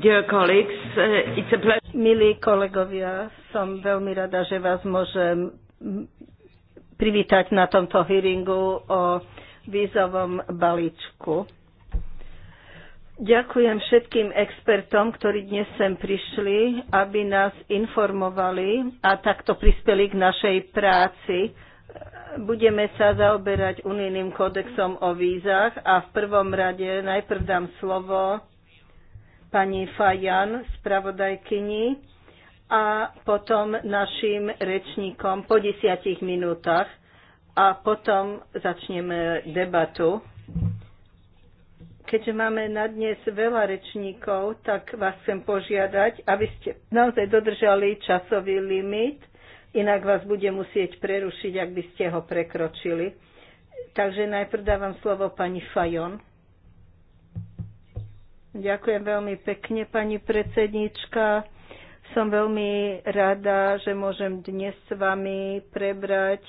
Dear colleagues, uh, it's a pleasure. Milí kolegovia, som veľmi rada, že vás môžem privítať na tomto hearingu o vízovom balíčku. Ďakujem všetkým expertom, ktorí dnes sem prišli, aby nás informovali a takto prispeli k našej práci. Budeme sa zaoberať unijným kódexom o vízach a v prvom rade najprv dám slovo pani Fajan, spravodajkyni a potom našim rečníkom po desiatich minútach a potom začneme debatu. Keďže máme na dnes veľa rečníkov, tak vás chcem požiadať, aby ste naozaj dodržali časový limit, inak vás bude musieť prerušiť, ak by ste ho prekročili. Takže najprv dávam slovo pani Fajon. Ďakujem veľmi pekne, pani predsednička. Som veľmi rada, že môžem dnes s vami prebrať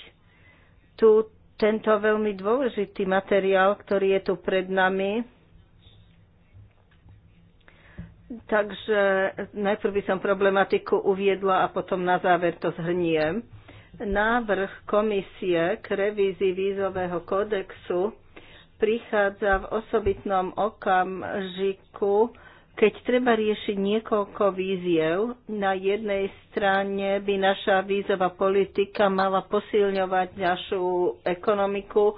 tu tento veľmi dôležitý materiál, ktorý je tu pred nami. Takže najprv by som problematiku uviedla a potom na záver to zhrniem. Návrh komisie k revízii vízového kódexu prichádza v osobitnom okamžiku, keď treba riešiť niekoľko víziev. Na jednej strane by naša vízová politika mala posilňovať našu ekonomiku,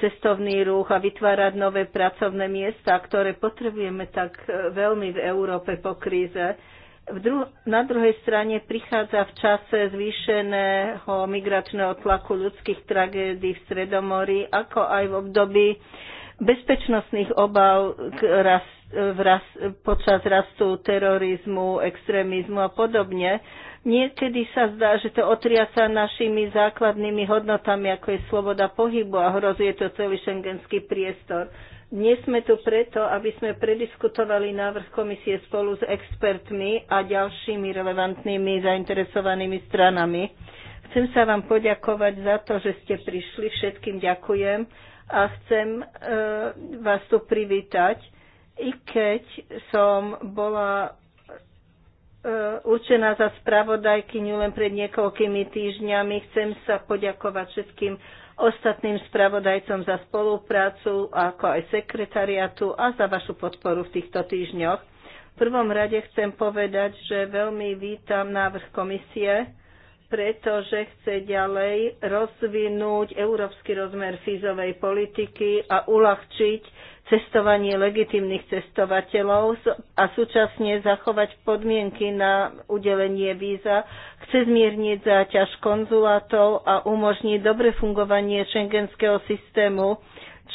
cestovný ruch a vytvárať nové pracovné miesta, ktoré potrebujeme tak veľmi v Európe po kríze dru- na druhej strane prichádza v čase zvýšeného migračného tlaku ľudských tragédií v Stredomori, ako aj v období bezpečnostných obav k ras, v ras, počas rastu terorizmu, extrémizmu a podobne. Niekedy sa zdá, že to otriasa našimi základnými hodnotami, ako je sloboda pohybu a hrozuje to celý šengenský priestor. Dnes sme tu preto, aby sme prediskutovali návrh komisie spolu s expertmi a ďalšími relevantnými zainteresovanými stranami. Chcem sa vám poďakovať za to, že ste prišli. Všetkým ďakujem a chcem e, vás tu privítať. I keď som bola e, určená za spravodajky len pred niekoľkými týždňami. Chcem sa poďakovať všetkým ostatným spravodajcom za spoluprácu, ako aj sekretariatu a za vašu podporu v týchto týždňoch. V prvom rade chcem povedať, že veľmi vítam návrh komisie, pretože chce ďalej rozvinúť európsky rozmer fízovej politiky a uľahčiť cestovanie legitimných cestovateľov a súčasne zachovať podmienky na udelenie víza, chce zmierniť záťaž konzulátov a umožniť dobre fungovanie šengenského systému,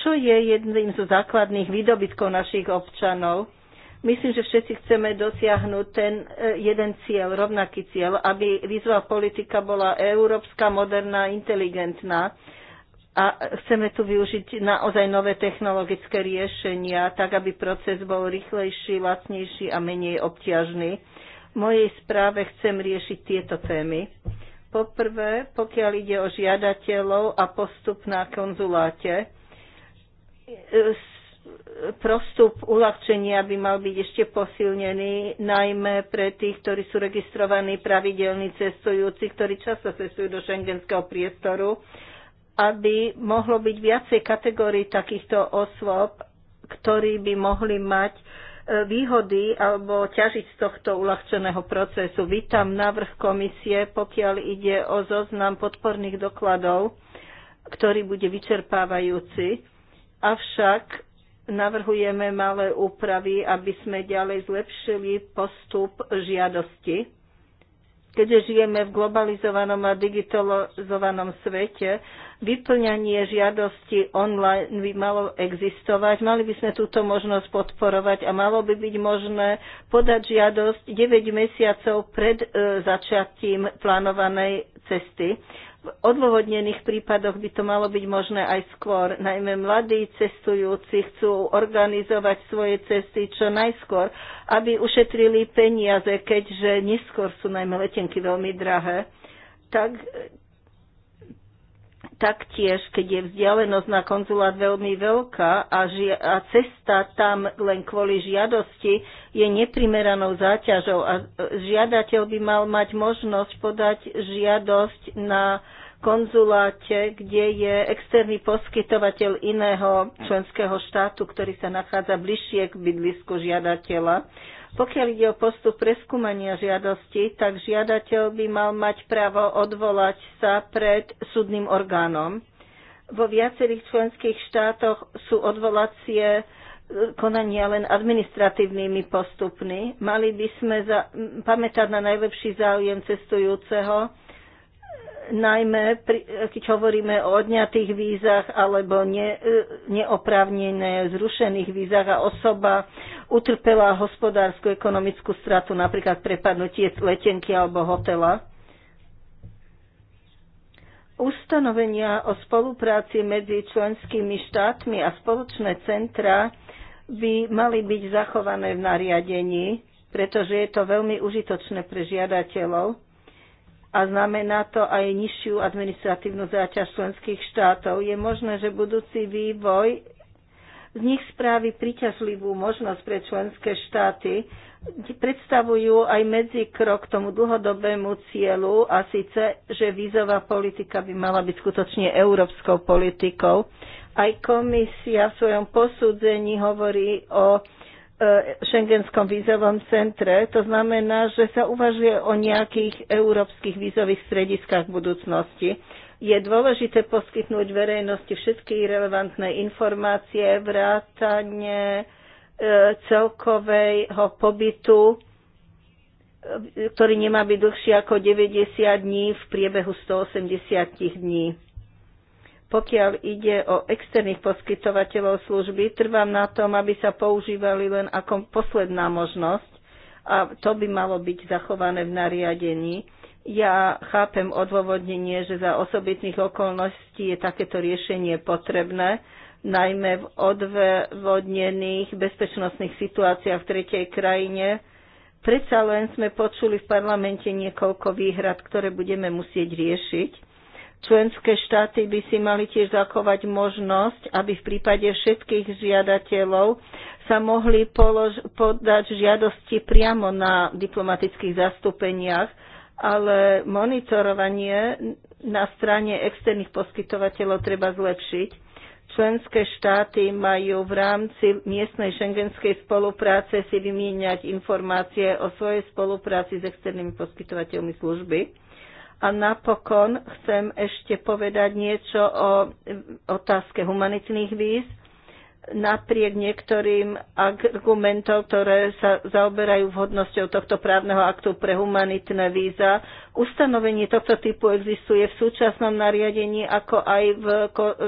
čo je jedným zo základných výdobytkov našich občanov. Myslím, že všetci chceme dosiahnuť ten e, jeden cieľ, rovnaký cieľ, aby výzva politika bola európska, moderná, inteligentná a chceme tu využiť naozaj nové technologické riešenia, tak aby proces bol rýchlejší, lacnejší a menej obťažný. V mojej správe chcem riešiť tieto témy. Poprvé, pokiaľ ide o žiadateľov a postup na konzuláte, prostup uľahčenia by mal byť ešte posilnený, najmä pre tých, ktorí sú registrovaní pravidelní cestujúci, ktorí často cestujú do šengenského priestoru aby mohlo byť viacej kategórií takýchto osôb, ktorí by mohli mať e, výhody alebo ťažiť z tohto uľahčeného procesu. Vítam návrh komisie, pokiaľ ide o zoznam podporných dokladov, ktorý bude vyčerpávajúci. Avšak navrhujeme malé úpravy, aby sme ďalej zlepšili postup žiadosti. Keďže žijeme v globalizovanom a digitalizovanom svete, Vyplňanie žiadosti online by malo existovať, mali by sme túto možnosť podporovať a malo by byť možné podať žiadosť 9 mesiacov pred e, začiatím plánovanej cesty. V odôvodnených prípadoch by to malo byť možné aj skôr. Najmä mladí cestujúci chcú organizovať svoje cesty čo najskôr, aby ušetrili peniaze, keďže neskôr sú najmä letenky veľmi drahé. Tak taktiež, keď je vzdialenosť na konzulát veľmi veľká a, žia- a cesta tam len kvôli žiadosti je neprimeranou záťažou a e, žiadateľ by mal mať možnosť podať žiadosť na konzuláte, kde je externý poskytovateľ iného členského štátu, ktorý sa nachádza bližšie k bydlisku žiadateľa pokiaľ ide o postup preskúmania žiadosti, tak žiadateľ by mal mať právo odvolať sa pred súdnym orgánom. Vo viacerých členských štátoch sú odvolacie e, konania len administratívnymi postupmi. Mali by sme za, pamätať na najlepší záujem cestujúceho najmä, keď hovoríme o odňatých vízach alebo ne, e, neoprávnené zrušených vízach a osoba utrpela hospodárskú ekonomickú stratu, napríklad prepadnutie letenky alebo hotela. Ustanovenia o spolupráci medzi členskými štátmi a spoločné centra by mali byť zachované v nariadení, pretože je to veľmi užitočné pre žiadateľov a znamená to aj nižšiu administratívnu záťaž členských štátov. Je možné, že budúci vývoj z nich spraví príťažlivú možnosť pre členské štáty, predstavujú aj medzi krok tomu dlhodobému cieľu a síce, že vízová politika by mala byť skutočne európskou politikou. Aj komisia v svojom posúdzení hovorí o E, šengenskom vízovom centre. To znamená, že sa uvažuje o nejakých európskych vízových strediskách v budúcnosti. Je dôležité poskytnúť verejnosti všetky relevantné informácie, vrátane e, celkového pobytu, e, ktorý nemá byť dlhší ako 90 dní v priebehu 180 dní. Pokiaľ ide o externých poskytovateľov služby, trvám na tom, aby sa používali len ako posledná možnosť a to by malo byť zachované v nariadení. Ja chápem odôvodnenie, že za osobitných okolností je takéto riešenie potrebné, najmä v odvodnených bezpečnostných situáciách v tretej krajine. Predsa len sme počuli v parlamente niekoľko výhrad, ktoré budeme musieť riešiť Členské štáty by si mali tiež zachovať možnosť, aby v prípade všetkých žiadateľov sa mohli polož- podať žiadosti priamo na diplomatických zastúpeniach, ale monitorovanie na strane externých poskytovateľov treba zlepšiť. Členské štáty majú v rámci miestnej šengenskej spolupráce si vymieňať informácie o svojej spolupráci s externými poskytovateľmi služby a napokon chcem ešte povedať niečo o otázke humanitných víz. Napriek niektorým argumentom, ktoré sa zaoberajú vhodnosťou tohto právneho aktu pre humanitné víza, ustanovenie tohto typu existuje v súčasnom nariadení, ako aj v,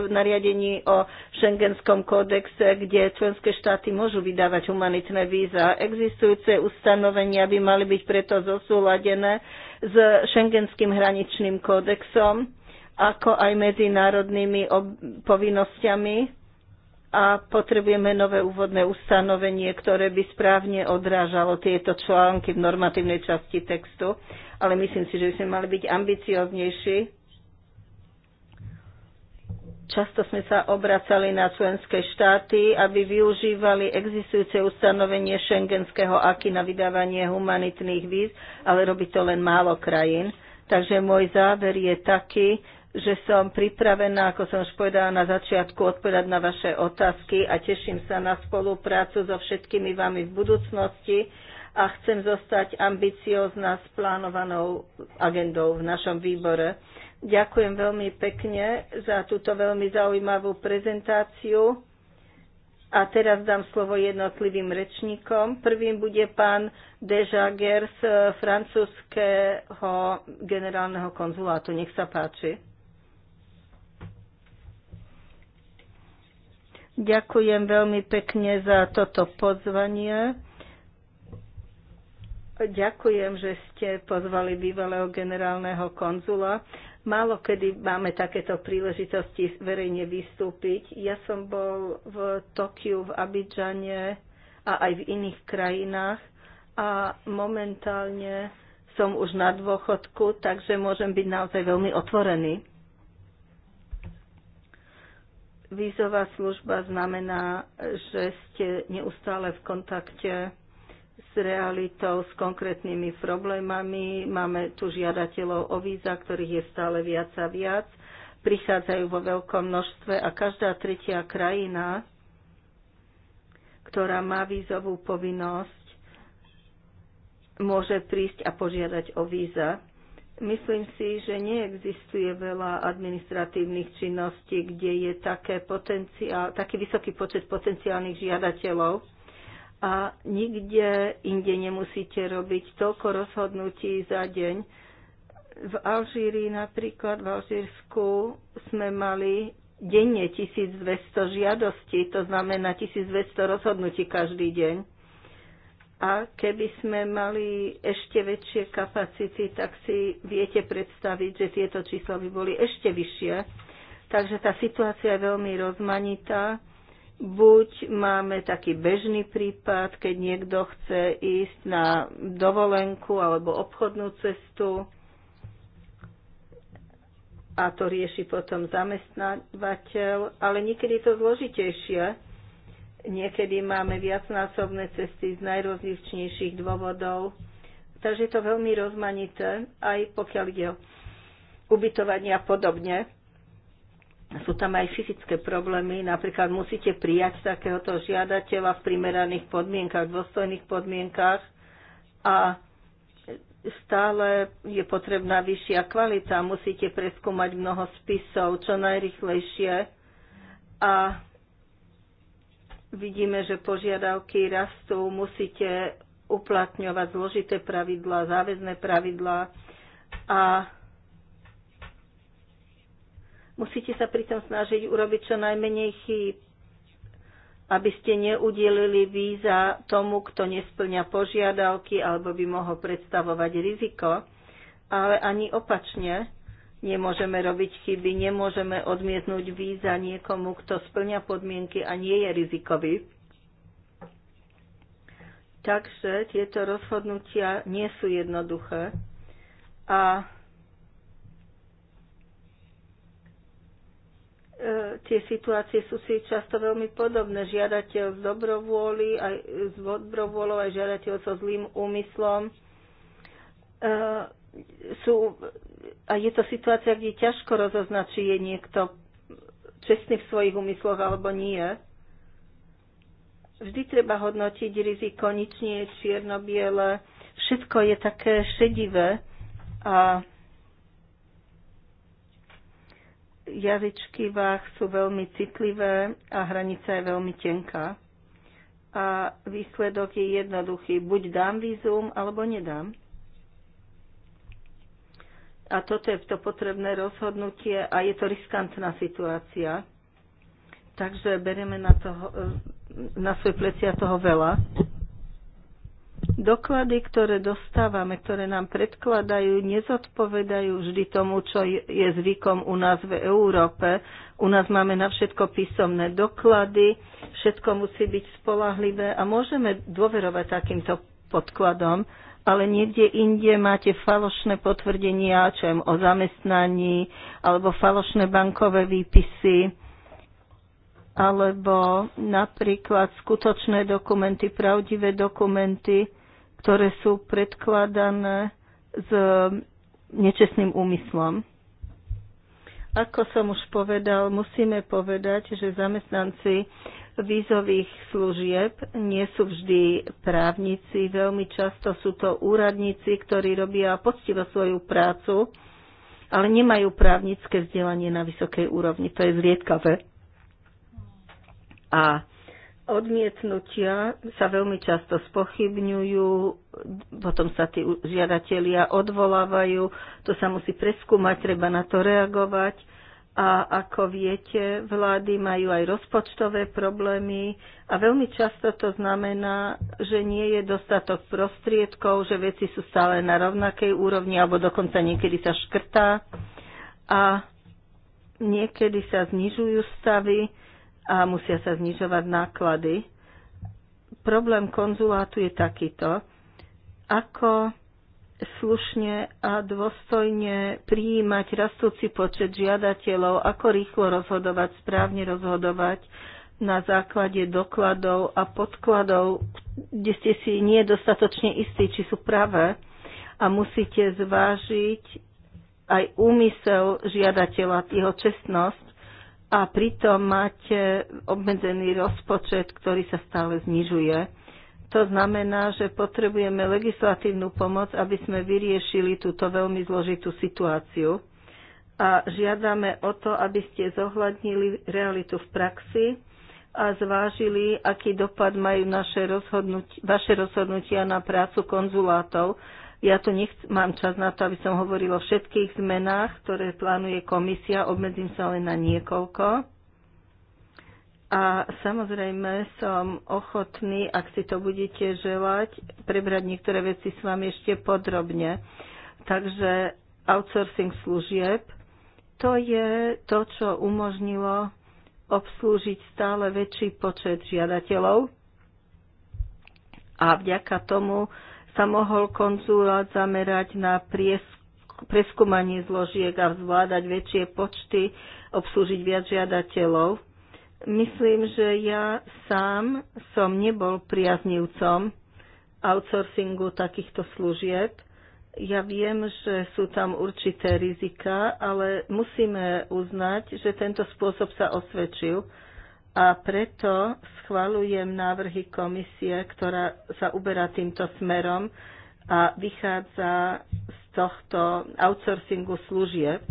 nariadení o Schengenskom kódexe, kde členské štáty môžu vydávať humanitné víza. Existujúce ustanovenia by mali byť preto zosúladené s šengenským hraničným kódexom, ako aj medzinárodnými povinnosťami a potrebujeme nové úvodné ustanovenie, ktoré by správne odrážalo tieto články v normatívnej časti textu, ale myslím si, že by sme mali byť ambicioznejší Často sme sa obracali na členské štáty, aby využívali existujúce ustanovenie šengenského aky na vydávanie humanitných víz, ale robí to len málo krajín. Takže môj záver je taký, že som pripravená, ako som už povedala na začiatku, odpovedať na vaše otázky a teším sa na spoluprácu so všetkými vami v budúcnosti a chcem zostať ambiciozná s plánovanou agendou v našom výbore. Ďakujem veľmi pekne za túto veľmi zaujímavú prezentáciu. A teraz dám slovo jednotlivým rečníkom. Prvým bude pán Dejager z francúzského generálneho konzulátu. Nech sa páči. Ďakujem veľmi pekne za toto pozvanie. Ďakujem, že ste pozvali bývalého generálneho konzula Málo kedy máme takéto príležitosti verejne vystúpiť. Ja som bol v Tokiu, v Abidžane a aj v iných krajinách a momentálne som už na dôchodku, takže môžem byť naozaj veľmi otvorený. Vízová služba znamená, že ste neustále v kontakte s realitou, s konkrétnymi problémami. Máme tu žiadateľov o víza, ktorých je stále viac a viac. Prichádzajú vo veľkom množstve a každá tretia krajina, ktorá má vízovú povinnosť, môže prísť a požiadať o víza. Myslím si, že neexistuje veľa administratívnych činností, kde je také taký vysoký počet potenciálnych žiadateľov a nikde inde nemusíte robiť toľko rozhodnutí za deň. V Alžírii napríklad, v Alžírsku sme mali denne 1200 žiadostí, to znamená 1200 rozhodnutí každý deň. A keby sme mali ešte väčšie kapacity, tak si viete predstaviť, že tieto čísla by boli ešte vyššie. Takže tá situácia je veľmi rozmanitá Buď máme taký bežný prípad, keď niekto chce ísť na dovolenku alebo obchodnú cestu a to rieši potom zamestnávateľ, ale niekedy je to zložitejšie. Niekedy máme viacnásobné cesty z najrozličnejších dôvodov. Takže je to veľmi rozmanité, aj pokiaľ ide o ubytovanie a podobne sú tam aj fyzické problémy, napríklad musíte prijať takéhoto žiadateľa v primeraných podmienkach, v dôstojných podmienkach a stále je potrebná vyššia kvalita, musíte preskúmať mnoho spisov čo najrychlejšie a vidíme, že požiadavky rastú, musíte uplatňovať zložité pravidlá, záväzné pravidlá a Musíte sa pritom snažiť urobiť čo najmenej chýb, aby ste neudielili víza tomu, kto nesplňa požiadavky alebo by mohol predstavovať riziko, ale ani opačne nemôžeme robiť chyby, nemôžeme odmietnúť víza niekomu, kto splňa podmienky a nie je rizikový. Takže tieto rozhodnutia nie sú jednoduché a E, tie situácie sú si často veľmi podobné. Žiadateľ z dobrovôli, aj z dobrovôľou, aj žiadateľ so zlým úmyslom. E, sú, a je to situácia, kde ťažko rozoznať, či je niekto čestný v svojich úmysloch alebo nie. Vždy treba hodnotiť riziko, nič nie je čierno-biele, všetko je také šedivé a jazyčky váh sú veľmi citlivé a hranica je veľmi tenká. A výsledok je jednoduchý. Buď dám vízum, alebo nedám. A toto je to potrebné rozhodnutie a je to riskantná situácia. Takže bereme na, toho, na svoje plecia toho veľa. Doklady, ktoré dostávame, ktoré nám predkladajú, nezodpovedajú vždy tomu, čo je zvykom u nás v Európe. U nás máme na všetko písomné doklady, všetko musí byť spolahlivé a môžeme dôverovať takýmto podkladom, ale niekde inde máte falošné potvrdenia, čo je o zamestnaní, alebo falošné bankové výpisy, alebo napríklad skutočné dokumenty, pravdivé dokumenty ktoré sú predkladané s nečestným úmyslom. Ako som už povedal, musíme povedať, že zamestnanci vízových služieb nie sú vždy právnici, veľmi často sú to úradníci, ktorí robia poctivo svoju prácu, ale nemajú právnické vzdelanie na vysokej úrovni. To je zriedkavé. A odmietnutia sa veľmi často spochybňujú, potom sa tí žiadatelia odvolávajú, to sa musí preskúmať, treba na to reagovať. A ako viete, vlády majú aj rozpočtové problémy a veľmi často to znamená, že nie je dostatok prostriedkov, že veci sú stále na rovnakej úrovni alebo dokonca niekedy sa škrtá a niekedy sa znižujú stavy a musia sa znižovať náklady. Problém konzulátu je takýto, ako slušne a dôstojne prijímať rastúci počet žiadateľov, ako rýchlo rozhodovať, správne rozhodovať na základe dokladov a podkladov, kde ste si nie dostatočne istí, či sú pravé a musíte zvážiť aj úmysel žiadateľa, jeho čestnosť a pritom máte obmedzený rozpočet, ktorý sa stále znižuje. To znamená, že potrebujeme legislatívnu pomoc, aby sme vyriešili túto veľmi zložitú situáciu. A žiadame o to, aby ste zohľadnili realitu v praxi a zvážili, aký dopad majú naše rozhodnutia, vaše rozhodnutia na prácu konzulátov ja tu nechc- mám čas na to, aby som hovoril o všetkých zmenách, ktoré plánuje komisia, obmedzím sa len na niekoľko. A samozrejme som ochotný, ak si to budete želať, prebrať niektoré veci s vami ešte podrobne. Takže outsourcing služieb, to je to, čo umožnilo obslúžiť stále väčší počet žiadateľov a vďaka tomu sa mohol konzulát zamerať na preskúmanie zložiek a zvládať väčšie počty, obslúžiť viac žiadateľov. Myslím, že ja sám som nebol priaznivcom outsourcingu takýchto služieb. Ja viem, že sú tam určité rizika, ale musíme uznať, že tento spôsob sa osvedčil a preto schvalujem návrhy komisie, ktorá sa uberá týmto smerom a vychádza z tohto outsourcingu služieb.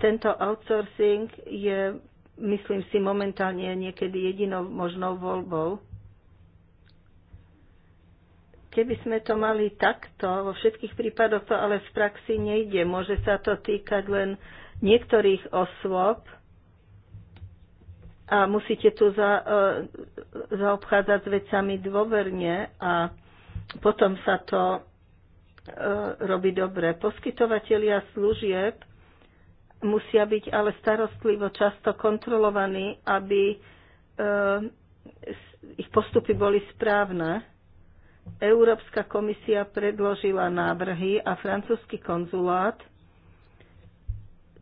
Tento outsourcing je, myslím si, momentálne niekedy jedinou možnou voľbou. Keby sme to mali takto, vo všetkých prípadoch to ale v praxi nejde. Môže sa to týkať len niektorých osôb, a musíte tu za, e, zaobchádzať s vecami dôverne a potom sa to e, robí dobre. Poskytovatelia služieb musia byť ale starostlivo často kontrolovaní, aby e, ich postupy boli správne. Európska komisia predložila návrhy a francúzsky konzulát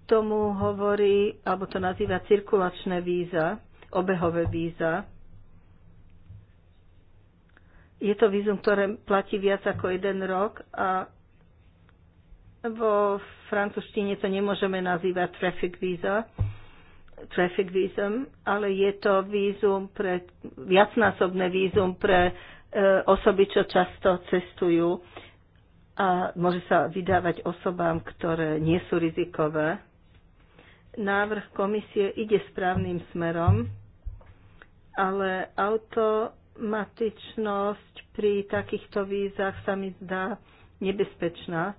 tomu hovorí, alebo to nazýva cirkulačné víza, obehové víza. Je to vízum, ktoré platí viac ako jeden rok a vo francúzštine to nemôžeme nazývať traffic visa, traffic visum, ale je to vízum pre, viacnásobné vízum pre e, osoby, čo často cestujú a môže sa vydávať osobám, ktoré nie sú rizikové návrh komisie ide správnym smerom, ale automatičnosť pri takýchto vízach sa mi zdá nebezpečná.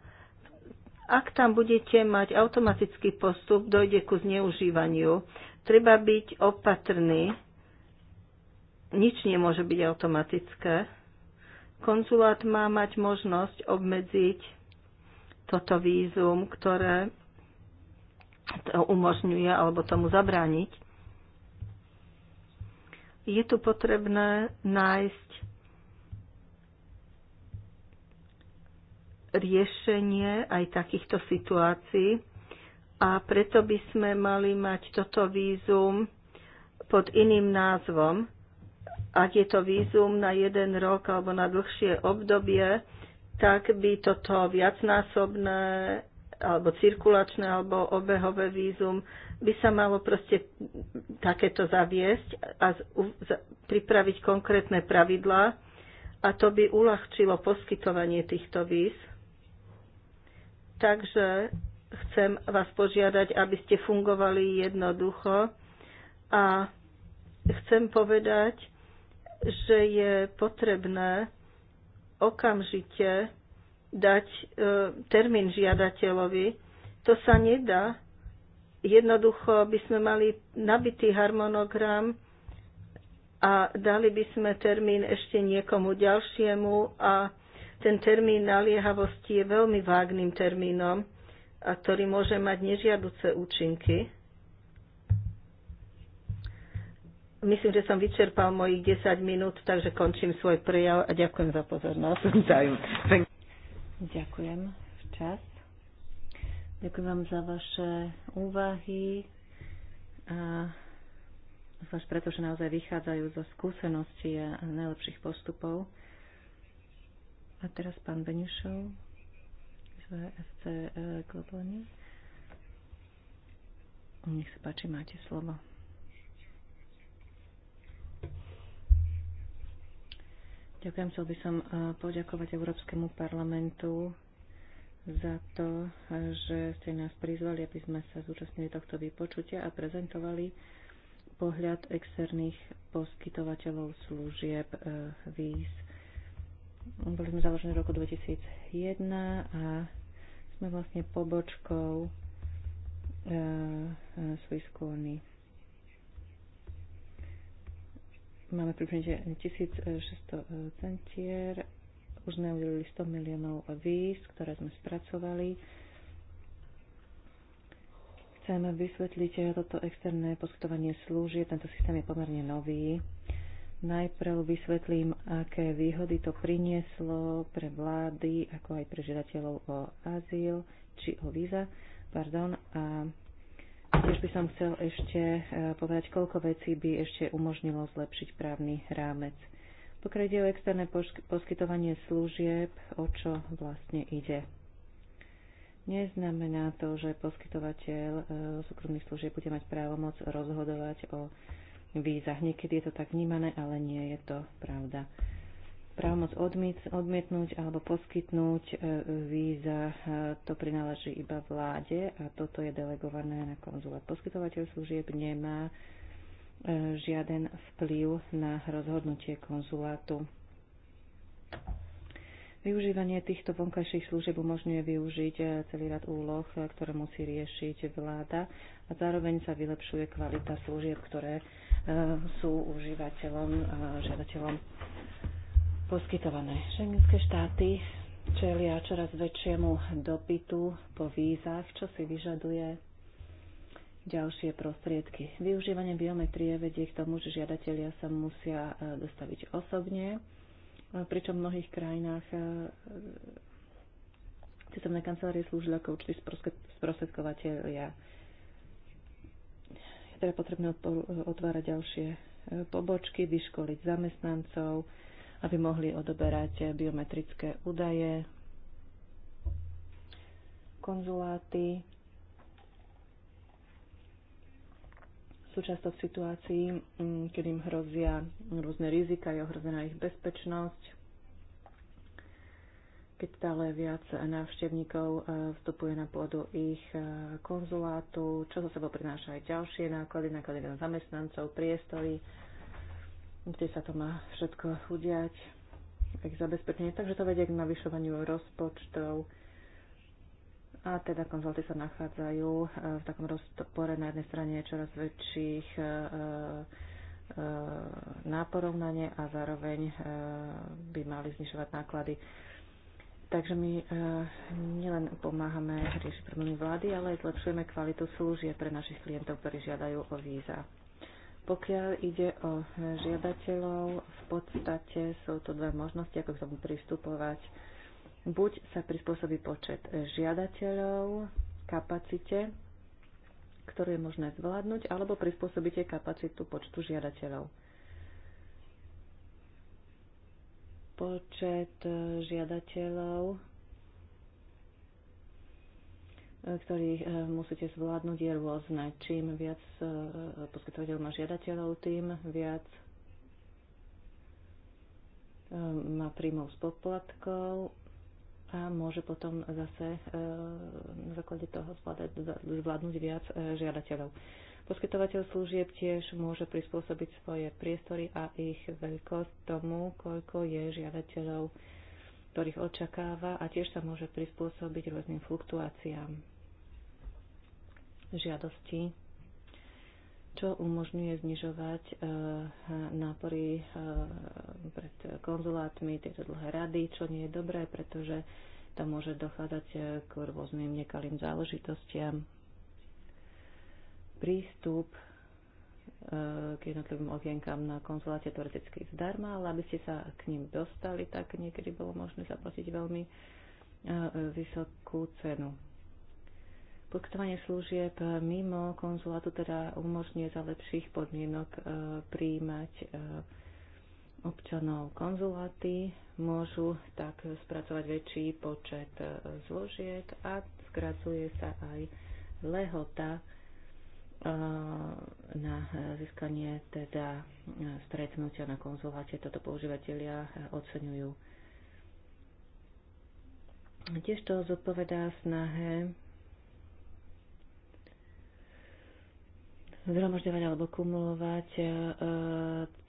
Ak tam budete mať automatický postup, dojde ku zneužívaniu. Treba byť opatrný. Nič nemôže byť automatické. Konzulát má mať možnosť obmedziť toto vízum, ktoré to umožňuje alebo tomu zabrániť. Je tu potrebné nájsť riešenie aj takýchto situácií a preto by sme mali mať toto vízum pod iným názvom. Ak je to vízum na jeden rok alebo na dlhšie obdobie, tak by toto viacnásobné alebo cirkulačné alebo obehové vízum by sa malo proste takéto zaviesť a pripraviť konkrétne pravidlá a to by uľahčilo poskytovanie týchto víz. Takže chcem vás požiadať, aby ste fungovali jednoducho a chcem povedať, že je potrebné okamžite dať e, termín žiadateľovi. To sa nedá. Jednoducho by sme mali nabitý harmonogram a dali by sme termín ešte niekomu ďalšiemu a ten termín naliehavosti je veľmi vágnym termínom, a ktorý môže mať nežiaduce účinky. Myslím, že som vyčerpal mojich 10 minút, takže končím svoj prejav a ďakujem za pozornosť. Ďakujem včas. Ďakujem vám za vaše úvahy a zvlášť preto, že naozaj vychádzajú zo skúseností a najlepších postupov. A teraz pán Benišov z FC eh, Globálne. Nech sa páči, máte slovo. Ďakujem, chcel by som e, poďakovať Európskemu parlamentu za to, e, že ste nás prizvali, aby sme sa zúčastnili tohto vypočutia a prezentovali pohľad externých poskytovateľov služieb e, víz. Boli sme založení v roku 2001 a sme vlastne pobočkou e, Swisscorny. Máme približne 1600 e, centier, už sme udelili 100 miliónov víz, ktoré sme spracovali. Chcem vysvetliť toto externé poskytovanie slúžie. Tento systém je pomerne nový. Najprv vysvetlím, aké výhody to prinieslo pre vlády, ako aj pre žiadateľov o azyl či o víza. Pardon, a Tiež by som chcel ešte e, povedať, koľko vecí by ešte umožnilo zlepšiť právny rámec. Pokiaľ ide o externé poskytovanie služieb, o čo vlastne ide? Neznamená to, že poskytovateľ e, súkromných služieb bude mať právomoc rozhodovať o vízach. Niekedy je to tak vnímané, ale nie je to pravda právomoc odmiet, odmietnúť alebo poskytnúť e, víza, e, to prináleží iba vláde a toto je delegované na konzulát. Poskytovateľ služieb nemá e, žiaden vplyv na rozhodnutie konzulátu. Využívanie týchto vonkajších služieb umožňuje využiť celý rad úloh, ktoré musí riešiť vláda a zároveň sa vylepšuje kvalita služieb, ktoré sú užívateľom, žiadateľom poskytované. Šengenské štáty čelia čoraz väčšiemu dopytu po vízach, čo si vyžaduje ďalšie prostriedky. Využívanie biometrie vedie k tomu, že žiadatelia sa musia e, dostaviť osobne, e, pričom v mnohých krajinách e, cestovné kancelárie slúžia ako určitý sprostredkovateľia. Je teda potrebné otvárať ďalšie pobočky, vyškoliť zamestnancov, aby mohli odoberať biometrické údaje, konzuláty sú často v situácii, mm, kedy im hrozia rôzne rizika, je ohrozená ich bezpečnosť. Keď stále viac návštevníkov e, vstupuje na pôdu ich e, konzulátu, čo za sebou prináša aj ďalšie náklady, náklady na zamestnancov, priestory, kde sa to má všetko udiať, k zabezpečenie, takže to vedie k navyšovaniu rozpočtov a teda konzulty sa nachádzajú e, v takom rozpore na jednej strane čoraz väčších e, e, náporov na ne a zároveň by mali znižovať náklady. Takže my nielen pomáhame riešiť problémy vlády, ale aj zlepšujeme kvalitu služieb pre našich klientov, ktorí žiadajú o víza. Pokiaľ ide o žiadateľov, v podstate sú to dve možnosti, ako k tomu pristupovať. Buď sa prispôsobí počet žiadateľov kapacite, ktorú je možné zvládnuť, alebo prispôsobíte kapacitu počtu žiadateľov. Počet žiadateľov ktorý e, musíte zvládnuť, je rôzne. Čím viac e, poskytovateľ má žiadateľov, tým viac e, má príjmov z poplatkov a môže potom zase na základe toho zvládnuť viac žiadateľov. Poskytovateľ služieb tiež môže prispôsobiť svoje priestory a ich veľkosť tomu, koľko je žiadateľov, ktorých očakáva a tiež sa môže prispôsobiť rôznym fluktuáciám žiadosti, čo umožňuje znižovať eh, nápory eh, pred konzulátmi, tieto dlhé rady, čo nie je dobré, pretože tam môže dochádzať eh, k rôznym nekalým záležitostiam. Prístup k jednotlivým okienkám na konzuláte teoreticky zdarma, ale aby ste sa k ním dostali, tak niekedy bolo možné zaplatiť veľmi vysokú cenu. Poskytovanie služieb mimo konzulátu teda umožňuje za lepších podmienok e, príjmať e, občanov konzuláty, môžu tak spracovať väčší počet e, zložiek a skracuje sa aj lehota na získanie teda stretnutia na konzuláte. Toto používateľia oceňujú. Tiež to zodpovedá snahe zhromažďovať alebo kumulovať e, e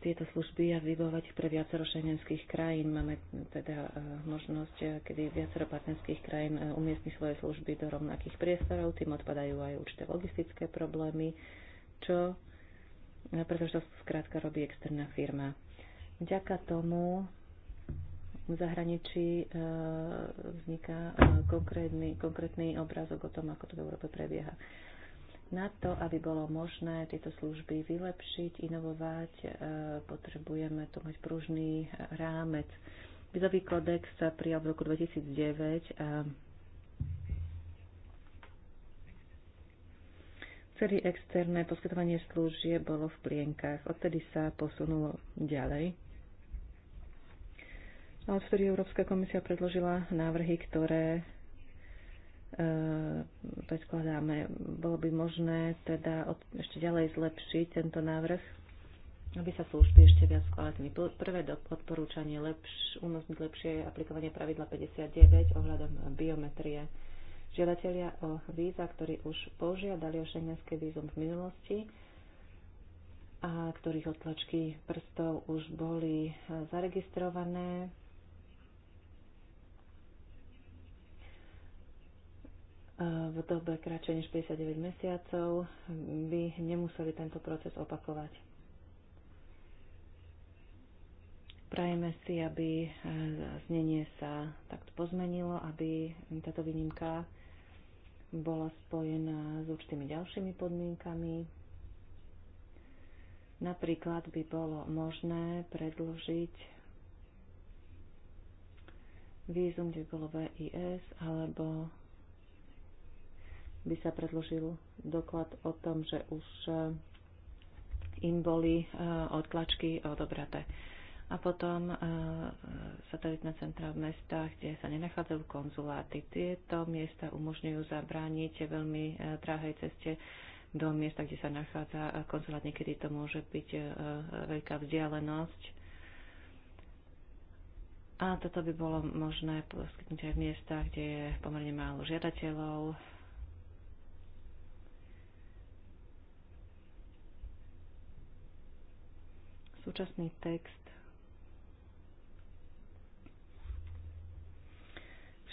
tieto služby a vybovať ich pre viacero šengenských krajín. Máme teda e, možnosť, e, kedy viacero partnerských krajín e, umiestni svoje služby do rovnakých priestorov, tým odpadajú aj určité logistické problémy, čo e, pretože to skrátka robí externá firma. Vďaka tomu v zahraničí e, vzniká e, konkrétny, konkrétny obrázok o tom, ako to v Európe prebieha. E, na to, aby bolo možné tieto služby vylepšiť, inovovať, e, potrebujeme tu mať pružný rámec. Vizový kodex sa prijal v roku 2009 a celé externé poskytovanie služieb bolo v plienkách. Odtedy sa posunulo ďalej. A odvtedy Európska komisia predložila návrhy, ktoré E, predkladáme. Bolo by možné teda ešte ďalej zlepšiť tento návrh, aby sa služby ešte viac kvalitní. Prvé odporúčanie lepš, umožniť lepšie aplikovanie pravidla 59 ohľadom biometrie. Žiadatelia o víza, ktorí už požiadali o šengenské vízum v minulosti a ktorých odtlačky prstov už boli zaregistrované, v dobe kratšej než 59 mesiacov by nemuseli tento proces opakovať. Prajeme si, aby znenie sa takto pozmenilo, aby táto výnimka bola spojená s určitými ďalšími podmienkami. Napríklad by bolo možné predložiť vízum, kde bolo VIS, alebo by sa predložil doklad o tom, že už eh, im boli eh, odtlačky odobraté. A potom eh, satelitné centra v mestách, kde sa nenachádzajú konzuláty. Tieto miesta umožňujú zabrániť veľmi drahej ceste do miesta, kde sa nachádza konzulát. Niekedy to môže byť veľká vzdialenosť. A toto by bolo možné poskytnúť aj v miestach, kde je pomerne málo žiadateľov, súčasný text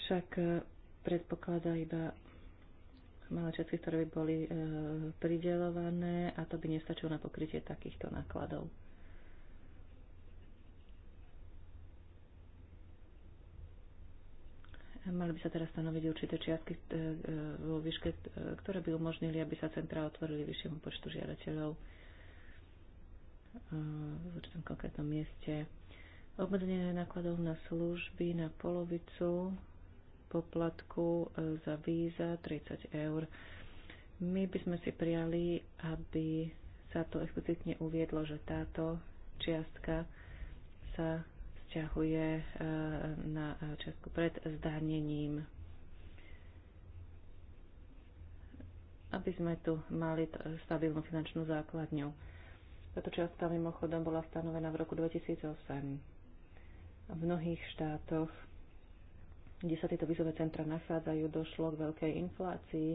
však e, predpokladá iba malé čiastky, ktoré by boli e, pridelované a to by nestačilo na pokrytie takýchto nákladov. Mali by sa teraz stanoviť určité čiastky e, e, vo výške, ktoré by umožnili, aby sa centra otvorili vyššiemu počtu žiadateľov v určitom konkrétnom mieste. Obmedzenie nákladov na služby na polovicu poplatku e, za víza 30 eur. My by sme si prijali, aby sa to explicitne uviedlo, že táto čiastka sa vzťahuje e, na e, čiastku pred zdanením. Aby sme tu mali stabilnú finančnú základňu. Táto čiastka mimochodom bola stanovená v roku 2008. V mnohých štátoch, kde sa tieto vizové centra nachádzajú, došlo k veľkej inflácii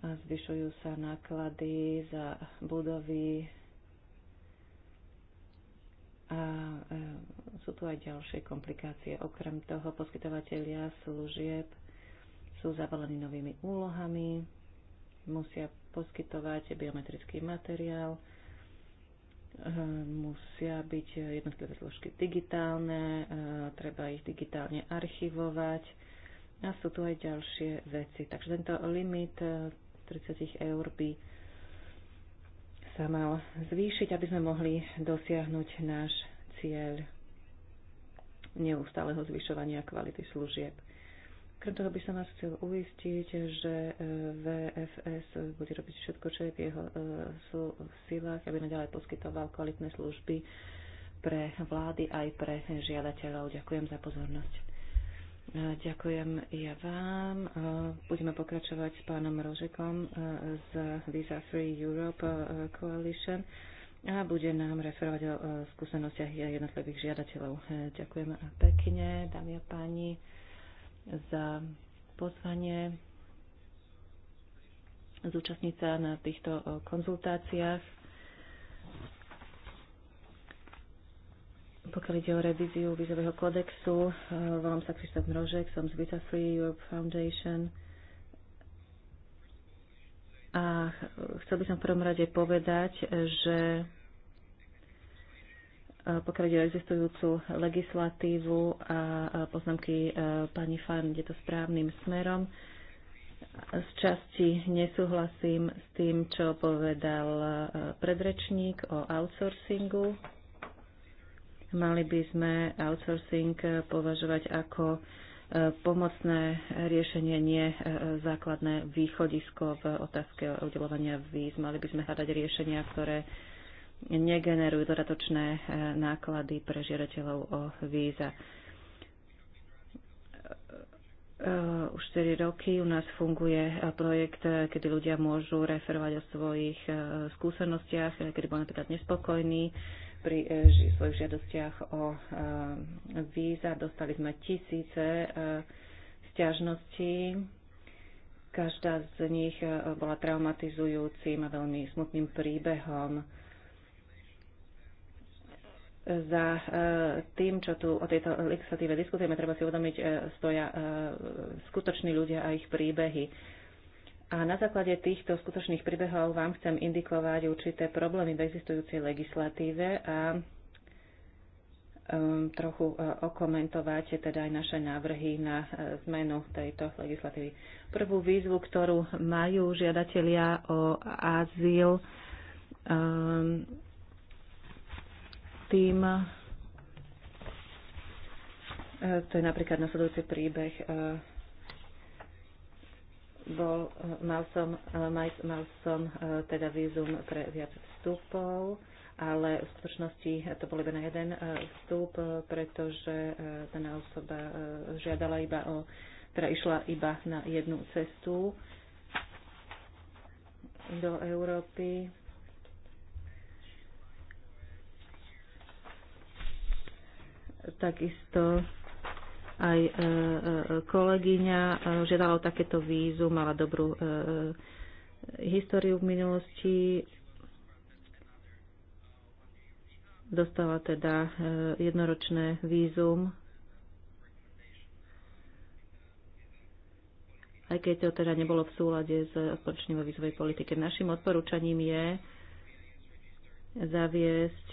a zvyšujú sa náklady za budovy a e, sú tu aj ďalšie komplikácie. Okrem toho, poskytovateľia služieb sú zavalení novými úlohami, musia poskytovať biometrický materiál, musia byť jednotlivé zložky digitálne, eh, treba ich digitálne archivovať a sú tu aj ďalšie veci. Takže tento limit 30 eh, eur by sa mal zvýšiť, aby sme mohli dosiahnuť náš cieľ neustáleho zvyšovania kvality služieb. Krem toho by som vás chcel uistiť, že e, VFS bude robiť všetko, čo je v jeho e, silách, aby naďalej poskytoval kvalitné služby pre vlády aj pre žiadateľov. Ďakujem za pozornosť. E, ďakujem ja vám. Budeme pokračovať s pánom Rožekom z Visa Free Europe Coalition a bude nám referovať o skúsenostiach jednotlivých žiadateľov. Ďakujem pekne, dámy a páni za pozvanie zúčastniť sa na týchto konzultáciách. Pokiaľ ide o revíziu vízového kodexu, volám sa Krištof Mrožek, som z Visa Free Europe Foundation. A chcel by som v prvom rade povedať, že pokiaľ ide o existujúcu legislatívu a poznámky e, pani Fan, je to správnym smerom. Z časti nesúhlasím s tým, čo povedal e, predrečník o outsourcingu. Mali by sme outsourcing považovať ako e, pomocné riešenie, nie základné východisko v otázke udelovania víz. Mali by sme hľadať riešenia, ktoré negenerujú dodatočné e, náklady pre žiadateľov o víza. E, e, už 4 roky u nás funguje projekt, kedy ľudia môžu referovať o svojich skúsenostiach, kedy boli napríklad nespokojní pri svojich žiadostiach o víza. Dostali sme tisíce stiažností každá z nich bola traumatizujúcim a veľmi smutným príbehom za e, tým, čo tu o tejto legislatíve diskutujeme, treba si uvedomiť, e, stoja e, skutoční ľudia a ich príbehy. A na základe týchto skutočných príbehov vám chcem indikovať určité problémy v existujúcej legislatíve a trochu okomentovať teda aj naše návrhy na zmenu tejto legislatívy. Prvú výzvu, ktorú majú žiadatelia o azyl, um, tým e, to je napríklad nasledujúci príbeh. E, bol, e, mal som, mal, mal som teda vízum pre viac vstupov, ale v skutočnosti to bol iba na jeden vstup, pretože daná osoba žiadala iba o, teda išla iba na jednu cestu do Európy takisto aj e, e, kolegyňa e, žiadala o takéto vízu, mala dobrú históriu v minulosti, dostala teda jednoročné vízum, aj keď to teda nebolo v súlade s spoločným vízovej politike. Našim odporúčaním je zaviesť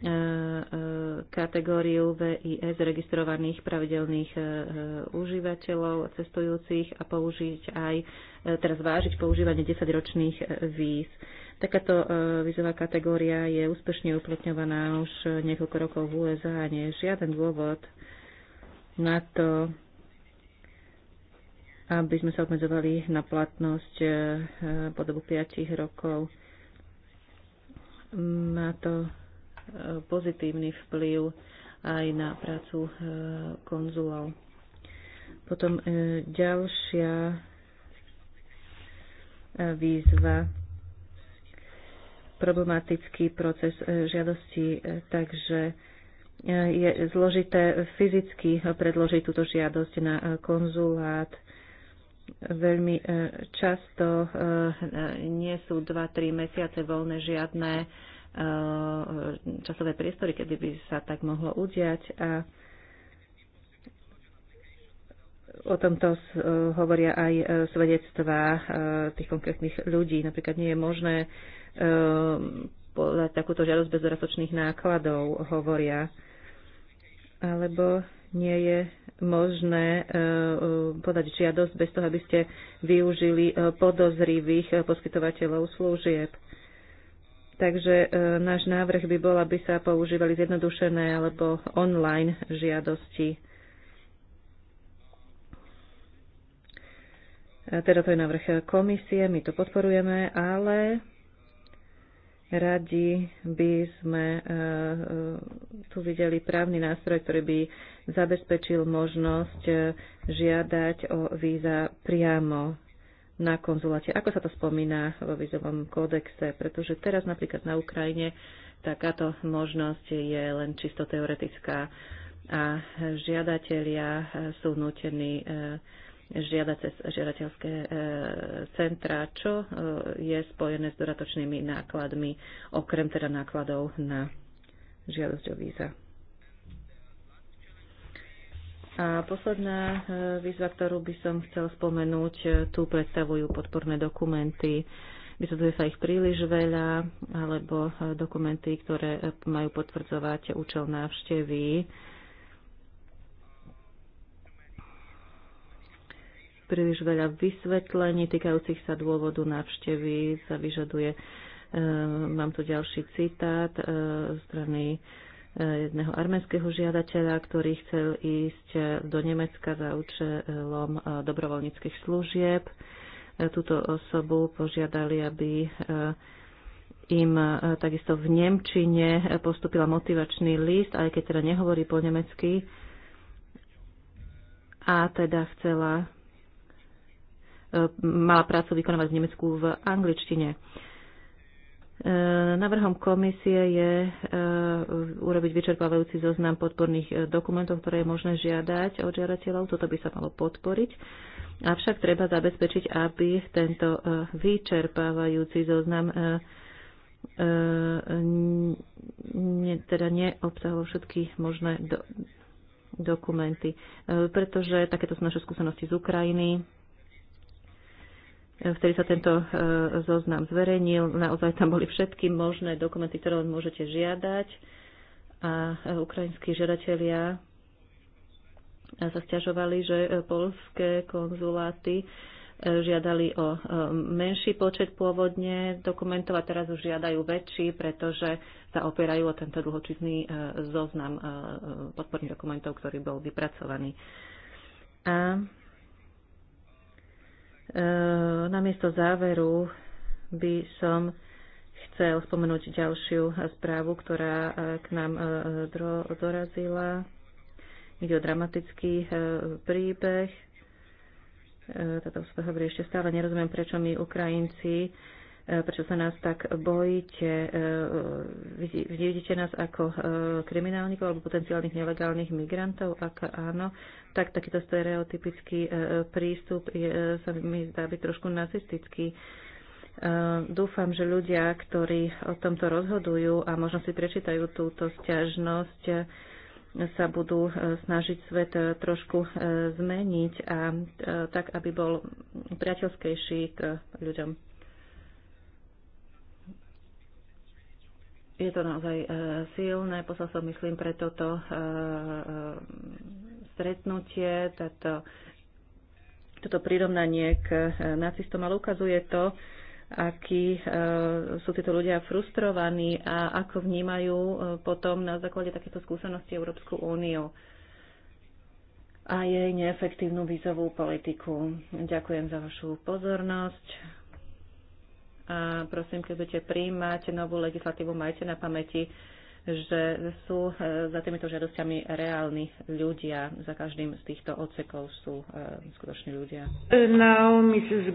E, e, kategóriu VIS registrovaných pravidelných e, užívateľov, cestujúcich a použiť aj, teraz vážiť používanie 10-ročných víz. Takáto vízová kategória je úspešne uplatňovaná už niekoľko rokov v USA a nie je žiaden dôvod na to, aby sme sa obmedzovali na platnosť po dobu 5 rokov. Má to pozitívny vplyv aj na prácu e, konzulov. Potom e, ďalšia e, výzva problematický proces žiadosti, takže je zložité fyzicky predložiť túto žiadosť na konzulát. Veľmi často nie sú 2-3 mesiace voľné žiadne Eh, časové priestory, kedy by sa tak mohlo udiať. A o tomto eh, hovoria aj eh, svedectvá tých konkrétnych ľudí. Napríklad nie je možné podať takúto žiadosť bez dodatočných nákladov, hovoria. Alebo nie je možné podať žiadosť bez toho, aby ste využili podozrivých poskytovateľov služieb. Takže e, náš návrh by bol, aby sa používali zjednodušené alebo online žiadosti. Teda to je návrh komisie, my to podporujeme, ale radi by sme e, e, tu videli právny nástroj, ktorý by zabezpečil možnosť žiadať o víza priamo na konzulate, Ako sa to spomína vo vizovom kódexe? Pretože teraz napríklad na Ukrajine takáto možnosť je len čisto teoretická a žiadatelia sú nutení e, žiadať cez žiadateľské e, centra, čo e, je spojené s dodatočnými nákladmi, okrem teda nákladov na žiadosť o víza. A posledná e, výzva, ktorú by som chcel spomenúť, e, tu predstavujú podporné dokumenty. Vysvetľuje sa ich príliš veľa, alebo e, dokumenty, ktoré majú potvrdzovať účel návštevy. príliš veľa vysvetlení týkajúcich sa dôvodu návštevy sa vyžaduje. Mám tu ďalší citát strany jedného arménskeho žiadateľa, ktorý chcel ísť do Nemecka za účelom e, dobrovoľníckých služieb. E, túto osobu požiadali, aby e, im takisto v Nemčine postupila motivačný list, aj keď teda nehovorí po nemecky, a teda chcela, mala prácu vykonávať v Nemecku v angličtine. Navrhom komisie je e, urobiť vyčerpávajúci zoznam podporných e, dokumentov, ktoré je možné žiadať od žiadateľov. Toto by sa malo podporiť. Avšak treba zabezpečiť, aby tento e, vyčerpávajúci zoznam ne, teda neobsahoval všetky možné do, dokumenty. Pretože takéto sú naše skúsenosti z Ukrajiny, Eh, vtedy sa tento eh, zoznam zverejnil. Naozaj tam boli všetky možné dokumenty, ktoré len môžete žiadať. A eh, ukrajinskí žiadatelia sa stiažovali, že polské konzuláty žiadali o menší počet pôvodne dokumentov a teraz už žiadajú väčší, pretože sa opierajú o tento dlhočistný zoznam podporných dokumentov, ktorý bol vypracovaný. A Eh, namiesto záveru by som chcel spomenúť ďalšiu správu, ktorá eh, k nám eh, dorazila. Ide o dramatický príbeh. Táto správa hovorí, ešte stále nerozumiem, prečo my Ukrajinci Eh, prečo sa nás tak bojíte. Eh, eh, vidíte nás ako kriminálnikov alebo potenciálnych nelegálnych migrantov? Ak áno, tak takýto stereotypický prístup je, sa mi zdá byť trošku nacistický. Dúfam, že ľudia, ktorí o tomto rozhodujú a možno si prečítajú túto sťažnosť, sa budú snažiť svet trošku zmeniť a tak, aby bol priateľskejší k ľuďom. Je to naozaj e, silné som myslím, pre toto e, e, stretnutie, táto, toto prirovnanie k nacistom, ale ukazuje to, akí sú títo ľudia frustrovaní a ako vnímajú potom na základe takéto skúsenosti Európsku úniu a jej neefektívnu vízovú politiku. Ďakujem za vašu pozornosť. A prosím, keď budete príjmať novú legislatívu, majte na pamäti, že sú e, za týmito žiadosťami reálni ľudia. Za každým z týchto odsekov sú e, skutoční ľudia. Now, Mrs.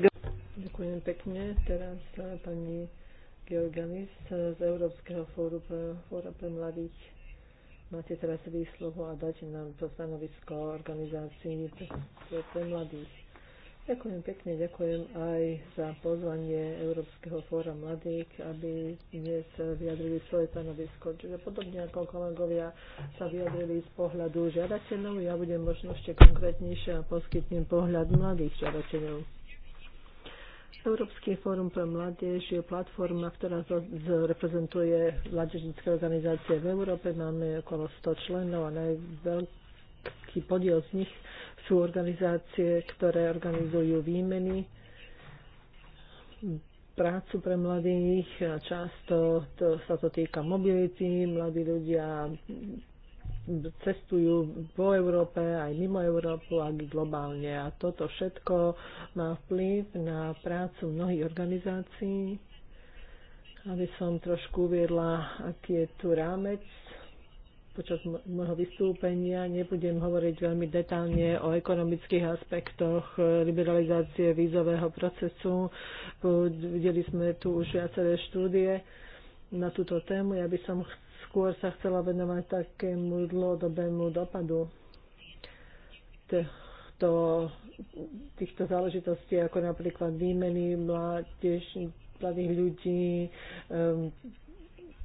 Ďakujem pekne. Teraz e, pani Georganis z Európskeho fóru pre, fóra pre mladých. Máte teraz výsluhu a dáte nám to stanovisko organizácií pre mladých. Ďakujem pekne, ďakujem aj za pozvanie Európskeho fóra mladých, aby dnes vyjadrili svoje stanovisko. Čiže podobne ako kolegovia sa vyjadrili z pohľadu žiadateľov, ja budem možno ešte konkrétnejšia a poskytnem pohľad mladých žiadateľov. Európsky fórum pre mládež je platforma, ktorá reprezentuje mládežnické organizácie v Európe. Máme okolo 100 členov a najveľký veľký podiel z nich sú organizácie, ktoré organizujú výmeny, prácu pre mladých a často to, sa to týka mobility. Mladí ľudia cestujú po Európe, aj mimo Európu, aj globálne. A toto všetko má vplyv na prácu mnohých organizácií. Aby som trošku uviedla, aký je tu rámec počas môjho vystúpenia. Nebudem hovoriť veľmi detálne o ekonomických aspektoch e, liberalizácie vízového procesu. Videli sme tu už viaceré štúdie na túto tému. Ja by som skôr sa chcela venovať takému dlhodobému dopadu to, týchto záležitostí, ako napríklad výmeny mládež, mladých ľudí, um,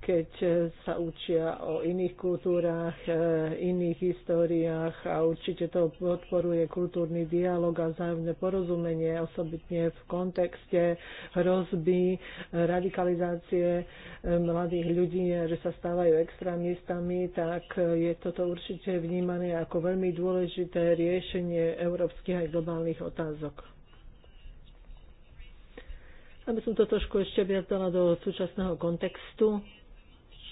keď eh, sa učia o iných kultúrach, eh, iných históriách a určite to podporuje kultúrny dialog a vzájomné porozumenie, osobitne v kontexte hrozby, eh, radikalizácie mladých ľudí, že sa stávajú extrémistami, tak je toto určite vnímané ako veľmi dôležité riešenie európskych aj globálnych otázok aby som to trošku ešte viac dala do súčasného kontextu.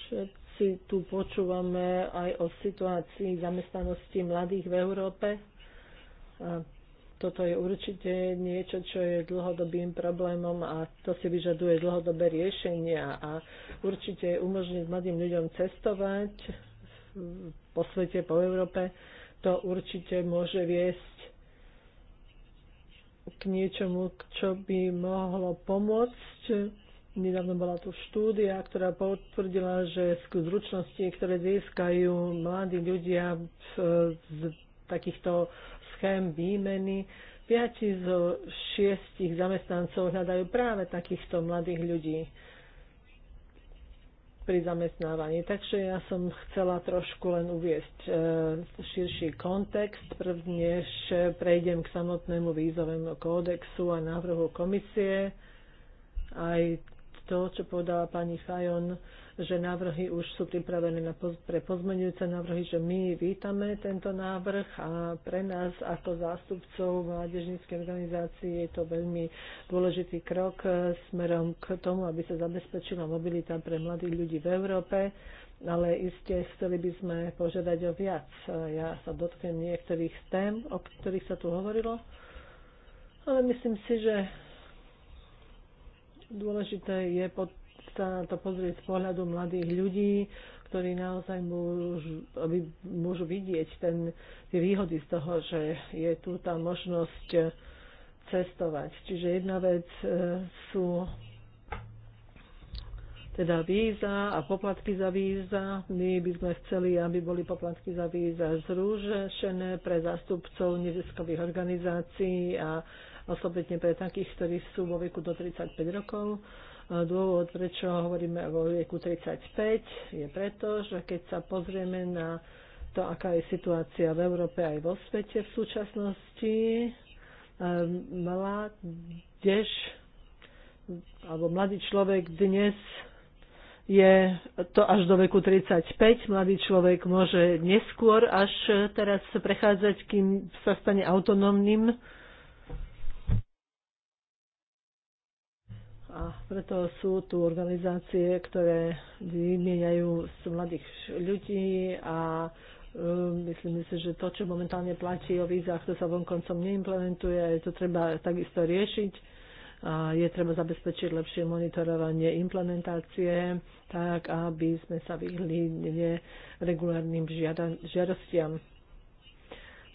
Všetci tu počúvame aj o situácii zamestnanosti mladých v Európe. A toto je určite niečo, čo je dlhodobým problémom a to si vyžaduje dlhodobé riešenia a určite umožniť mladým ľuďom cestovať po svete, po Európe, to určite môže viesť k niečomu, čo by mohlo pomôcť Nedávno bola tu štúdia, ktorá potvrdila, že zručnosti, ktoré získajú mladí ľudia z takýchto schém výmeny, 5 zo 6 zamestnancov hľadajú práve takýchto mladých ľudí pri zamestnávaní. Takže ja som chcela trošku len uviesť e, širší kontext, prvnež prejdem k samotnému vízovému kódexu a návrhu komisie. Aj to, čo povedala pani Fajon, že návrhy už sú pripravené na poz- pre pozmenujúce návrhy, že my vítame tento návrh a pre nás ako zástupcov mládežníckej organizácie je to veľmi dôležitý krok e, smerom k tomu, aby sa zabezpečila mobilita pre mladých ľudí v Európe ale iste chceli by sme požiadať o viac. E, ja sa dotknem niektorých tém, o ktorých sa tu hovorilo, ale myslím si, že Dôležité je pod, sa na to pozrieť z pohľadu mladých ľudí, ktorí naozaj môžu, aby môžu vidieť ten, tie výhody z toho, že je tu tá možnosť eh, cestovať. Čiže jedna vec eh, sú teda víza a poplatky za víza. My by sme chceli, aby boli poplatky za víza zrušené pre zástupcov neziskových organizácií a osobitne pre takých, ktorí sú vo veku do 35 rokov. Dôvod, prečo hovoríme vo veku 35, je preto, že keď sa pozrieme na to, aká je situácia v Európe aj vo svete v súčasnosti, ehm, mládež alebo mladý človek dnes je to až do veku 35. Mladý človek môže neskôr až teraz prechádzať, kým sa stane autonómnym A preto sú tu organizácie, ktoré vymieňajú z mladých ľudí a um, myslím si, že to, čo momentálne platí o vízach, to sa vonkoncom neimplementuje, je to treba takisto riešiť a je treba zabezpečiť lepšie monitorovanie implementácie, tak aby sme sa vyhli neregulárnym žiadostiam.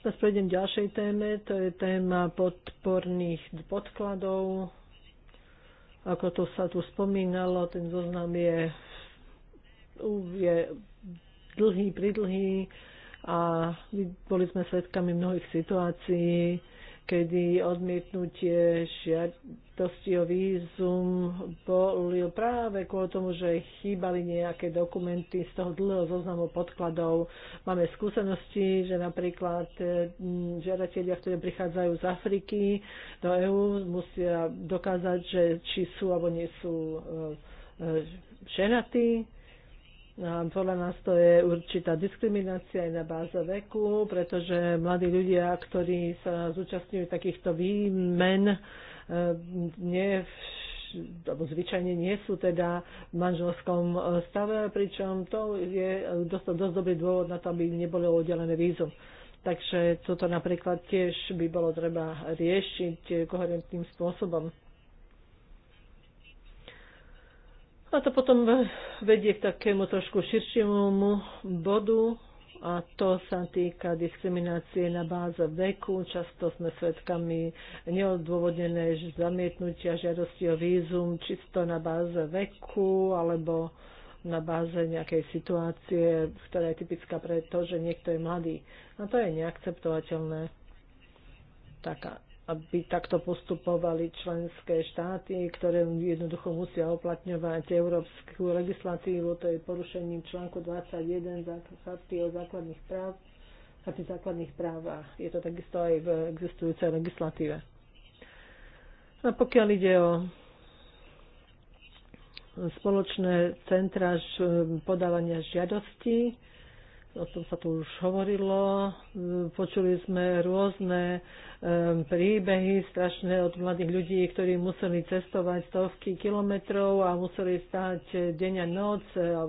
Teraz prejdem ďalšej téme, to je téma podporných podkladov. Ako to sa tu spomínalo, ten zoznam je, je dlhý, pridlhý a boli sme svedkami mnohých situácií, kedy odmietnutie žiad, žiadosti o vízum boli práve kvôli tomu, že chýbali nejaké dokumenty z toho dlhého zoznamu podkladov. Máme skúsenosti, že napríklad e, žiadatelia, ktorí prichádzajú z Afriky do EÚ, musia dokázať, že či sú alebo nie sú e, e, ženatí. A podľa nás to je určitá diskriminácia aj na báze veku, pretože mladí ľudia, ktorí sa zúčastňujú takýchto výmen, Ehm, nie alebo zvyčajne nie sú teda v manželskom e, stave, pričom to je dosť, dosť dobrý dôvod na to, aby nebolo oddelené vízum. Takže toto napríklad tiež by bolo treba riešiť e, koherentným spôsobom. A to potom e, vedie k takému trošku širšiemu bodu, a to sa týka diskriminácie na báze veku. Často sme svedkami neodôvodnené zamietnutia žiadosti o vízum čisto na báze veku alebo na báze nejakej situácie, ktorá je typická pre to, že niekto je mladý. A to je neakceptovateľné. Taká aby takto postupovali členské štáty, ktoré jednoducho musia uplatňovať európsku legislatívu, to je porušením článku 21 o základných práv, tých základných právach. Je to takisto aj v existujúcej legislatíve. A pokiaľ ide o spoločné centra podávania žiadostí, o tom sa tu už hovorilo. Počuli sme rôzne príbehy strašné od mladých ľudí, ktorí museli cestovať stovky kilometrov a museli stať eh, deň a noc eh, a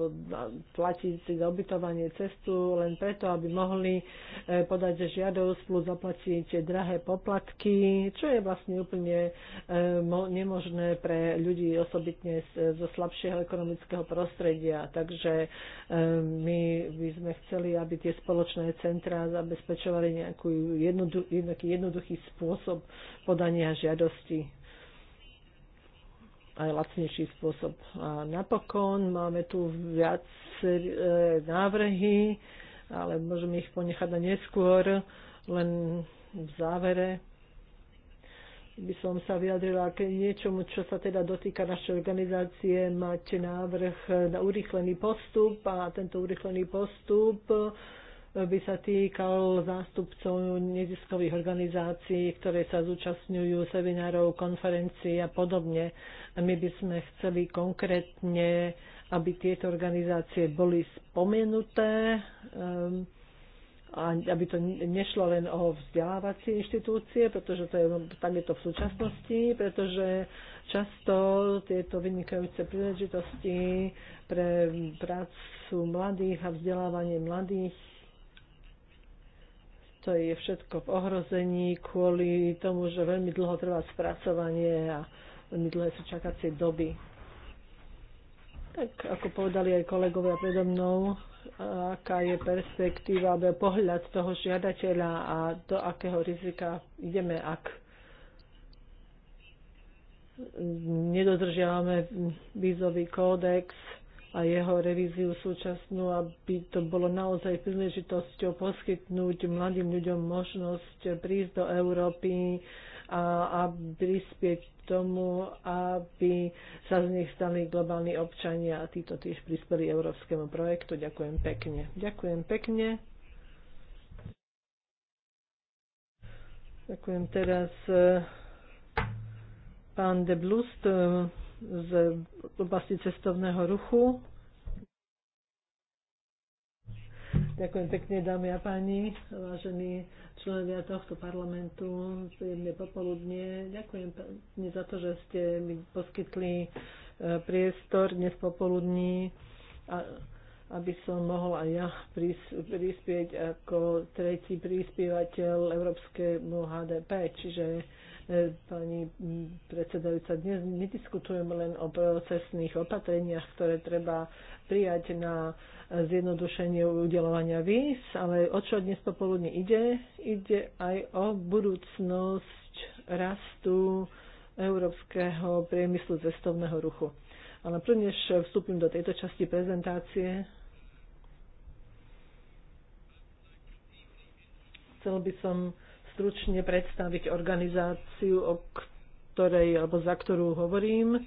platiť si za obytovanie cestu len preto, aby mohli eh, podať žiadosť plus zaplatiť drahé poplatky, čo je vlastne úplne nemožné pre ľudí osobitne zo slabšieho ekonomického prostredia. Takže my by sme chceli chceli, aby tie spoločné centrá zabezpečovali nejakú jednodu, nejaký jednoduchý spôsob podania žiadosti aj lacnejší spôsob. A napokon máme tu viac e, návrhy, ale môžeme ich ponechať na neskôr, len v závere by som sa vyjadrila k niečomu, čo sa teda dotýka našej organizácie. Máte návrh na urýchlený postup a tento urýchlený postup by sa týkal zástupcov neziskových organizácií, ktoré sa zúčastňujú seminárov, konferencií a podobne. A my by sme chceli konkrétne, aby tieto organizácie boli spomenuté. Um, aby to nešlo len o vzdelávacie inštitúcie, pretože to je, tam je to v súčasnosti, pretože často tieto vynikajúce príležitosti pre prácu mladých a vzdelávanie mladých to je všetko v ohrození kvôli tomu, že veľmi dlho trvá spracovanie a veľmi dlhé sú čakacie doby. Tak ako povedali aj kolegovia predo mnou, aká je perspektíva alebo pohľad toho žiadateľa a do akého rizika ideme, ak nedodržiavame vízový kódex a jeho revíziu súčasnú, aby to bolo naozaj príležitosťou poskytnúť mladým ľuďom možnosť prísť do Európy, a, a prispieť k tomu, aby sa z nich stali globálni občania a títo tiež prispeli európskemu projektu. Ďakujem pekne. Ďakujem pekne. Ďakujem teraz e, pán de Blust e, z oblasti cestovného ruchu. Ďakujem pekne, dámy a páni, vážení členovia tohto parlamentu príjemne popoludne. Ďakujem pekne za to, že ste mi poskytli e, priestor dnes popoludní, aby som mohol aj ja prispieť ako tretí prispievateľ európskemu HDP. Čiže E, pani predsedajúca, dnes nediskutujeme len o procesných opatreniach, ktoré treba prijať na zjednodušenie udelovania víz, ale o čo dnes popoludne ide? Ide aj o budúcnosť rastu európskeho priemyslu cestovného ruchu. Ale prvnež vstúpim do tejto časti prezentácie, chcel by som stručne predstaviť organizáciu, o ktorej alebo za ktorú hovorím.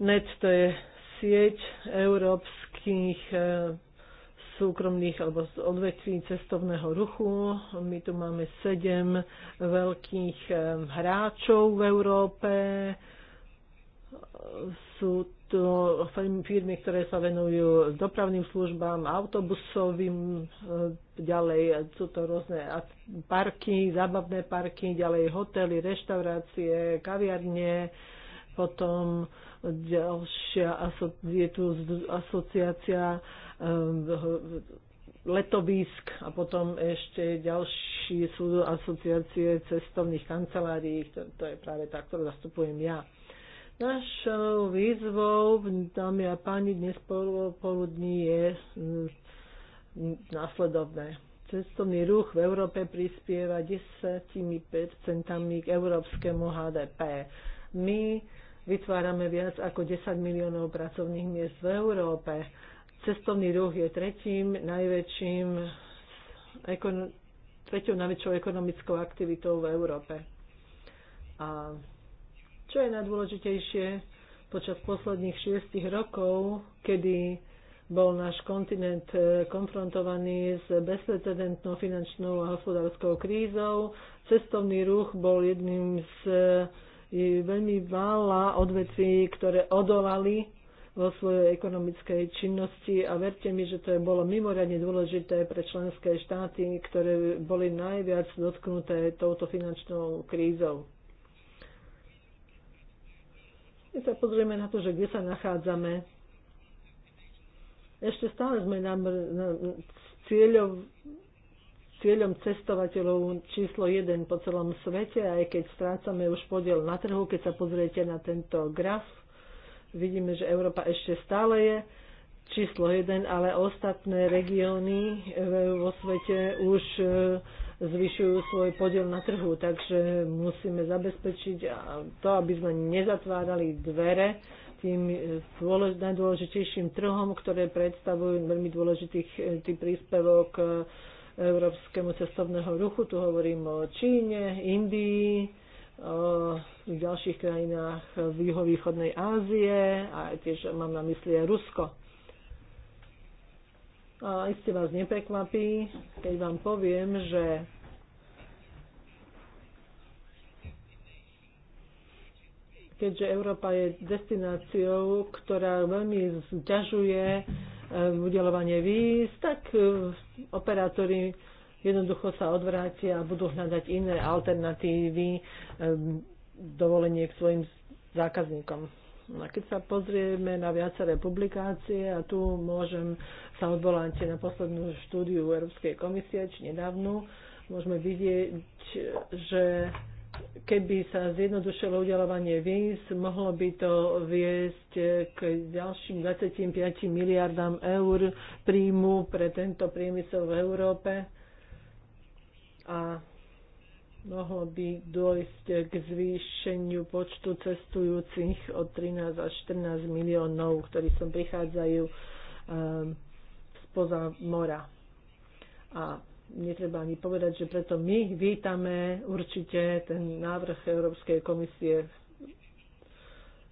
NET to je sieť európskych e, súkromných alebo odvetví cestovného ruchu. My tu máme sedem veľkých e, hráčov v Európe. Sú tu firmy, ktoré sa venujú dopravným službám, autobusovým e, ďalej sú to rôzne parky, zábavné parky, ďalej hotely, reštaurácie, kaviarne, potom ďalšia je tu asociácia ehm, letovisk a potom ešte ďalší sú asociácie cestovných kancelárií, to, to je práve tá, ktorú zastupujem ja. Našou výzvou, dámy a páni, dnes poludní je následovné. Cestovný ruch v Európe prispieva 10% k európskemu HDP. My vytvárame viac ako 10 miliónov pracovných miest v Európe. Cestovný ruch je tretím najväčším, tretou najväčšou ekonomickou aktivitou v Európe. A čo je najdôležitejšie, počas posledných šiestich rokov, kedy bol náš kontinent e, konfrontovaný s bezprecedentnou finančnou a hospodárskou krízou. Cestovný ruch bol jedným z e, veľmi mála odvetví, ktoré odolali vo svojej ekonomickej činnosti a verte mi, že to je bolo mimoriadne dôležité pre členské štáty, ktoré boli najviac dotknuté touto finančnou krízou. My sa pozrieme na to, že kde sa nachádzame, ešte stále sme na, na, cieľov, cieľom cestovateľov číslo 1 po celom svete, aj keď strácame už podiel na trhu, keď sa pozriete na tento graf, vidíme, že Európa ešte stále je číslo 1, ale ostatné regióny e, vo svete už e, zvyšujú svoj podiel na trhu, takže musíme zabezpečiť to, aby sme nezatvárali dvere tým e, najdôležitejším trhom, ktoré predstavujú veľmi dôležitých e, tý príspevok e, európskemu cestovného ruchu. Tu hovorím o Číne, Indii, o ďalších krajinách v juhovýchodnej Ázie a tiež mám na mysli aj Rusko. A iste vás neprekvapí, keď vám poviem, že keďže Európa je destináciou, ktorá veľmi zťažuje eh, udelovanie víz, tak eh, operátori jednoducho sa odvrátia a budú hľadať iné alternatívy eh, dovolenie k svojim zákazníkom. A keď sa pozrieme na viaceré publikácie, a tu môžem sa odvolať na poslednú štúdiu Európskej komisie, či nedávnu, môžeme vidieť, že keby sa zjednodušilo udelovanie víz, mohlo by to viesť k ďalším 25 miliardám eur príjmu pre tento priemysel v Európe a mohlo by dôjsť k zvýšeniu počtu cestujúcich od 13 až 14 miliónov, ktorí som prichádzajú ehm, spoza mora. A netreba ani povedať, že preto my vítame určite ten návrh Európskej komisie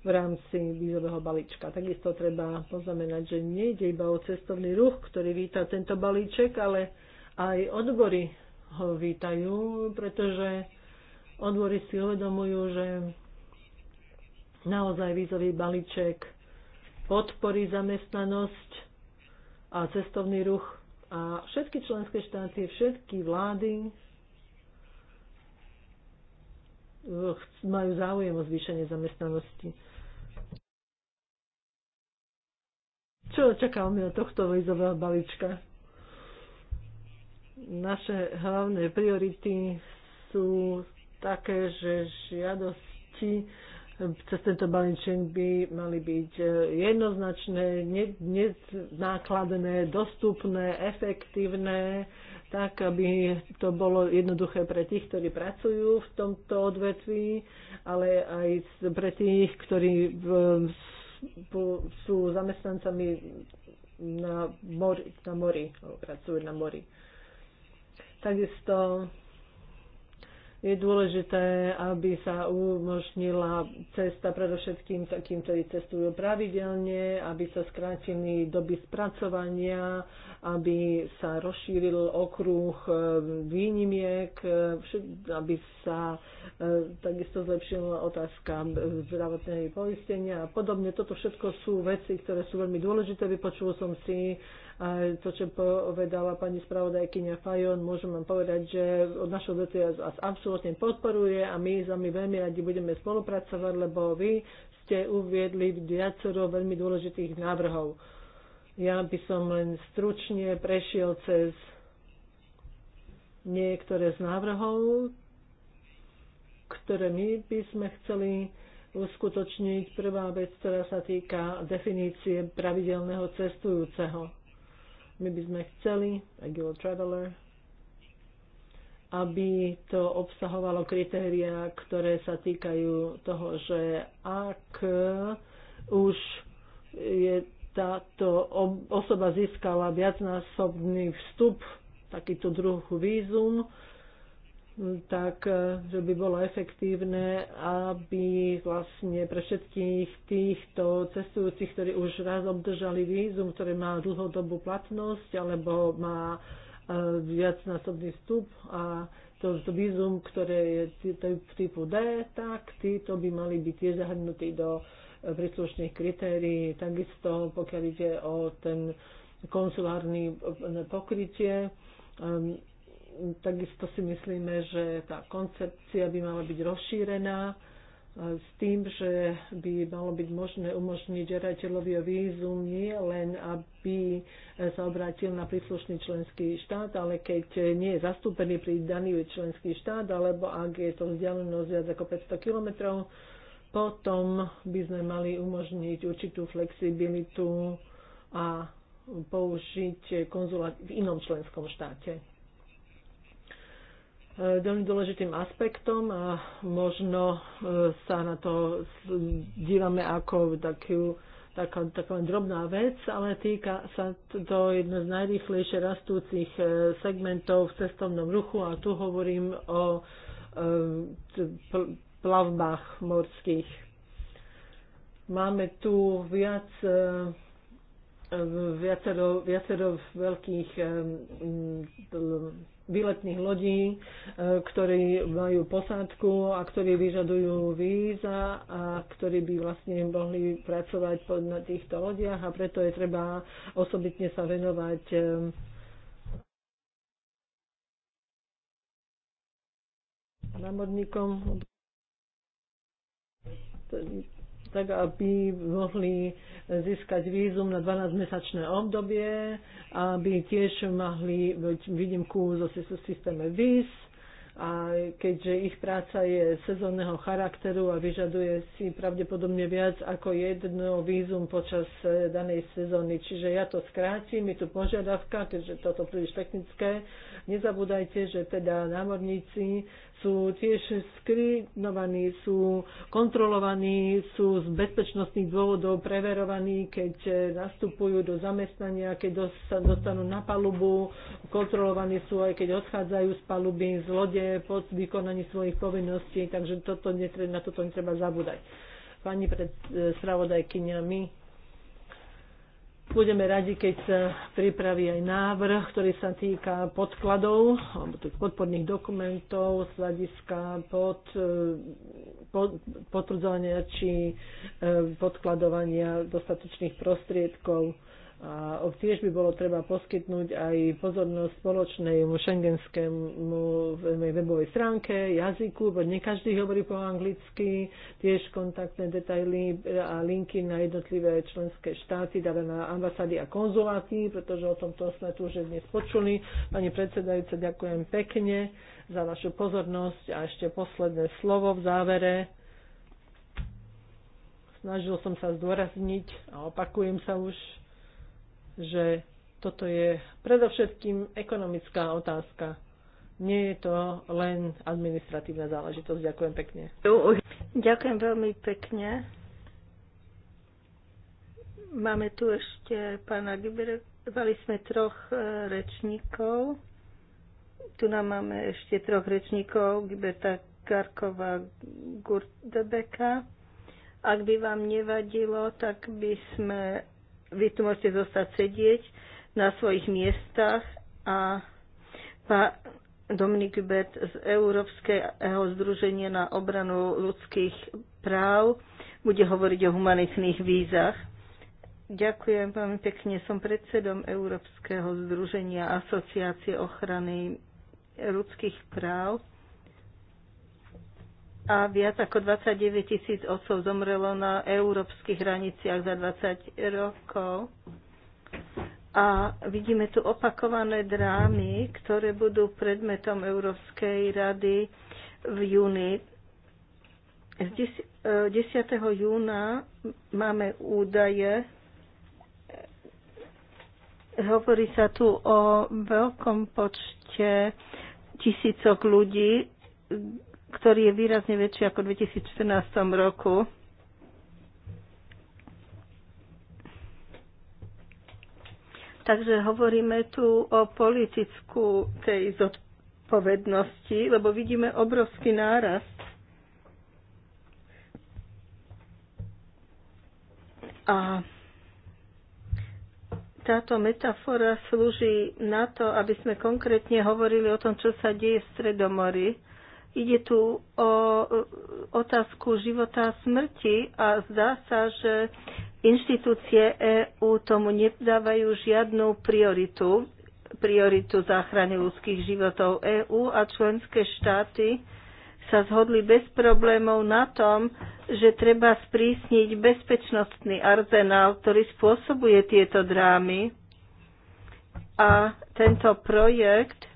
v rámci vízového balíčka. Takisto treba poznamenať, že nejde iba o cestovný ruch, ktorý víta tento balíček, ale aj odbory ho vítajú, pretože odbory si uvedomujú, že naozaj vízový balíček podporí zamestnanosť a cestovný ruch a všetky členské štáty, všetky vlády eh, majú záujem o zvýšenie zamestnanosti. Čo očakávame od tohto vojzového balíčka? Naše hlavné priority sú také, že žiadosti cez tento balíček by mali byť e, jednoznačné, neznákladné, dostupné, efektívne, tak aby to bolo jednoduché pre tých, ktorí pracujú v tomto odvetví, ale aj pre tých, ktorí sú zamestnancami na mori, na mori pracujú na mori. Takisto je dôležité, aby sa umožnila cesta predovšetkým takým, ktorí cestujú pravidelne, aby sa skrátili doby spracovania, aby sa rozšíril okruh eh, výnimiek, eh, aby sa eh, takisto zlepšila otázka zdravotného poistenia a podobne. Toto všetko sú veci, ktoré sú veľmi dôležité. Vypočul som si a to, čo povedala pani spravodajkynia Fajon, môžem vám povedať, že od našho DTS vás absolútne podporuje a my s vami veľmi radi budeme spolupracovať, lebo vy ste uviedli viacero veľmi dôležitých návrhov. Ja by som len stručne prešiel cez niektoré z návrhov, ktoré my by sme chceli uskutočniť. Prvá vec, ktorá sa týka definície pravidelného cestujúceho. My by sme chceli, Agile traveler, aby to obsahovalo kritéria, ktoré sa týkajú toho, že ak už je táto osoba získala viacnásobný vstup, takýto druh vízum, tak e, že by bolo efektívne, aby vlastne pre všetkých týchto cestujúcich, ktorí už raz obdržali vízum, ktoré má dlhodobú platnosť alebo má e, viacnásobný vstup a to, to vízum, ktoré je typu D, tak títo by mali byť tiež zahrnutí do e, príslušných kritérií. Takisto, pokiaľ ide o ten konsulárny pokrytie, um, takisto si myslíme, že tá koncepcia by mala byť rozšírená e, s tým, že by malo byť možné umožniť žiadateľovi o vízum nie len, aby sa obrátil na príslušný členský štát, ale keď nie je zastúpený pri daný členský štát, alebo ak je to vzdialenosť viac ako 500 kilometrov, potom by sme mali umožniť určitú flexibilitu a použiť konzulát v inom členskom štáte veľmi dôležitým aspektom a možno e, sa na to dívame ako takú taká, taká drobná vec, ale týka sa to jedno z najrýchlejšie rastúcich e, segmentov v cestovnom ruchu a tu hovorím o e, plavbách morských. Máme tu viac viacero, viacero veľkých výletných lodí, e, ktorí majú posádku a ktorí vyžadujú víza a ktorí by vlastne mohli pracovať na týchto lodiach a preto je treba osobitne sa venovať e, námorníkom tak aby mohli získať vízum na 12-mesačné obdobie, aby tiež mohli výnimku zo systéme víz, a keďže ich práca je sezónneho charakteru a vyžaduje si pravdepodobne viac ako jedno vízum počas eh, danej sezóny. Čiže ja to skrátim, je tu požiadavka, keďže toto príliš technické. Nezabúdajte, že teda námorníci sú tiež skrinovaní, sú kontrolovaní, sú z bezpečnostných dôvodov preverovaní, keď e, nastupujú do zamestnania, keď sa dostanú na palubu, kontrolovaní sú aj keď odchádzajú z paluby, z lode, po vykonaní svojich povinností, takže toto netre, na toto netreba zabúdať. Pani pred, e, spravodajkyňa, my Budeme radi, keď sa pripraví aj návrh, ktorý sa týka podkladov, alebo podporných dokumentov z hľadiska pod, e, pod, potvrdzovania či e, podkladovania dostatočných prostriedkov. A tiež by bolo treba poskytnúť aj pozornosť spoločnému šengenskému webovej stránke, jazyku, bo nie každý hovorí po anglicky, tiež kontaktné detaily a linky na jednotlivé členské štáty, teda na ambasády a konzuláty, pretože o tomto sme tu už dnes počuli. Pani predsedajúca, ďakujem pekne za vašu pozornosť a ešte posledné slovo v závere snažil som sa zdôrazniť a opakujem sa už, že toto je predovšetkým ekonomická otázka. Nie je to len administratívna záležitosť. Ďakujem pekne. Ďakujem veľmi pekne. Máme tu ešte pána Giber. sme troch e, rečníkov. Tu nám máme ešte troch rečníkov. Giberta Garkova Gurdebeka. Ak by vám nevadilo, tak by sme vy tu môžete zostať sedieť na svojich miestach a pán Dominik Hubert z Európskeho združenia na obranu ľudských práv bude hovoriť o humanitných vízach. Ďakujem veľmi pekne. Som predsedom Európskeho združenia Asociácie ochrany ľudských práv a viac ako 29 tisíc osôb zomrelo na európskych hraniciach za 20 rokov. A vidíme tu opakované drámy, ktoré budú predmetom Európskej rady v júni. Z 10. E, júna máme údaje. Hovorí sa tu o veľkom počte tisícok ľudí, ktorý je výrazne väčší ako v 2014 roku. Takže hovoríme tu o politickú tej zodpovednosti, lebo vidíme obrovský nárast. A táto metafora slúži na to, aby sme konkrétne hovorili o tom, čo sa deje v Stredomori. Ide tu o otázku života a smrti a zdá sa, že inštitúcie EÚ tomu nedávajú žiadnu prioritu, prioritu záchrany ľudských životov EÚ a členské štáty sa zhodli bez problémov na tom, že treba sprísniť bezpečnostný arzenál, ktorý spôsobuje tieto drámy. A tento projekt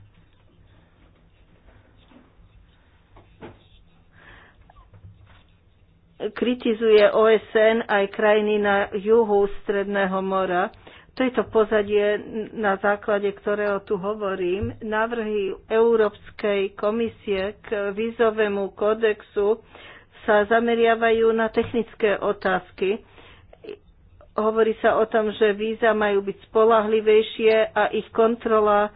kritizuje OSN aj krajiny na juhu Stredného mora. To je to pozadie, na základe ktorého tu hovorím. Návrhy Európskej komisie k vízovému kodexu sa zameriavajú na technické otázky. Hovorí sa o tom, že víza majú byť spolahlivejšie a ich kontrola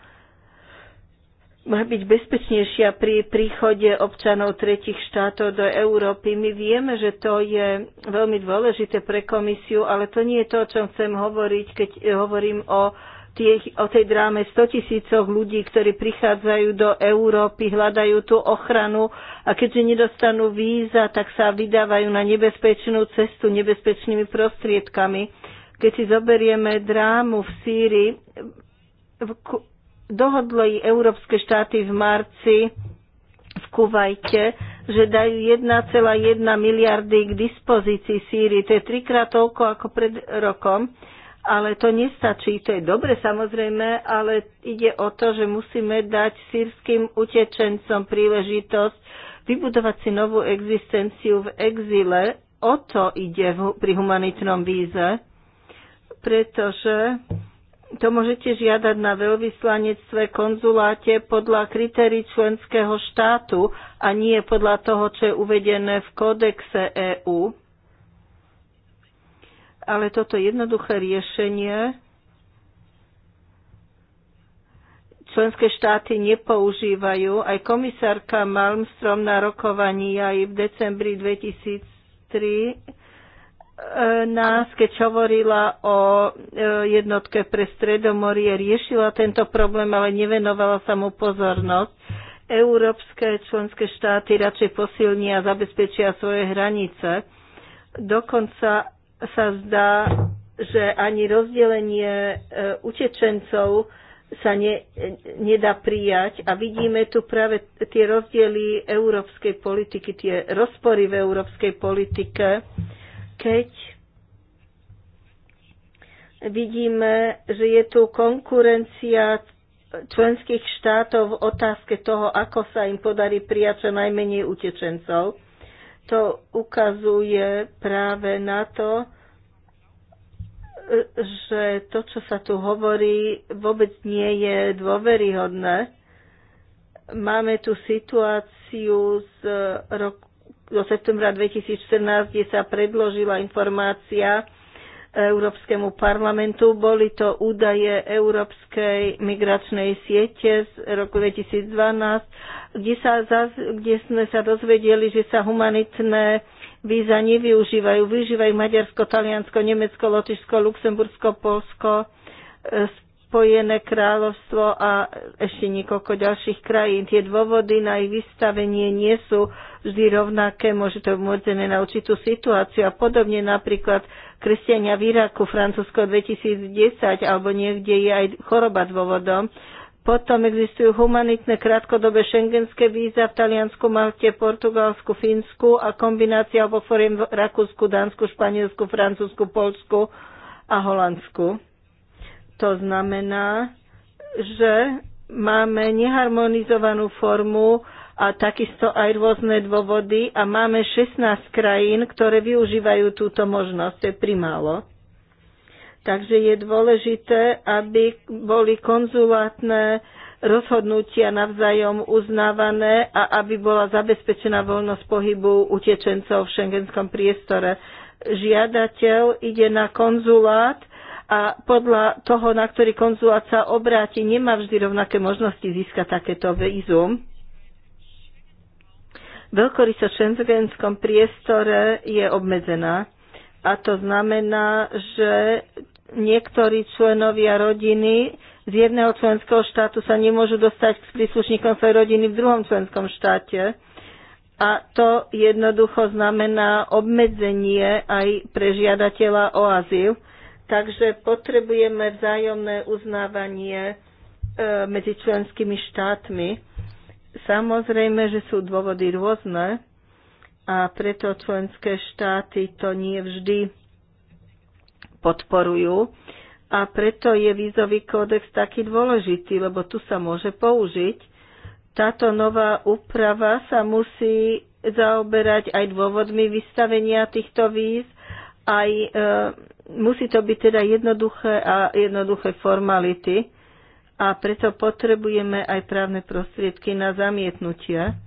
má byť bezpečnejšia pri príchode občanov tretich štátov do Európy. My vieme, že to je veľmi dôležité pre komisiu, ale to nie je to, o čom chcem hovoriť, keď hovorím o, tých, o tej dráme 100 tisícov ľudí, ktorí prichádzajú do Európy, hľadajú tú ochranu a keďže nedostanú víza, tak sa vydávajú na nebezpečnú cestu nebezpečnými prostriedkami. Keď si zoberieme drámu v Sýrii, dohodlo i európske štáty v marci v Kuvajte, že dajú 1,1 miliardy k dispozícii Sýrii. To je trikrát toľko ako pred rokom, ale to nestačí. To je dobre samozrejme, ale ide o to, že musíme dať sírským utečencom príležitosť vybudovať si novú existenciu v exile. O to ide pri humanitnom víze, pretože to môžete žiadať na veľvyslanectve, konzuláte podľa kritérií členského štátu a nie podľa toho, čo je uvedené v kódexe EÚ. Ale toto jednoduché riešenie členské štáty nepoužívajú. Aj komisárka Malmstrom na rokovaní aj v decembri 2003 E, nás, keď hovorila o e, jednotke pre Stredomorie, riešila tento problém, ale nevenovala sa mu pozornosť. Európske členské štáty radšej posilnia a zabezpečia svoje hranice. Dokonca sa zdá, že ani rozdelenie e, utečencov sa ne, nedá prijať a vidíme tu práve tie rozdiely európskej politiky, tie rozpory v európskej politike keď vidíme, že je tu konkurencia členských štátov v otázke toho, ako sa im podarí prijať čo najmenej utečencov. To ukazuje práve na to, že to, čo sa tu hovorí, vôbec nie je dôveryhodné. Máme tu situáciu z roku do septembra 2014, kde sa predložila informácia Európskemu parlamentu. Boli to údaje Európskej migračnej siete z roku 2012, kde, sa, kde sme sa dozvedeli, že sa humanitné víza nevyužívajú. Využívajú Maďarsko, Taliansko, Nemecko, Lotyšsko, Luxembursko, Polsko, e, Spojené kráľovstvo a ešte niekoľko ďalších krajín. Tie dôvody na ich vystavenie nie sú vždy rovnaké, môže to môcť na určitú situáciu a podobne napríklad kresťania v Iraku, Francúzsko 2010 alebo niekde je aj choroba dôvodom. Potom existujú humanitné krátkodobé šengenské víza v Taliansku, Malte, Portugalsku, Fínsku a kombinácia alebo foriem v Rakúsku, Dánsku, Španielsku, Francúzsku, Polsku a Holandsku. To znamená, že máme neharmonizovanú formu a takisto aj rôzne dôvody a máme 16 krajín, ktoré využívajú túto možnosť. To je primálo. Takže je dôležité, aby boli konzulátne rozhodnutia navzájom uznávané a aby bola zabezpečená voľnosť pohybu utečencov v šengenskom priestore. Žiadateľ ide na konzulát, a podľa toho, na ktorý konzulát sa obráti, nemá vždy rovnaké možnosti získať takéto vízum. Veľkorysosť v šengenskom priestore je obmedzená a to znamená, že niektorí členovia rodiny z jedného členského štátu sa nemôžu dostať k príslušníkom svojej rodiny v druhom členskom štáte. A to jednoducho znamená obmedzenie aj pre žiadateľa o azyl. Takže potrebujeme vzájomné uznávanie e, medzi členskými štátmi. Samozrejme, že sú dôvody rôzne a preto členské štáty to nie vždy podporujú. A preto je vízový kódex taký dôležitý, lebo tu sa môže použiť. Táto nová úprava sa musí zaoberať aj dôvodmi vystavenia týchto víz aj e, musí to byť teda jednoduché a jednoduché formality a preto potrebujeme aj právne prostriedky na zamietnutie.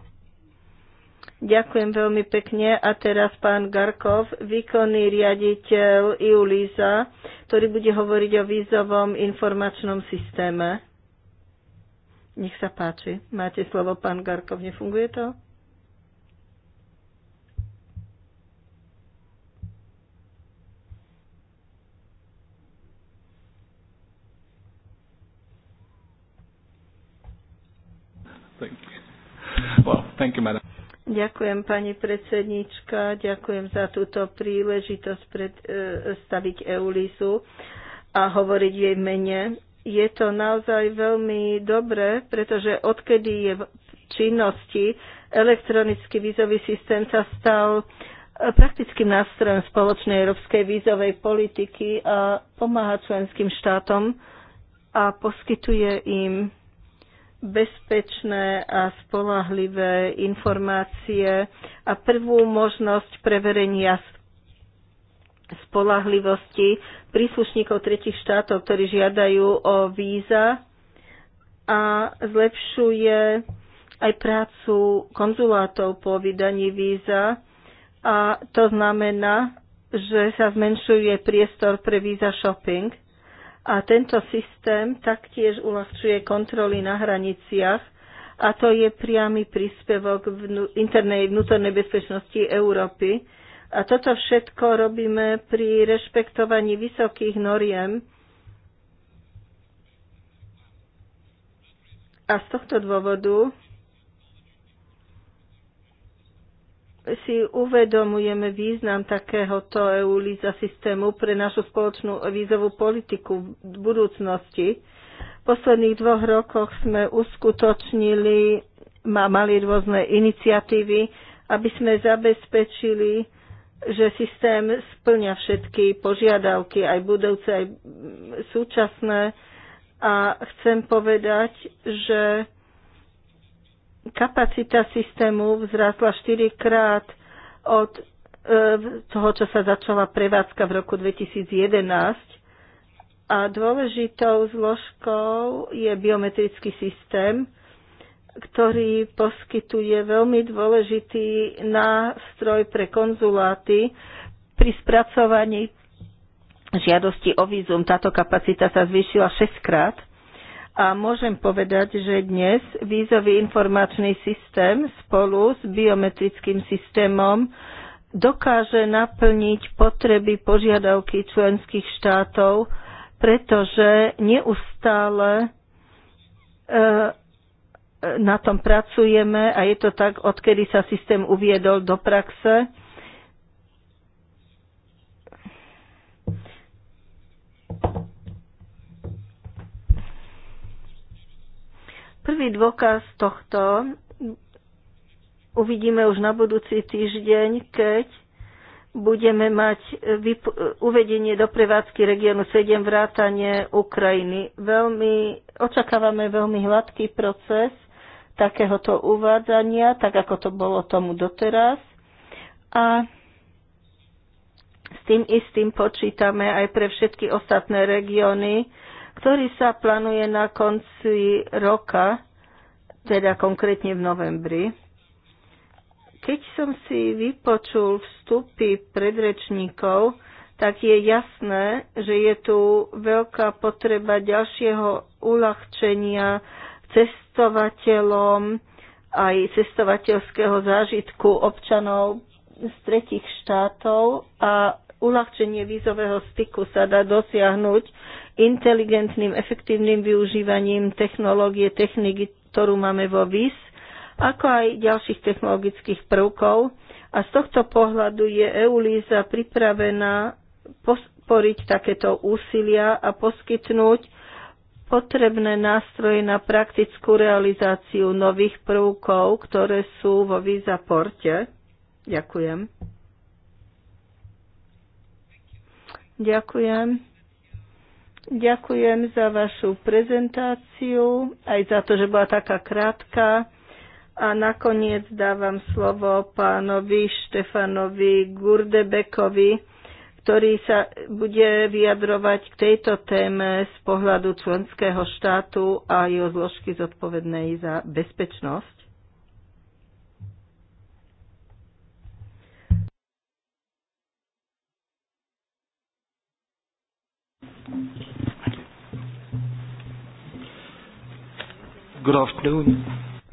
Ďakujem veľmi pekne. A teraz pán Garkov, výkonný riaditeľ Iulíza, ktorý bude hovoriť o vízovom informačnom systéme. Nech sa páči. Máte slovo, pán Garkov. Nefunguje to? Thank you. Well, thank you, madam. Ďakujem, pani predsednička, ďakujem za túto príležitosť predstaviť EULISu a hovoriť jej mene. Je to naozaj veľmi dobré, pretože odkedy je v činnosti elektronický vízový systém sa stal praktickým nástrojom spoločnej európskej vízovej politiky a pomáha členským štátom a poskytuje im bezpečné a spolahlivé informácie a prvú možnosť preverenia spolahlivosti príslušníkov tretich štátov, ktorí žiadajú o víza a zlepšuje aj prácu konzulátov po vydaní víza a to znamená, že sa zmenšuje priestor pre víza shopping a tento systém taktiež uľahčuje kontroly na hraniciach a to je priamy príspevok v internej vnútornej bezpečnosti Európy. A toto všetko robíme pri rešpektovaní vysokých noriem. A z tohto dôvodu si uvedomujeme význam takéhoto EU líza systému pre našu spoločnú vízovú politiku v budúcnosti. V posledných dvoch rokoch sme uskutočnili, mali rôzne iniciatívy, aby sme zabezpečili, že systém splňa všetky požiadavky, aj budúce, aj súčasné. A chcem povedať, že Kapacita systému vzrástla 4 krát od e, toho, čo sa začala prevádzka v roku 2011. A dôležitou zložkou je biometrický systém, ktorý poskytuje veľmi dôležitý nástroj pre konzuláty pri spracovaní žiadosti o vízum. Táto kapacita sa zvýšila 6 krát a môžem povedať, že dnes vízový informačný systém spolu s biometrickým systémom dokáže naplniť potreby požiadavky členských štátov, pretože neustále e, e, na tom pracujeme a je to tak, odkedy sa systém uviedol do praxe Prvý dôkaz tohto uvidíme už na budúci týždeň, keď budeme mať uvedenie do prevádzky regiónu 7 vrátanie Ukrajiny. Veľmi, očakávame veľmi hladký proces takéhoto uvádzania, tak ako to bolo tomu doteraz. A s tým istým počítame aj pre všetky ostatné regióny, ktorý sa plánuje na konci roka, teda konkrétne v novembri. Keď som si vypočul vstupy predrečníkov, tak je jasné, že je tu veľká potreba ďalšieho uľahčenia cestovateľom aj cestovateľského zážitku občanov z tretich štátov a uľahčenie vízového styku sa dá dosiahnuť inteligentným, efektívnym využívaním technológie, techniky, ktorú máme vo VIS, ako aj ďalších technologických prvkov. A z tohto pohľadu je EULISA pripravená podporiť takéto úsilia a poskytnúť potrebné nástroje na praktickú realizáciu nových prvkov, ktoré sú vo Visa porte. Ďakujem. Ďakujem. Ďakujem za vašu prezentáciu, aj za to, že bola taká krátka. A nakoniec dávam slovo pánovi Štefanovi Gurdebekovi, ktorý sa bude vyjadrovať k tejto téme z pohľadu členského štátu a jeho zložky zodpovednej za bezpečnosť. Good afternoon.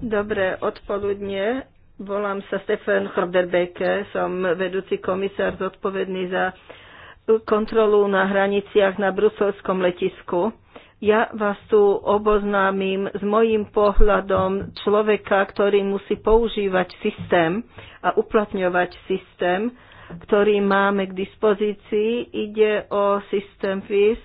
Dobré odpoludne. Volám sa Stefan Chrobderbeke, som vedúci komisár zodpovedný za kontrolu na hraniciach na bruselskom letisku. Ja vás tu oboznámim s mojím pohľadom človeka, ktorý musí používať systém a uplatňovať systém, ktorý máme k dispozícii. Ide o systém FIS,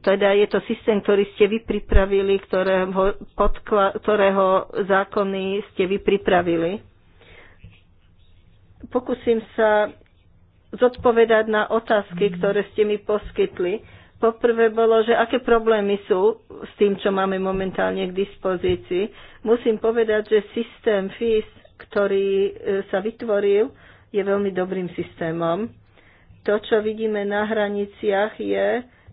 teda je to systém, ktorý ste vy pripravili, ktorého, podkla, ktorého zákony ste vy pripravili. Pokúsim sa zodpovedať na otázky, ktoré ste mi poskytli. Poprvé bolo, že aké problémy sú s tým, čo máme momentálne k dispozícii. Musím povedať, že systém FIS, ktorý e, sa vytvoril, je veľmi dobrým systémom. To, čo vidíme na hraniciach, je,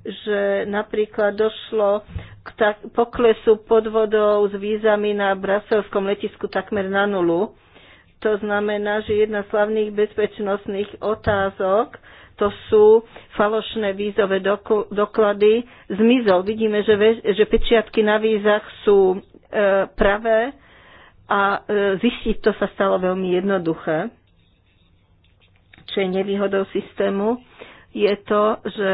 že napríklad došlo k tak- poklesu podvodov s vízami na braselskom letisku takmer na nulu. To znamená, že jedna z hlavných bezpečnostných otázok to sú falošné vízové doklady. Zmizol. Vidíme, že, ve- že pečiatky na vízach sú e, pravé a e, zistiť to sa stalo veľmi jednoduché. Čo je nevýhodou systému, je to, že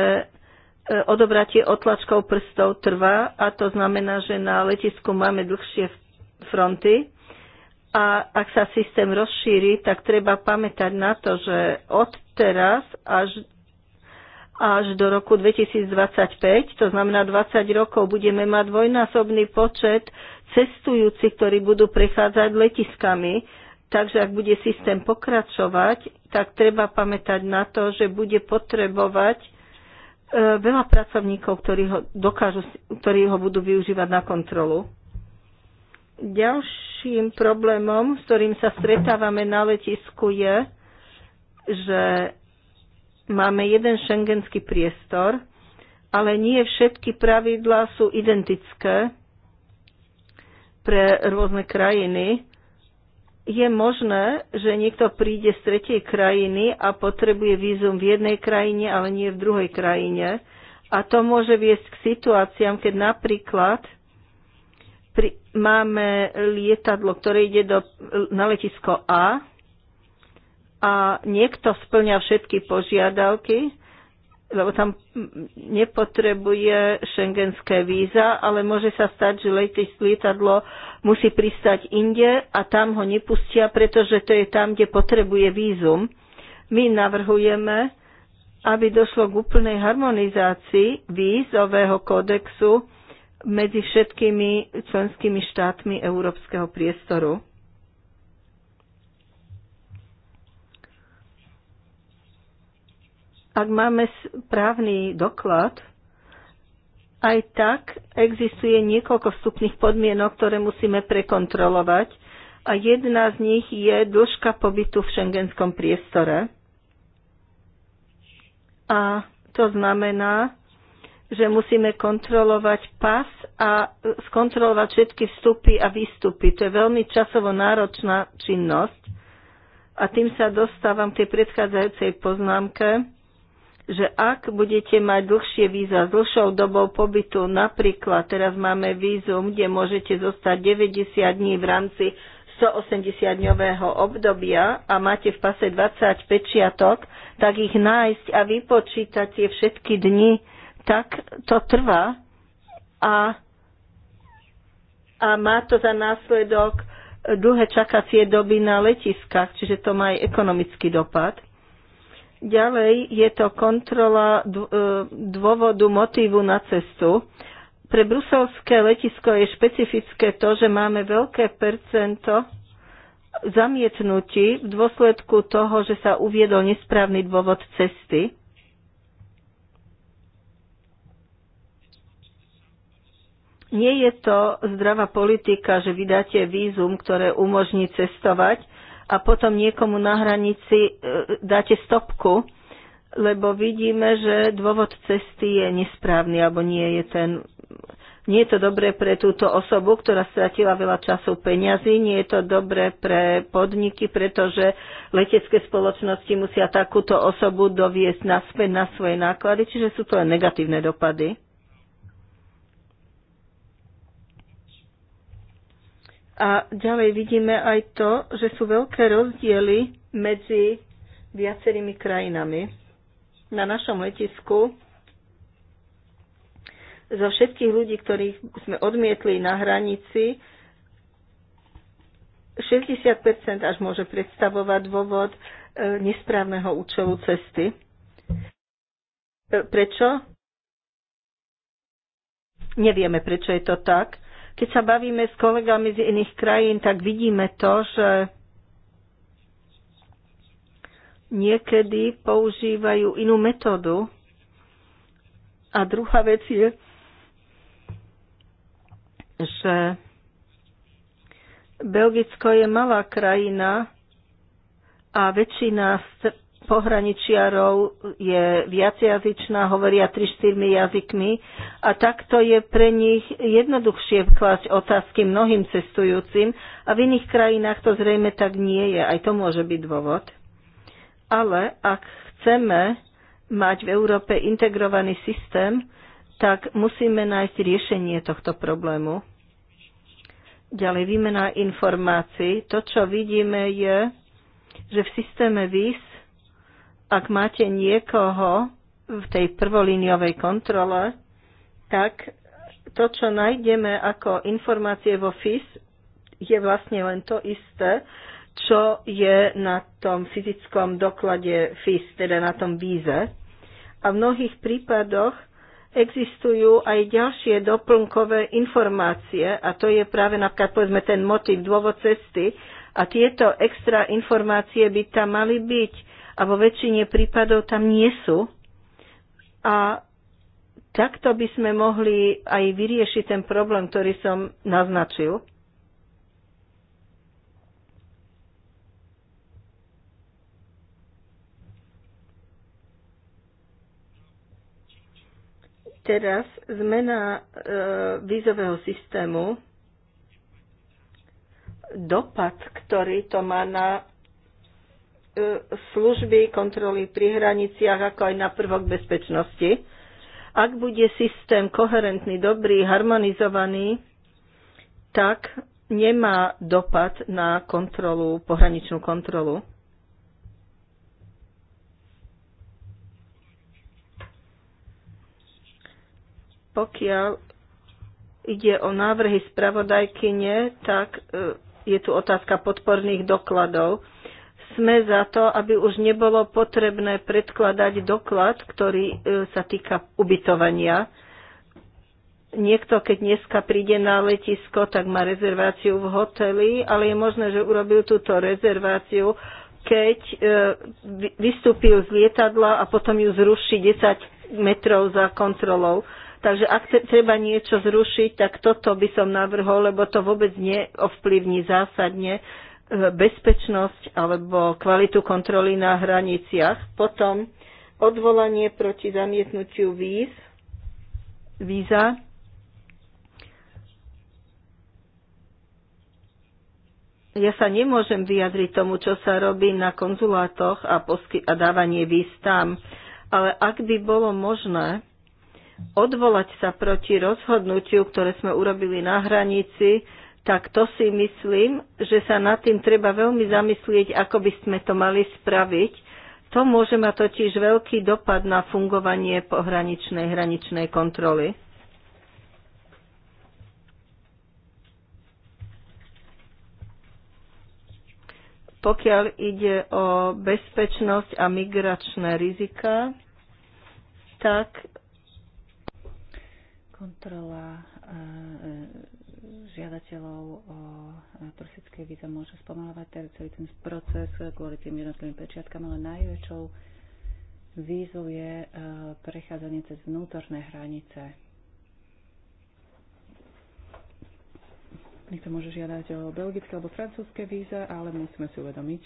E, odobratie otlačkov prstov trvá a to znamená, že na letisku máme dlhšie fronty a ak sa systém rozšíri, tak treba pamätať na to, že od teraz až, až do roku 2025, to znamená 20 rokov, budeme mať dvojnásobný počet cestujúcich, ktorí budú prechádzať letiskami. Takže ak bude systém pokračovať, tak treba pamätať na to, že bude potrebovať E, veľa pracovníkov, ktorí ho, dokážu, ktorí ho budú využívať na kontrolu. Ďalším problémom, s ktorým sa stretávame na letisku, je, že máme jeden šengenský priestor, ale nie všetky pravidlá sú identické pre rôzne krajiny je možné, že niekto príde z tretej krajiny a potrebuje vízum v jednej krajine, ale nie v druhej krajine. A to môže viesť k situáciám, keď napríklad pri, máme lietadlo, ktoré ide do, na letisko A a niekto splňa všetky požiadavky, lebo tam nepotrebuje šengenské víza, ale môže sa stať, že lietadlo musí pristať inde a tam ho nepustia, pretože to je tam, kde potrebuje vízum. My navrhujeme, aby došlo k úplnej harmonizácii vízového kódexu medzi všetkými členskými štátmi európskeho priestoru. Ak máme právny doklad, aj tak existuje niekoľko vstupných podmienok, ktoré musíme prekontrolovať a jedna z nich je dĺžka pobytu v šengenskom priestore. A to znamená, že musíme kontrolovať pas a skontrolovať všetky vstupy a výstupy. To je veľmi časovo náročná činnosť. A tým sa dostávam k tej predchádzajúcej poznámke, že ak budete mať dlhšie víza s dlhšou dobou pobytu, napríklad teraz máme vízum, kde môžete zostať 90 dní v rámci 180-dňového obdobia a máte v pase 20 pečiatok, tak ich nájsť a vypočítať tie všetky dni, tak to trvá a, a má to za následok dlhé čakacie doby na letiskách, čiže to má aj ekonomický dopad. Ďalej je to kontrola e, dôvodu motívu na cestu. Pre bruselské letisko je špecifické to, že máme veľké percento zamietnutí v dôsledku toho, že sa uviedol nesprávny dôvod cesty. Nie je to zdravá politika, že vydáte vízum, ktoré umožní cestovať, a potom niekomu na hranici e, dáte stopku, lebo vidíme, že dôvod cesty je nesprávny alebo nie je ten. Nie je to dobré pre túto osobu, ktorá stratila veľa času peňazí, nie je to dobré pre podniky, pretože letecké spoločnosti musia takúto osobu doviesť naspäť na svoje náklady, čiže sú to aj negatívne dopady. A ďalej vidíme aj to, že sú veľké rozdiely medzi viacerými krajinami. Na našom letisku zo všetkých ľudí, ktorých sme odmietli na hranici, 60% až môže predstavovať dôvod e, nesprávneho účelu cesty. E, prečo? Nevieme, prečo je to tak keď sa bavíme s kolegami z iných krajín, tak vidíme to, že niekedy používajú inú metódu. A druhá vec je, že Belgicko je malá krajina a väčšina pohraničiarov je viacjazyčná, hovoria 3-4 jazykmi a takto je pre nich jednoduchšie klásť otázky mnohým cestujúcim a v iných krajinách to zrejme tak nie je. Aj to môže byť dôvod. Ale ak chceme mať v Európe integrovaný systém, tak musíme nájsť riešenie tohto problému. Ďalej výmena informácií. To, čo vidíme, je, že v systéme VIS ak máte niekoho v tej prvolíniovej kontrole, tak to, čo nájdeme ako informácie vo FIS, je vlastne len to isté, čo je na tom fyzickom doklade FIS, teda na tom víze. A v mnohých prípadoch existujú aj ďalšie doplnkové informácie a to je práve napríklad povedzme ten motív, dôvod cesty a tieto extra informácie by tam mali byť a vo väčšine prípadov tam nie sú. A takto by sme mohli aj vyriešiť ten problém, ktorý som naznačil. Teraz zmena e, vízového systému, dopad, ktorý to má na služby, kontroly pri hraniciach, ako aj na prvok bezpečnosti. Ak bude systém koherentný, dobrý, harmonizovaný, tak nemá dopad na kontrolu, pohraničnú kontrolu. Pokiaľ ide o návrhy spravodajkyne, tak e, je tu otázka podporných dokladov sme za to, aby už nebolo potrebné predkladať doklad, ktorý e, sa týka ubytovania. Niekto, keď dneska príde na letisko, tak má rezerváciu v hoteli, ale je možné, že urobil túto rezerváciu, keď e, vystúpil z lietadla a potom ju zruší 10 metrov za kontrolou. Takže ak treba niečo zrušiť, tak toto by som navrhol, lebo to vôbec neovplyvní zásadne bezpečnosť alebo kvalitu kontroly na hraniciach, potom odvolanie proti zamietnutiu víz, víza, Ja sa nemôžem vyjadriť tomu, čo sa robí na konzulátoch a, posky- a dávanie víz tam, ale ak by bolo možné odvolať sa proti rozhodnutiu, ktoré sme urobili na hranici, tak to si myslím, že sa nad tým treba veľmi zamyslieť, ako by sme to mali spraviť. To môže mať totiž veľký dopad na fungovanie pohraničnej hraničnej kontroly. Pokiaľ ide o bezpečnosť a migračné rizika, tak kontrola e, žiadateľov o e, turistické víza môže spomalovať teda celý ten proces kvôli tým jednotlivým pečiatkám, ale najväčšou vízu je e, prechádzanie cez vnútorné hranice. Niekto môže žiadať o belgické alebo francúzske víza, ale musíme si uvedomiť,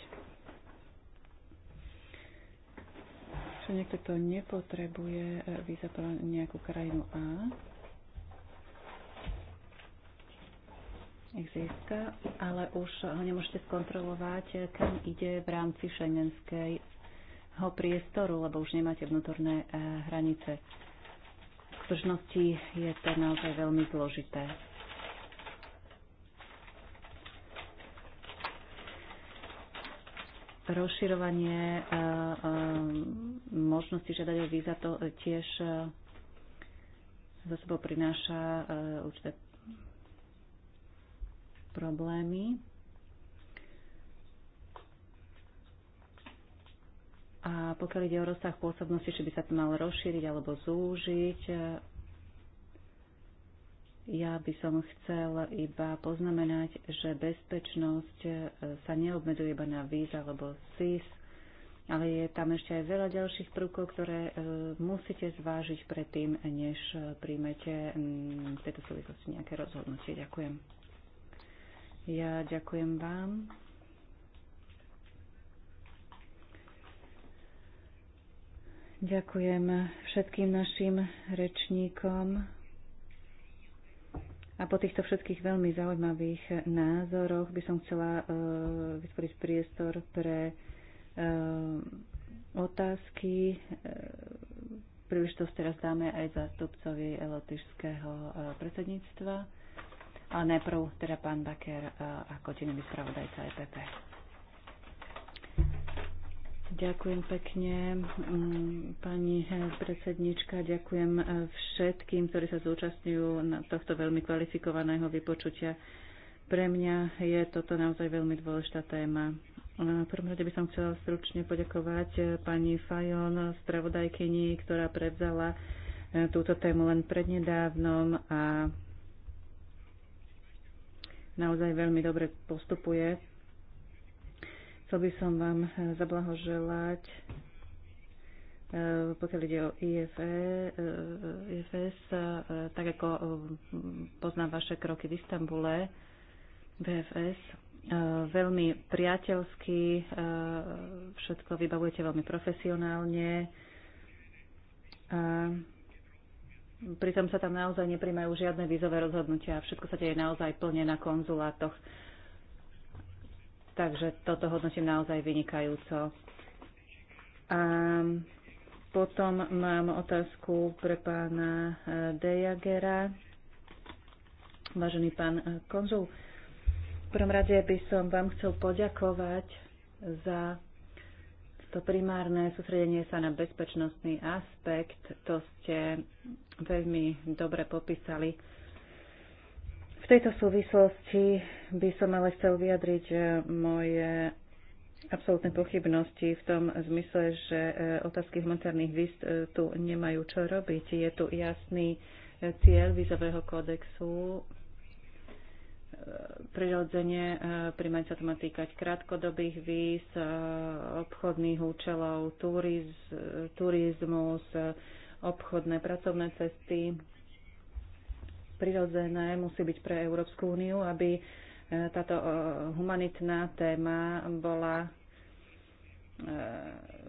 že niekto to nepotrebuje e, víza pre nejakú krajinu A, existuje, ale už ho nemôžete skontrolovať, kam ide v rámci šengenského priestoru, lebo už nemáte vnútorné eh, hranice. V skutočnosti je to naozaj veľmi zložité. Rozširovanie eh, eh, možnosti žiadať o víza to tiež za sebou prináša určité problémy. A pokiaľ ide o rozsah pôsobnosti, či by sa to malo rozšíriť alebo zúžiť, ja by som chcel iba poznamenať, že bezpečnosť sa neobmeduje iba na víz alebo SIS, ale je tam ešte aj veľa ďalších prvkov, ktoré e, musíte zvážiť predtým, než príjmete v tejto súvislosti nejaké rozhodnutie. Ďakujem. Ja ďakujem vám. Ďakujem všetkým našim rečníkom a po týchto všetkých veľmi zaujímavých názoroch by som chcela e, vytvoriť priestor pre e, otázky. E, to teraz dáme aj zástupcovi lotyšského predsedníctva. A najprv teda pán Baker e, ako tinový spravodajca EPP. Ďakujem pekne, mm, pani predsednička. Ďakujem e, všetkým, ktorí sa zúčastňujú na tohto veľmi kvalifikovaného vypočutia. Pre mňa je toto naozaj veľmi dôležitá téma. E, v prvom rade by som chcela stručne poďakovať pani Fajon, spravodajkyni, ktorá prevzala túto tému len prednedávnom a naozaj veľmi dobre postupuje. Chcel by som vám eh, zablahoželať, eh, pokiaľ ide o IFS, e, eh, tak ako poznám vaše kroky v Istambule, VFS, veľmi priateľsky, všetko vybavujete veľmi profesionálne. A pritom sa tam naozaj neprimajú žiadne vízové rozhodnutia a všetko sa deje naozaj plne na konzulátoch. Takže toto hodnotím naozaj vynikajúco. A potom mám otázku pre pána e, Dejagera. Vážený pán e, konzul, v prvom rade by som vám chcel poďakovať za to primárne sústredenie sa na bezpečnostný aspekt, to ste veľmi dobre popísali. V tejto súvislosti by som ale chcel vyjadriť eh, moje absolútne pochybnosti v tom zmysle, že eh, otázky humanitárnych víz eh, tu nemajú čo robiť. Je tu jasný cieľ vízového kódexu prirodzene e, primať sa to má týkať krátkodobých víz, e, obchodných účelov, turiz, turizmus, e, obchodné pracovné cesty. Prirodzené musí byť pre Európsku úniu, aby táto humanitná téma bola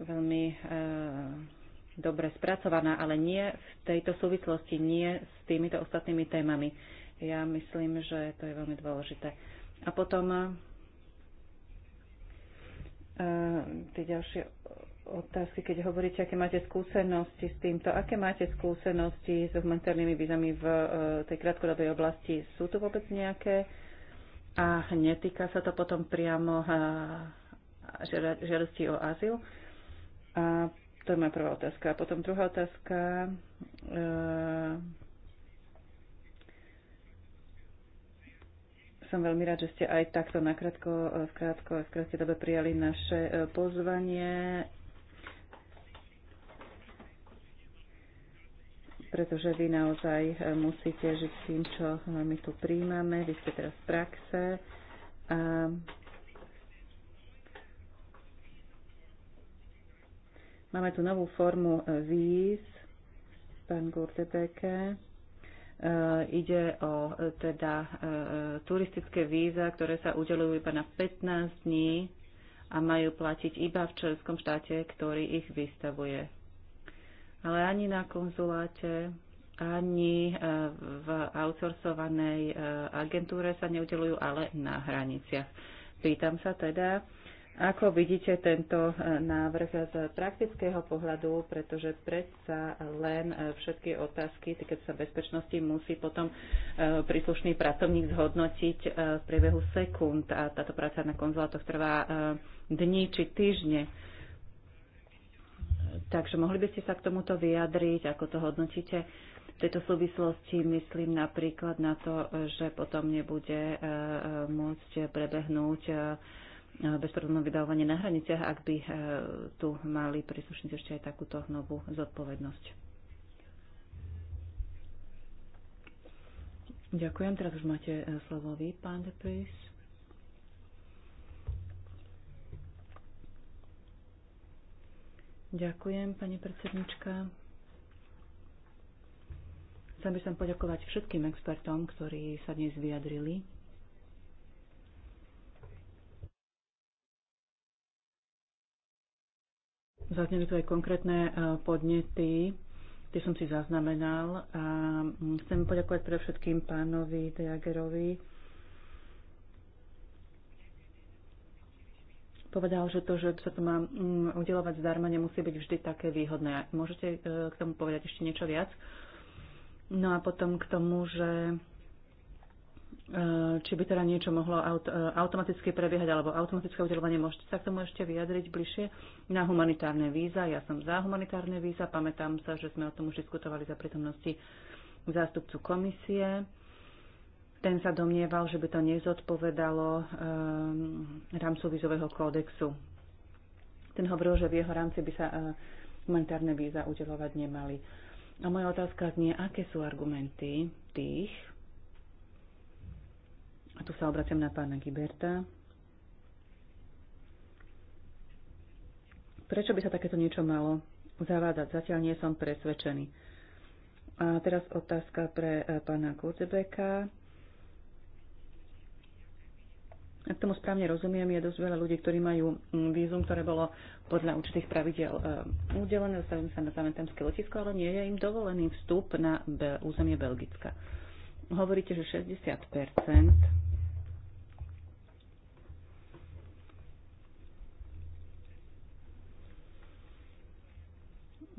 veľmi dobre spracovaná, ale nie v tejto súvislosti, nie s týmito ostatnými témami. Ja myslím, že to je veľmi dôležité. A potom e, tie ďalšie otázky, keď hovoríte, aké máte skúsenosti s týmto, aké máte skúsenosti s humanitárnymi vízami v e, tej krátkodobej oblasti, sú tu vôbec nejaké a netýka sa to potom priamo e, žiadosti o azyl? A to je moja prvá otázka. A potom druhá otázka. som veľmi rád, že ste aj takto nakrátko, eh, v krátko a v krátkej dobe prijali naše eh, pozvanie, pretože vy naozaj eh, musíte žiť s tým, čo my tu príjmame. Vy ste teraz v praxe. A máme tu novú formu víz, pán Gurtebeke. E, ide o e, teda e, turistické víza, ktoré sa udelujú iba na 15 dní a majú platiť iba v členskom štáte, ktorý ich vystavuje. Ale ani na konzuláte, ani v outsourcovanej agentúre sa neudelujú, ale na hraniciach. Pýtam sa teda, ako vidíte tento e, návrh z praktického pohľadu, pretože predsa len e, všetky otázky týkajúce sa bezpečnosti musí potom e, príslušný pracovník zhodnotiť v priebehu sekúnd a táto práca na konzulátoch trvá dní či týždne. Takže mohli by ste sa k tomuto vyjadriť, ako to hodnotíte. V tejto súvislosti myslím napríklad na to, že potom nebude môcť prebehnúť bezproblémové vydávanie na hraniciach, ak by eh, tu mali príslušníci ešte aj takúto novú zodpovednosť. Ďakujem. Teraz už máte eh, slovo vy, pán Depris. Ďakujem, pani predsednička. Chcem by som poďakovať všetkým expertom, ktorí sa dnes vyjadrili. Zazneli tu aj konkrétne e, podnety, tie som si zaznamenal. A chcem poďakovať pre všetkým pánovi Dejagerovi. Povedal, že to, že sa to má udelovať zdarma, nemusí byť vždy také výhodné. Môžete e, k tomu povedať ešte niečo viac? No a potom k tomu, že Eh, či by teda niečo mohlo aut- eh, automaticky prebiehať alebo automatické udelovanie. Môžete sa k tomu ešte vyjadriť bližšie na humanitárne víza. Ja som za humanitárne víza. Pamätám sa, že sme o tom už diskutovali za prítomnosti zástupcu komisie. Ten sa domnieval, že by to nezodpovedalo um, rámcu vízového kódexu. Ten hovoril, že v jeho rámci by sa uh, humanitárne víza udelovať nemali. A moja otázka znie, aké sú argumenty tých, a tu sa obraciam na pána Giberta. Prečo by sa takéto niečo malo zavádzať? Zatiaľ nie som presvedčený. A teraz otázka pre e, pána Kurzebeka. Ak tomu správne rozumiem, je dosť veľa ľudí, ktorí majú mm, vízum, ktoré bolo podľa určitých pravidel e, udelené, Zastavím sa na Zaventemské letisko, ale nie je im dovolený vstup na územie Belgicka. Hovoríte, že 60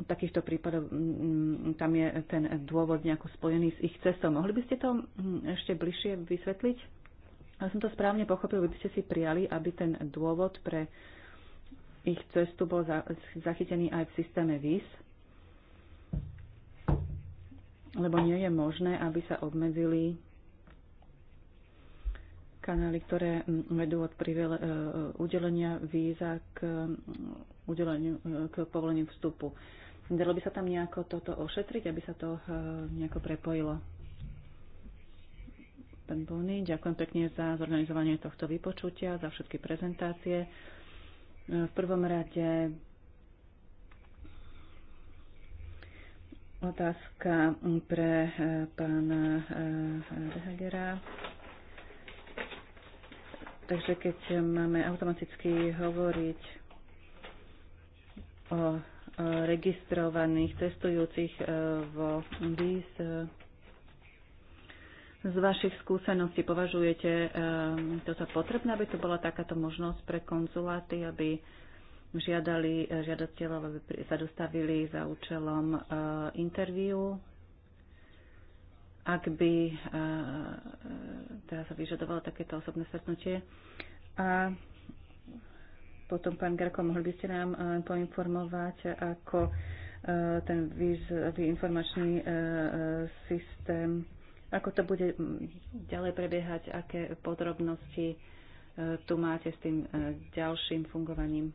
takýchto prípadov mm, mm, tam je ten dôvod nejako spojený s ich cestou. Mohli by ste to mm, ešte bližšie vysvetliť? Ja som to správne pochopil, by ste si prijali, aby ten dôvod pre ich cestu bol zachytený aj v systéme VIS, lebo nie je možné, aby sa obmedzili kanály, ktoré vedú od uh, udelenia víza k, udeleniu, e, k povoleniu vstupu. Dalo by sa tam nejako toto ošetriť, aby sa to eh, nejako prepojilo? Pán Bony, ďakujem pekne za zorganizovanie tohto vypočutia, za všetky prezentácie. Eh, v prvom rade otázka mm, pre eh, pána Rehagera. Takže keď máme automaticky hovoriť o registrovaných cestujúcich e, vo BIS. E, z vašich skúseností považujete e, to za potrebné, aby tu bola takáto možnosť pre konzuláty, aby žiadali žiadateľov, aby sa dostavili za účelom interviu ak by teraz sa vyžadovalo takéto osobné stretnutie. A potom, pán Garko, mohli by ste nám eh, poinformovať, ako eh, ten vízový informačný eh, systém, ako to bude hm, ďalej prebiehať, aké podrobnosti tu máte s tým ďalším fungovaním.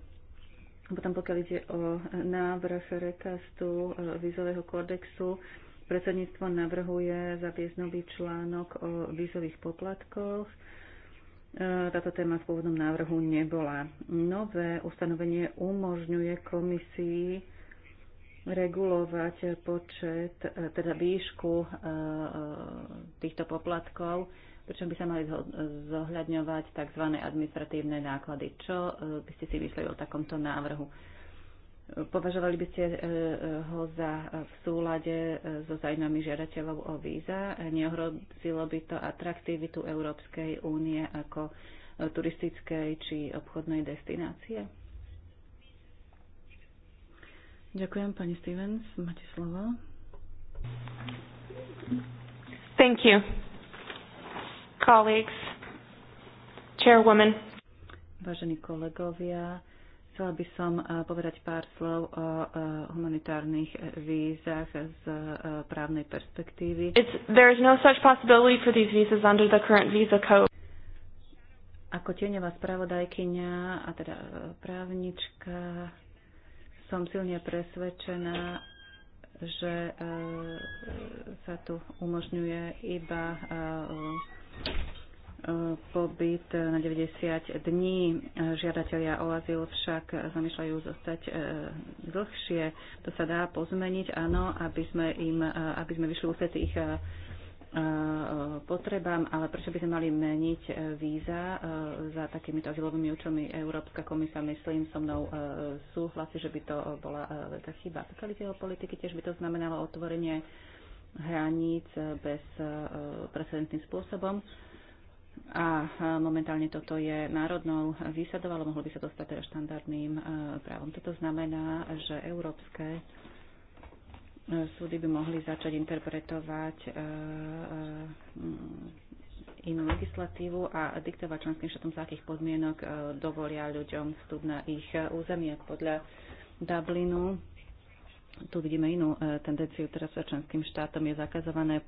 Potom pokiaľ ide o návrh rekastu vízového kodexu, predsedníctvo navrhuje zaviesť nový článok o vízových poplatkoch, E, táto téma v pôvodnom návrhu nebola. Nové ustanovenie umožňuje komisii regulovať počet, e, teda výšku e, týchto poplatkov, pričom by sa mali zohľadňovať tzv. administratívne náklady. Čo by ste si mysleli o takomto návrhu? Považovali by ste e, e, ho za e, v súlade so zájmami žiadateľov o víza? Neohrozilo by to atraktivitu Európskej únie ako turistickej či obchodnej destinácie? Ďakujem, pani Stevens. Máte slovo. Thank you. Colleagues, Chairwoman. Vážení kolegovia, Chcela by som e, povedať pár slov o e, humanitárnych e, vízach z právnej perspektívy. It's, there is no such possibility for these visas under the current visa code. Ako tieňová spravodajkyňa a teda právnička som silne presvedčená, že sa tu umožňuje iba pobyt na 90 dní. Žiadatelia o azyl však zamýšľajú zostať e, dlhšie. To sa dá pozmeniť, áno, aby sme, im, e, aby sme vyšli úsled ich e, potrebám, ale prečo by sme mali meniť víza za takýmito azylovými účelmi Európska komisia, myslím, so mnou súhlasí, že by to bola veľká chyba. Pokiaľ ide o politiky, tiež by to znamenalo otvorenie hraníc bez precedentným spôsobom a momentálne toto je národnou výsadou, ale mohlo by sa dostať teda štandardným e, právom. Toto znamená, že európske e, súdy by mohli začať interpretovať e, inú legislatívu a diktovať členským štátom, za akých podmienok dovolia ľuďom vstup na ich územie podľa Dublinu tu vidíme inú e, tendenciu. Teraz sa členským štátom je zakazované e,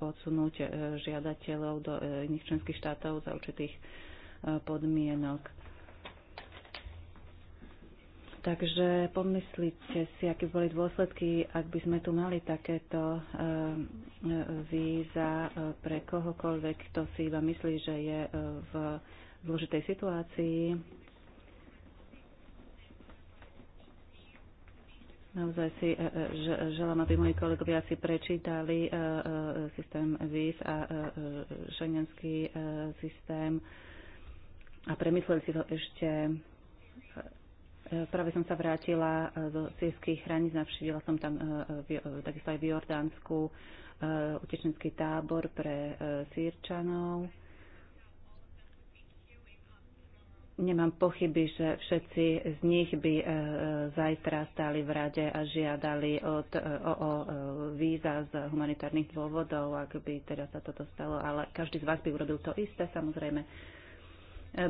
odsunúť e, žiadateľov do iných členských štátov za určitých podmienok. Takže pomyslite si, aké boli dôsledky, ak by sme tu mali takéto víza pre kohokoľvek, kto si iba myslí, že je v zložitej situácii Naozaj si e, e, želám, aby moji kolegovia si prečítali e, systém VIS a šengenský systém a premysleli si to ešte. Práve som sa vrátila zo sírských hraníc, navštívila som tam takisto aj v Jordánsku utečenský tábor pre sírčanov Nemám pochyby, že všetci z nich by e, e, zajtra stáli v rade a žiadali od, e, o, o víza z humanitárnych dôvodov, ak by teda sa toto stalo, ale každý z vás by urobil to isté, samozrejme.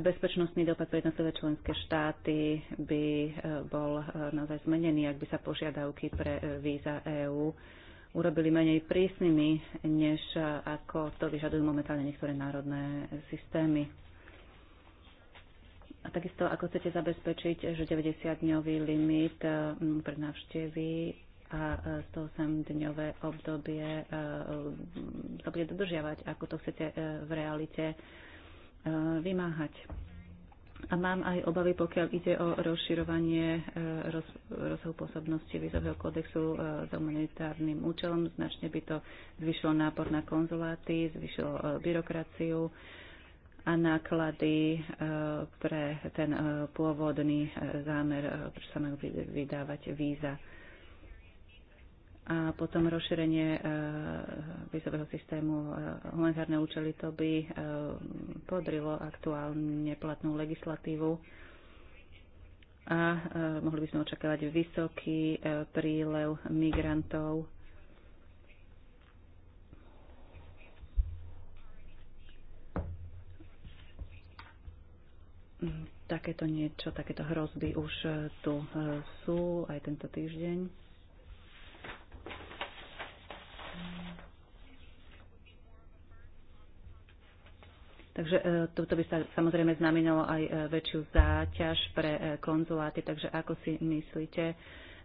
Bezpečnostný dopad pre jednotlivé členské štáty by bol naozaj zmenený, ak by sa požiadavky pre víza EÚ urobili menej prísnymi, než ako to vyžadujú momentálne niektoré národné systémy. A takisto, ako chcete zabezpečiť, že 90-dňový limit eh, pre návštevy a 108-dňové eh, obdobie sa eh, bude dodržiavať, ako to chcete v realite vymáhať. A mám aj obavy, pokiaľ ide o rozširovanie roz, rozsahu pôsobnosti vízového kódexu za humanitárnym účelom. Značne by to zvyšilo nápor na konzuláty, zvyšilo byrokraciu a náklady e, pre ten e, pôvodný e, zámer, prečo sa majú vydávať víza. A potom rozšírenie vízového systému humanitárne účely, to by podrilo aktuálne platnú legislatívu a mohli by sme očakávať vysoký prílev migrantov takéto niečo, takéto hrozby už e, tu e, sú aj tento týždeň. Takže e, toto by sa samozrejme znamenalo aj väčšiu záťaž pre konzuláty. Takže ako si myslíte,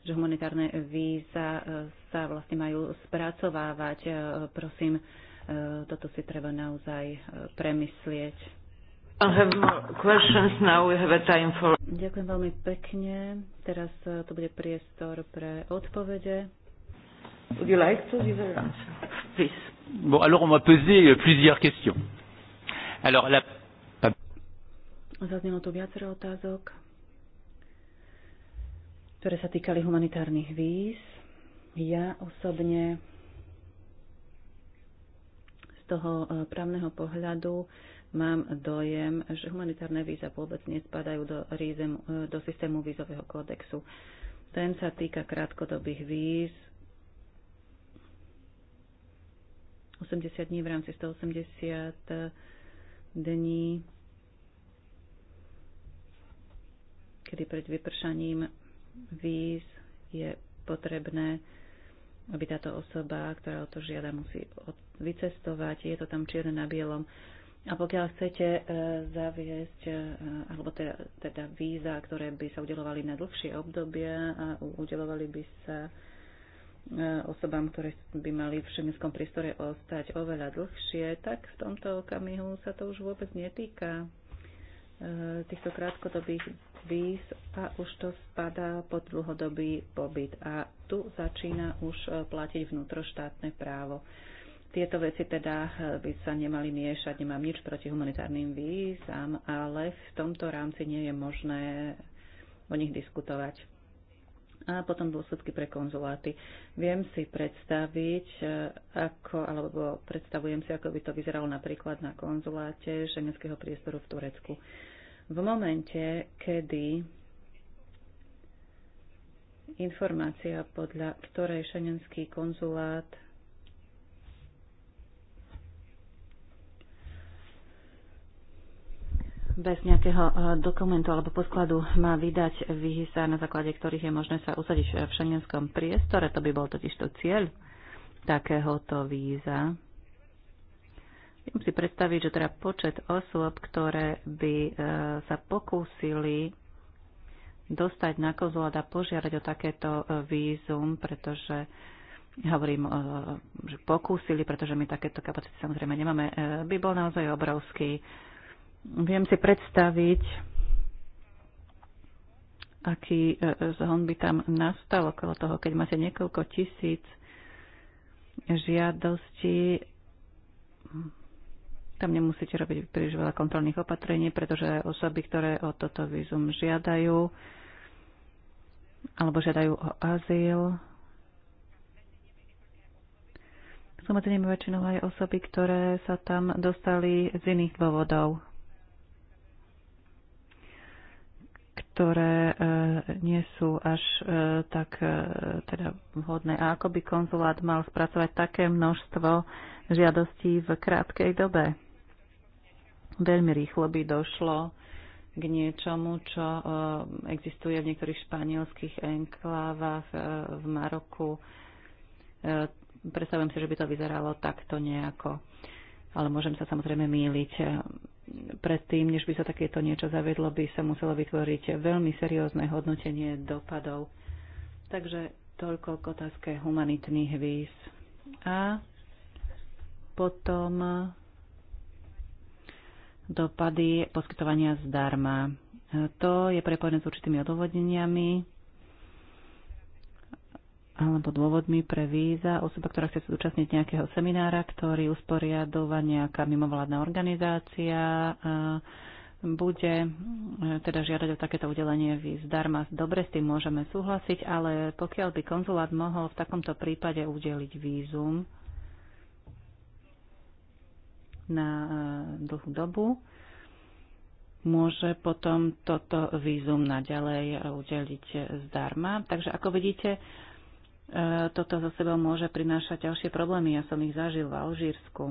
že humanitárne víza sa vlastne majú spracovávať? Prosím, toto si treba naozaj premyslieť. Ďakujem veľmi pekne. Teraz e, to bude priestor pre odpovede. Would you like to give an answer? Please. Bon, alors on euh, plusieurs questions. Alors la... Ah. Zaznelo tu viacero otázok, ktoré sa týkali humanitárnych víz. Ja osobne z toho e, právneho pohľadu mám dojem, že humanitárne víza vôbec nespadajú do, rízem, e, do systému vízového kódexu. Ten sa týka krátkodobých víz, 80 dní v rámci 180 e, dní, kedy pred vypršaním víz je potrebné aby táto osoba, ktorá o to žiada, musí vycestovať. Je to tam čierne na bielom. A pokiaľ chcete e, zaviesť, e, alebo teda, teda víza, ktoré by sa udelovali na dlhšie obdobia a udelovali by sa e, osobám, ktoré by mali v šengenskom priestore ostať oveľa dlhšie, tak v tomto okamihu sa to už vôbec netýka týchto krátkodobých víz a už to spadá pod dlhodobý pobyt. A tu začína už platiť vnútroštátne právo. Tieto veci teda eh, by sa nemali miešať, nemám nič proti humanitárnym vízam, ale v tomto rámci nie je možné o nich diskutovať. A potom dôsledky pre konzuláty. Viem si predstaviť, eh, ako, alebo predstavujem si, ako by to vyzeralo napríklad na konzuláte šengenského priestoru v Turecku. V momente, kedy informácia, podľa ktorej šengenský konzulát bez nejakého e, dokumentu alebo podkladu má vydať výhysa na základe ktorých je možné sa usadiť v šengenskom priestore. To by bol totiž to cieľ takéhoto víza. Viem si predstaviť, že teda počet osôb, ktoré by e, sa pokúsili dostať na konzulát a požiadať o takéto e, vízum, pretože hovorím, že pokúsili, pretože my takéto kapacity samozrejme nemáme, by bol naozaj obrovský. Viem si predstaviť, aký e, e, zhon by tam nastal okolo toho, keď máte niekoľko tisíc žiadostí. Tam nemusíte robiť príliš veľa kontrolných opatrení, pretože osoby, ktoré o toto vízum žiadajú, alebo žiadajú o azyl, sú medzi nimi väčšinou aj osoby, ktoré sa tam dostali z iných dôvodov. ktoré eh, nie sú až eh, tak eh, teda vhodné. A ako by konzulát mal spracovať také množstvo žiadostí v krátkej dobe? Veľmi rýchlo by došlo k niečomu, čo existuje v niektorých španielských enklávach v Maroku. Predstavujem si, že by to vyzeralo takto nejako. Ale môžem sa samozrejme míliť predtým, než by sa takéto niečo zavedlo, by sa muselo vytvoriť veľmi seriózne hodnotenie dopadov. Takže toľko k otázke humanitných víz. A potom dopady poskytovania zdarma. To je prepojené s určitými odôvodneniami alebo dôvodmi pre víza osoba, ktorá chce sa zúčastniť nejakého seminára, ktorý usporiadova nejaká mimovládna organizácia, bude e, teda žiadať o takéto udelenie víz zdarma. Dobre, s tým môžeme súhlasiť, ale pokiaľ by konzulát mohol v takomto prípade udeliť vízum na e, dlhú dobu, môže potom toto vízum naďalej udeliť zdarma. Takže ako vidíte, E, toto za sebou môže prinášať ďalšie problémy. Ja som ich zažil v Alžírsku.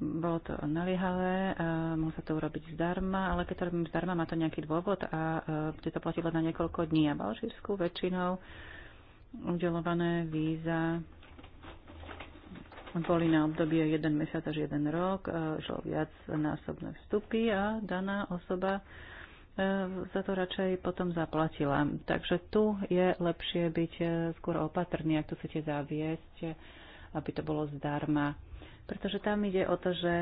Bolo to naliehavé, e, musel to urobiť zdarma, ale keď to robím zdarma, má to nejaký dôvod a e, bude to platiť na niekoľko dní. A v Alžírsku väčšinou udelované víza boli na obdobie 1 mesiac až 1 rok, e, išlo viac násobné vstupy a daná osoba e, za to radšej potom zaplatila. Takže tu je lepšie byť e, skôr opatrný, ak to chcete zaviesť, aby to bolo zdarma. Pretože tam ide o to, že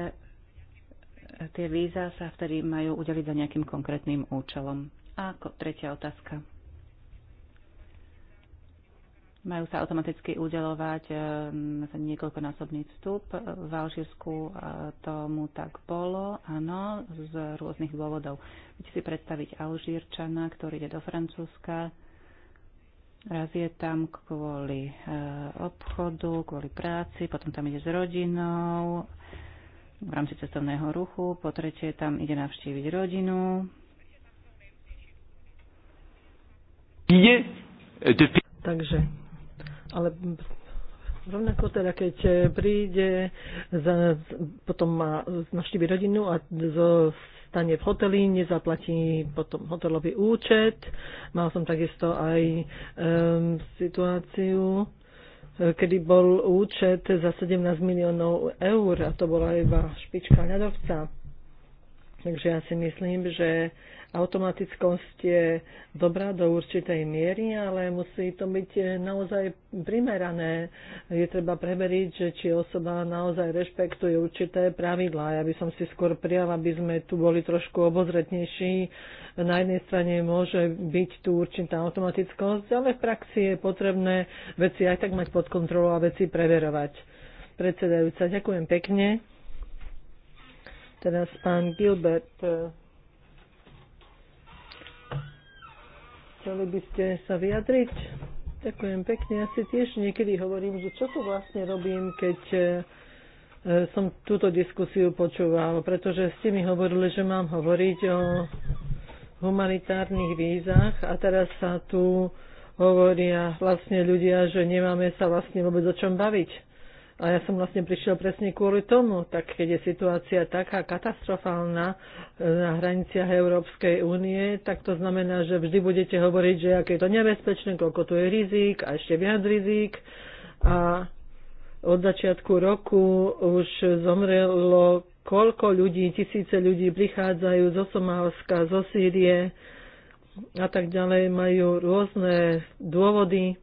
tie víza sa vtedy majú udeliť za nejakým konkrétnym účelom. A tretia otázka. Majú sa automaticky udelovať eh, niekoľkonásobný vstup. V Alžírsku eh, tomu tak bolo, áno, z rôznych dôvodov. Viete si predstaviť Alžírčana, ktorý ide do Francúzska. Raz je tam kvôli eh, obchodu, kvôli práci, potom tam ide s rodinou, v rámci cestovného ruchu, po tretie tam ide navštíviť rodinu. Takže ale Rovnako teda, keď eh, príde, za, potom má, navštívi rodinu a zostane v hoteli, nezaplatí potom hotelový účet. Mal som takisto aj um, situáciu, eh, kedy bol účet za 17 miliónov eur a to bola iba špička ľadovca. Takže ja si myslím, že automatickosť je dobrá do určitej miery, ale musí to byť naozaj primerané. Je treba preveriť, že či osoba naozaj rešpektuje určité pravidlá. Ja by som si skôr prijal, aby sme tu boli trošku obozretnejší. Na jednej strane môže byť tu určitá automatickosť, ale v praxi je potrebné veci aj tak mať pod kontrolou a veci preverovať. Predsedajúca, ďakujem pekne. Teraz pán Gilbert Chceli by ste sa vyjadriť? Ďakujem pekne. Ja si tiež niekedy hovorím, že čo tu vlastne robím, keď e, som túto diskusiu počúval, pretože ste mi hovorili, že mám hovoriť o humanitárnych vízach a teraz sa tu hovoria vlastne ľudia, že nemáme sa vlastne vôbec o čom baviť. A ja som vlastne prišiel presne kvôli tomu, tak keď je situácia taká katastrofálna e, na hraniciach Európskej únie, tak to znamená, že vždy budete hovoriť, že aké je to nebezpečné, koľko tu je rizik a ešte viac rizik. A od začiatku roku už zomrelo koľko ľudí, tisíce ľudí prichádzajú zo Somálska, zo Sýrie a tak ďalej, majú rôzne dôvody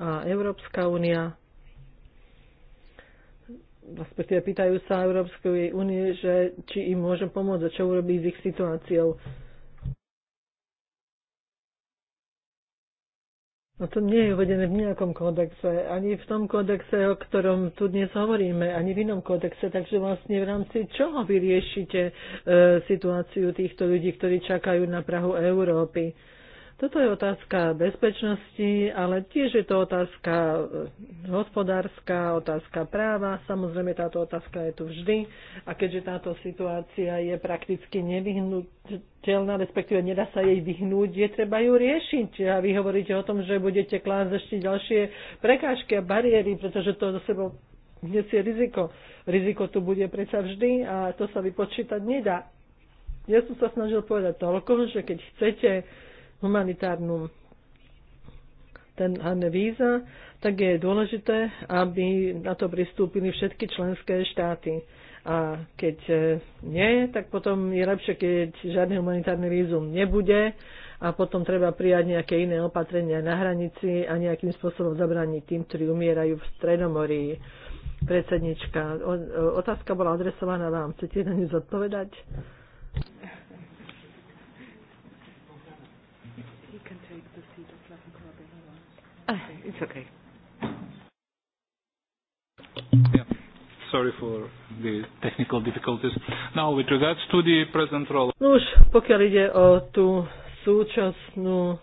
a Európska únia respektíve pýtajú sa Európskej únie, že či im môžem pomôcť a čo urobiť s ich situáciou. No to nie je uvedené v nejakom kódexe, ani v tom kódexe, o ktorom tu dnes hovoríme, ani v inom kódexe, takže vlastne v rámci čoho vyriešite e, situáciu týchto ľudí, ktorí čakajú na Prahu Európy. Toto je otázka bezpečnosti, ale tiež je to otázka eh, hospodárska, otázka práva. Samozrejme, táto otázka je tu vždy. A keďže táto situácia je prakticky nevyhnutelná, respektíve nedá sa jej vyhnúť, je treba ju riešiť. A vy hovoríte o tom, že budete klásť ešte ďalšie prekážky a bariéry, pretože to do sebou je riziko. Riziko tu bude predsa vždy a to sa vypočítať nedá. Ja som sa snažil povedať toľko, že keď chcete humanitárnu ten víza, tak je dôležité, aby na to pristúpili všetky členské štáty. A keď e, nie, tak potom je lepšie, keď žiadny humanitárny vízum nebude a potom treba prijať nejaké iné opatrenia na hranici a nejakým spôsobom zabrániť tým, ktorí umierajú v Stredomorí. Predsednička, e, otázka bola adresovaná vám. Chcete na ňu zodpovedať? It's okay. Yeah. Sorry for the technical difficulties. Now, with regards to the present role. No už, pokiaľ ide o tú súčasnú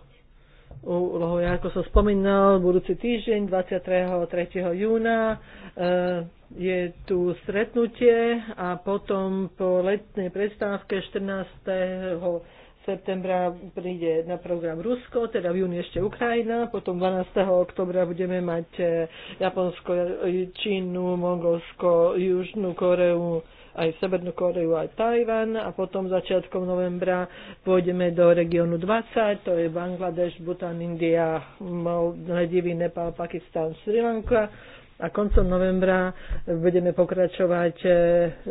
úlohu, ja ako som spomínal, budúci týždeň, 23. júna, uh, je tu stretnutie a potom po letnej prestávke 14 septembra príde na program Rusko, teda v júni ešte Ukrajina, potom 12. oktobra budeme mať e, Japonsko, Čínu, Mongolsko, Južnú Koreu, aj Severnú Koreu, aj Tajvan a potom začiatkom novembra pôjdeme do regiónu 20, to je Bangladeš, Bhutan, India, Maldivy, Nepal, Pakistan, Sri Lanka a koncom novembra budeme pokračovať e,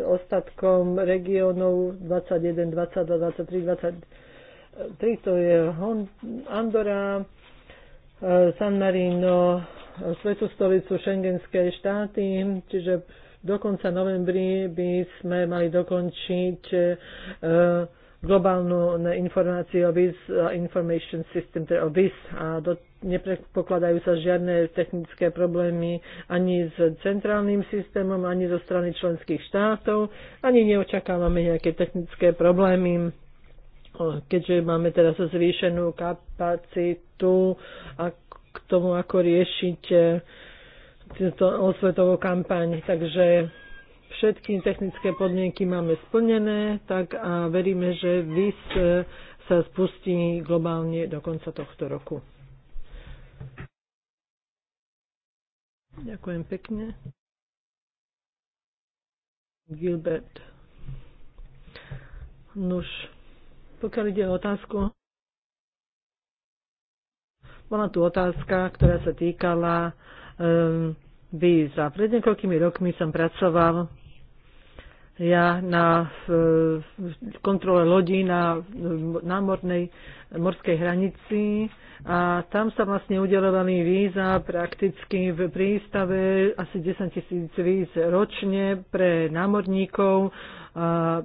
ostatkom regiónov 21, 22, 23, 20, tri je Andora, e, San Marino, Svetú stolicu šengenské štáty, čiže do konca novembri by sme mali dokončiť e, globálnu informáciu o VIS, Information System, teda o VIS a do, nepredpokladajú sa žiadne technické problémy ani s centrálnym systémom, ani zo strany členských štátov, ani neočakávame nejaké technické problémy keďže máme teraz zvýšenú kapacitu a k tomu, ako riešiť túto osvetovú kampaň. Takže všetky technické podmienky máme splnené, tak a veríme, že VIS e, sa spustí globálne do konca tohto roku. Ďakujem pekne. Gilbert. Nuž, pokiaľ ide o otázku, bola tu otázka, ktorá sa týkala um, víza. Pred niekoľkými rokmi som pracoval ja na v e, kontrole lodí na e, námornej morskej hranici a tam sa vlastne udelovali víza prakticky v prístave asi 10 tisíc víz ročne pre námorníkov. A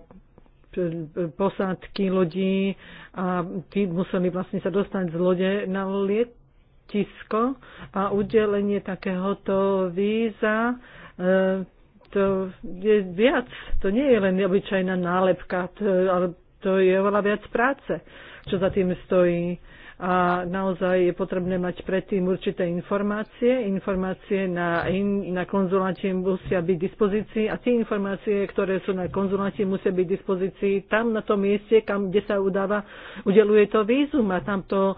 posádky lodí a tí museli vlastne sa dostať z lode na letisko a udelenie takéhoto víza e, to je viac. To nie je len obyčajná nálepka, to, ale to je oveľa viac práce, čo za tým stojí a naozaj je potrebné mať predtým určité informácie. Informácie na, in, na konzulátie musia byť dispozícii a tie informácie, ktoré sú na konzulátie, musia byť dispozícii tam na tom mieste, kam, kde sa udáva, udeluje to vízum a tam to, e,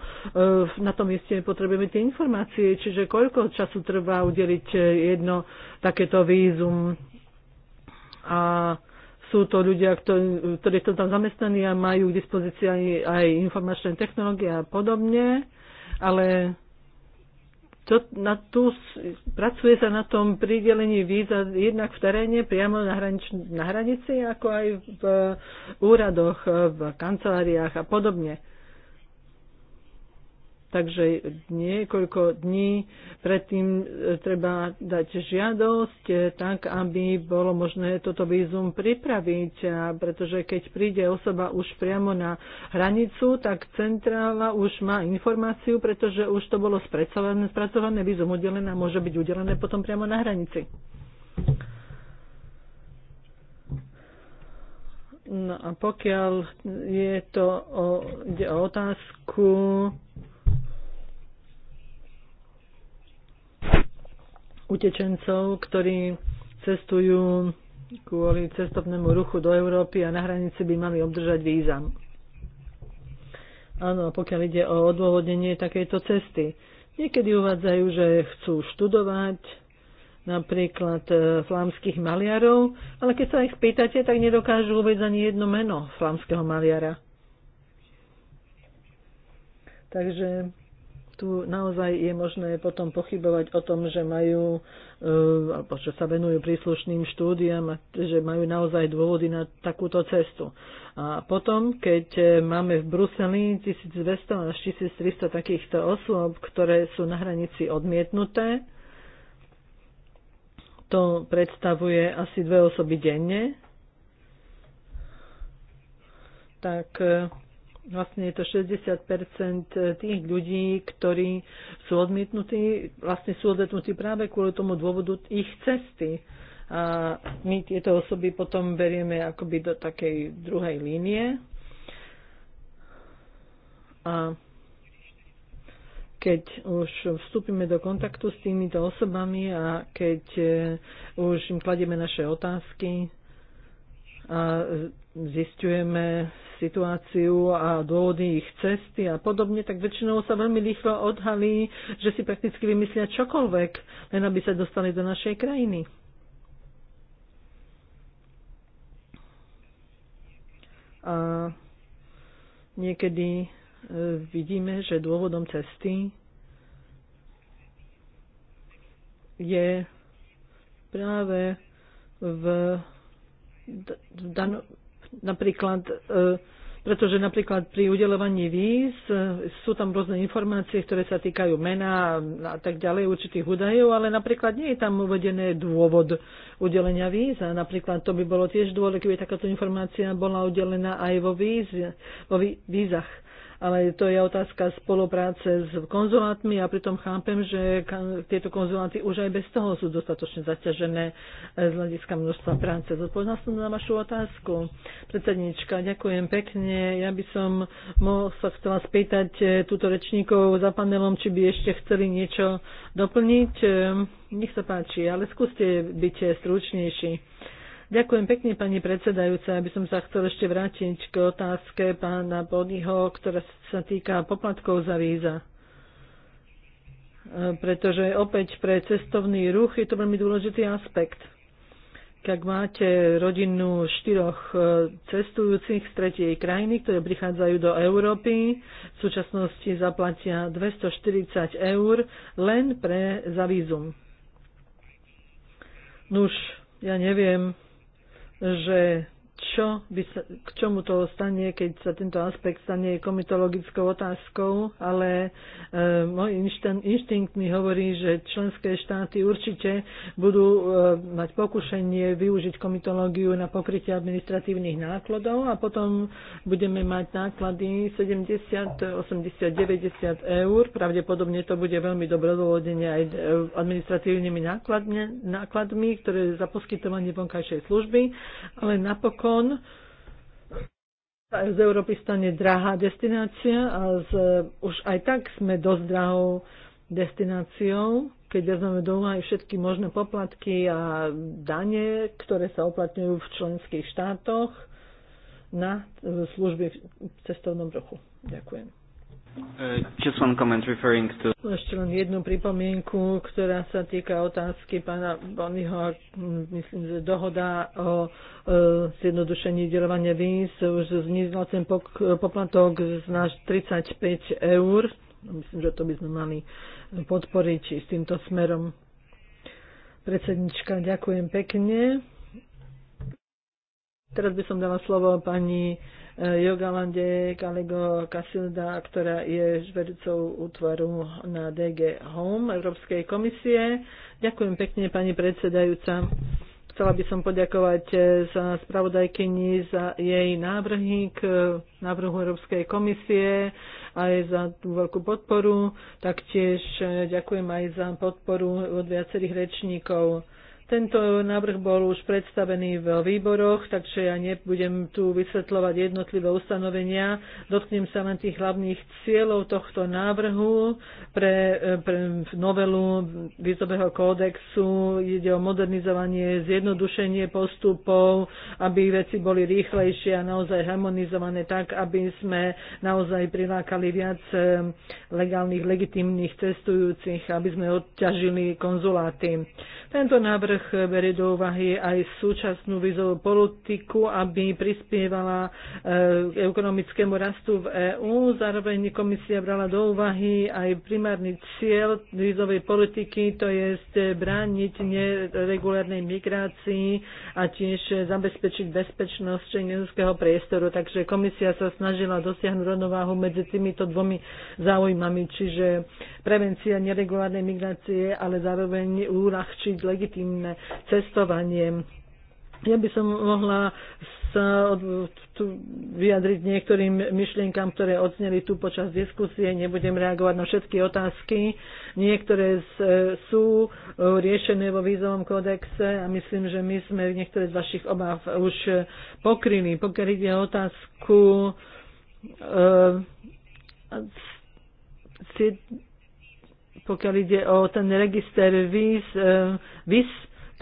na tom mieste potrebujeme tie informácie, čiže koľko času trvá udeliť e, jedno takéto vízum. A sú to ľudia, ktorí, ktorí sú tam zamestnaní a majú k dispozícii aj, aj informačné technológie a podobne, ale to, na tu, pracuje sa na tom pridelení víza jednak v teréne, priamo na, hranič, na hranici, ako aj v úradoch, v kanceláriách a podobne. Takže niekoľko dní predtým e, treba dať žiadosť, e, tak aby bolo možné toto vízum pripraviť, pretože keď príde osoba už priamo na hranicu, tak centrála už má informáciu, pretože už to bolo spracované, spracované vízum udelené a môže byť udelené potom priamo na hranici. No a pokiaľ je to o, ide o otázku, utečencov, ktorí cestujú kvôli cestovnému ruchu do Európy a na hranici by mali obdržať víza. Áno, pokiaľ ide o odôvodnenie takejto cesty. Niekedy uvádzajú, že chcú študovať napríklad e, flámskych maliarov, ale keď sa ich spýtate, tak nedokážu uvieť ani jedno meno flámskeho maliara. Takže tu naozaj je možné potom pochybovať o tom, že majú, e, alebo že sa venujú príslušným štúdiam, že majú naozaj dôvody na takúto cestu. A potom, keď e, máme v Bruseli 1200 až 1300 takýchto osôb, ktoré sú na hranici odmietnuté, to predstavuje asi dve osoby denne, tak e, vlastne je to 60 tých ľudí, ktorí sú odmietnutí, vlastne sú odmietnutí práve kvôli tomu dôvodu ich cesty. A my tieto osoby potom berieme akoby do takej druhej línie. A keď už vstúpime do kontaktu s týmito osobami a keď eh, už im kladieme naše otázky, a zistujeme situáciu a dôvody ich cesty a podobne, tak väčšinou sa veľmi rýchlo odhalí, že si prakticky vymyslia čokoľvek, len aby sa dostali do našej krajiny. A niekedy e, vidíme, že dôvodom cesty je práve v, v, napríklad e, pretože napríklad pri udelovaní víz e, sú tam rôzne informácie, ktoré sa týkajú mena a tak ďalej, určitých údajov, ale napríklad nie je tam uvedené dôvod udelenia víz a napríklad to by bolo tiež dôvod, keby takáto informácia bola udelená aj vo, víz, vo vízach ale to je otázka spolupráce s konzulátmi a pritom chápem, že tieto konzuláty už aj bez toho sú dostatočne zaťažené e, z hľadiska množstva práce. Zodpovedal som na vašu otázku. Predsednička, ďakujem pekne. Ja by som mohol sa chcela spýtať e, túto rečníkov za panelom, či by ešte chceli niečo doplniť. E, nech sa páči, ale skúste byť stručnejší. Ďakujem pekne, pani predsedajúca. Aby som sa chcel ešte vrátiť k otázke pána Bodyho, ktorá sa týka poplatkov za víza e, pretože opäť pre cestovný ruch je to veľmi dôležitý aspekt. Ak máte rodinu štyroch e, cestujúcich z tretej krajiny, ktoré prichádzajú do Európy, v súčasnosti zaplatia 240 eur len pre za vízum. Nuž, ja neviem, že čo by sa, k čomu to stane, keď sa tento aspekt stane komitologickou otázkou, ale e, môj inštinkt, inštinkt mi hovorí, že členské štáty určite budú e, mať pokušenie využiť komitológiu na pokrytie administratívnych nákladov a potom budeme mať náklady 70, 80, 90 eur. Pravdepodobne to bude veľmi dobrodôvodenie aj e, administratívnymi nákladmi, nákladmi, ktoré za poskytovanie vonkajšej služby, ale napokon región sa z Európy stane drahá destinácia a z, už aj tak sme dosť drahou destináciou, keď vezmeme do úvahy všetky možné poplatky a dane, ktoré sa uplatňujú v členských štátoch na e, služby v cestovnom ruchu. Ďakujem. Uh, just one comment referring to... No, ešte len jednu pripomienku, ktorá sa týka otázky pána Bonnyho, myslím, že dohoda o e, zjednodušení delovania víz už znižila ten pok- poplatok z náš 35 eur. No, myslím, že to by sme mali podporiť s týmto smerom. Predsednička, ďakujem pekne. Teraz by som dala slovo pani Jogalande Kalego Kasilda, ktorá je vedúcou útvaru na DG Home Európskej komisie. Ďakujem pekne, pani predsedajúca. Chcela by som poďakovať eh, za spravodajkyni za jej návrhy k eh, návrhu Európskej komisie aj za tú veľkú podporu. Taktiež eh, ďakujem aj za podporu od viacerých rečníkov. Tento návrh bol už predstavený v výboroch, takže ja nebudem tu vysvetľovať jednotlivé ustanovenia. Dotknem sa len tých hlavných cieľov tohto návrhu pre, eh, pre novelu výzového kódexu. Ide o modernizovanie, zjednodušenie postupov, aby veci boli rýchlejšie a naozaj harmonizované tak, aby sme naozaj prilákali viac eh, legálnych, legitimných cestujúcich, aby sme odťažili konzuláty. Tento návrh trh berie do úvahy aj súčasnú vizovú politiku, aby prispievala e, k ekonomickému rastu v EÚ. Zároveň komisia brala do úvahy aj primárny cieľ vizovej politiky, to je e, brániť neregulárnej migrácii a tiež zabezpečiť bezpečnosť šengenského priestoru. Takže komisia sa snažila dosiahnuť rovnováhu medzi týmito dvomi záujmami, čiže prevencia neregulárnej migrácie, ale zároveň uľahčiť legitímne spojené s cestovaniem. Ja by som mohla sa tu vyjadriť niektorým myšlienkam, ktoré odzneli tu počas diskusie. Nebudem reagovať na všetky otázky. Niektoré z, e, sú riešené vo vízovom kódexe a myslím, že my sme niektoré z vašich obáv už pokryli. Pokiaľ ide o otázku e, pokiaľ ide o ten register víz, e, víz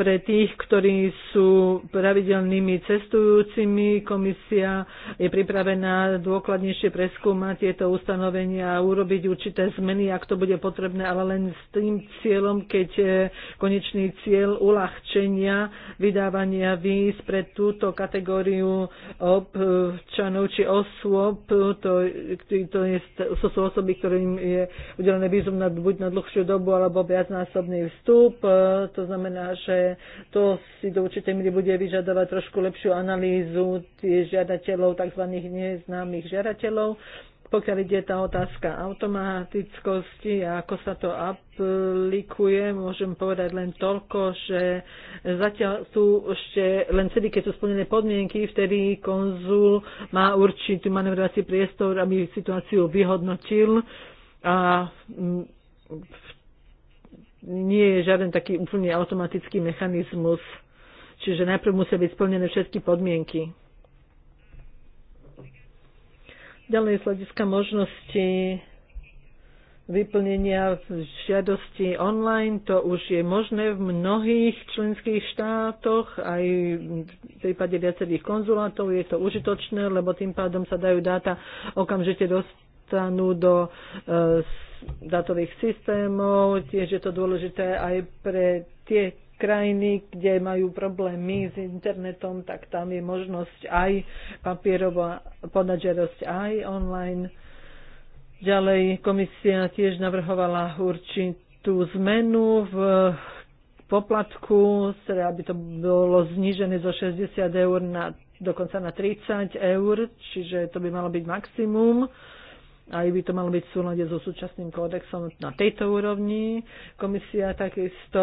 pre tých, ktorí sú pravidelnými cestujúcimi. Komisia je pripravená dôkladnejšie preskúmať tieto ustanovenia a urobiť určité zmeny, ak to bude potrebné, ale len s tým cieľom, keď je konečný cieľ uľahčenia vydávania víz pre túto kategóriu občanov či osôb, to, to, je, to sú osoby, ktorým je udelené vízum na, buď na dlhšiu dobu alebo viacnásobný vstup. E, to znamená, že to si do určitej míry bude vyžadovať trošku lepšiu analýzu tých žiadateľov, tzv. neznámych žiadateľov. Pokiaľ ide tá otázka automatickosti a ako sa to aplikuje, môžem povedať len toľko, že zatiaľ sú ešte len vtedy, keď sú splnené podmienky, vtedy konzul má určitý manevrovací priestor, aby situáciu vyhodnotil a nie je žiaden taký úplne automatický mechanizmus. Čiže najprv musia byť splnené všetky podmienky. Ďalej z hľadiska možnosti vyplnenia žiadosti online, to už je možné v mnohých členských štátoch, aj v prípade viacerých konzulátov je to užitočné, lebo tým pádom sa dajú dáta okamžite dostanú do uh, datových systémov. Tiež je to dôležité aj pre tie krajiny, kde majú problémy s internetom, tak tam je možnosť aj papierová podažerosť aj online. Ďalej komisia tiež navrhovala určitú zmenu v poplatku, teda aby to bolo znížené zo 60 eur na dokonca na 30 eur, čiže to by malo byť maximum. Uh, aj by to malo byť v súlade so súčasným kódexom na tejto úrovni. Komisia takisto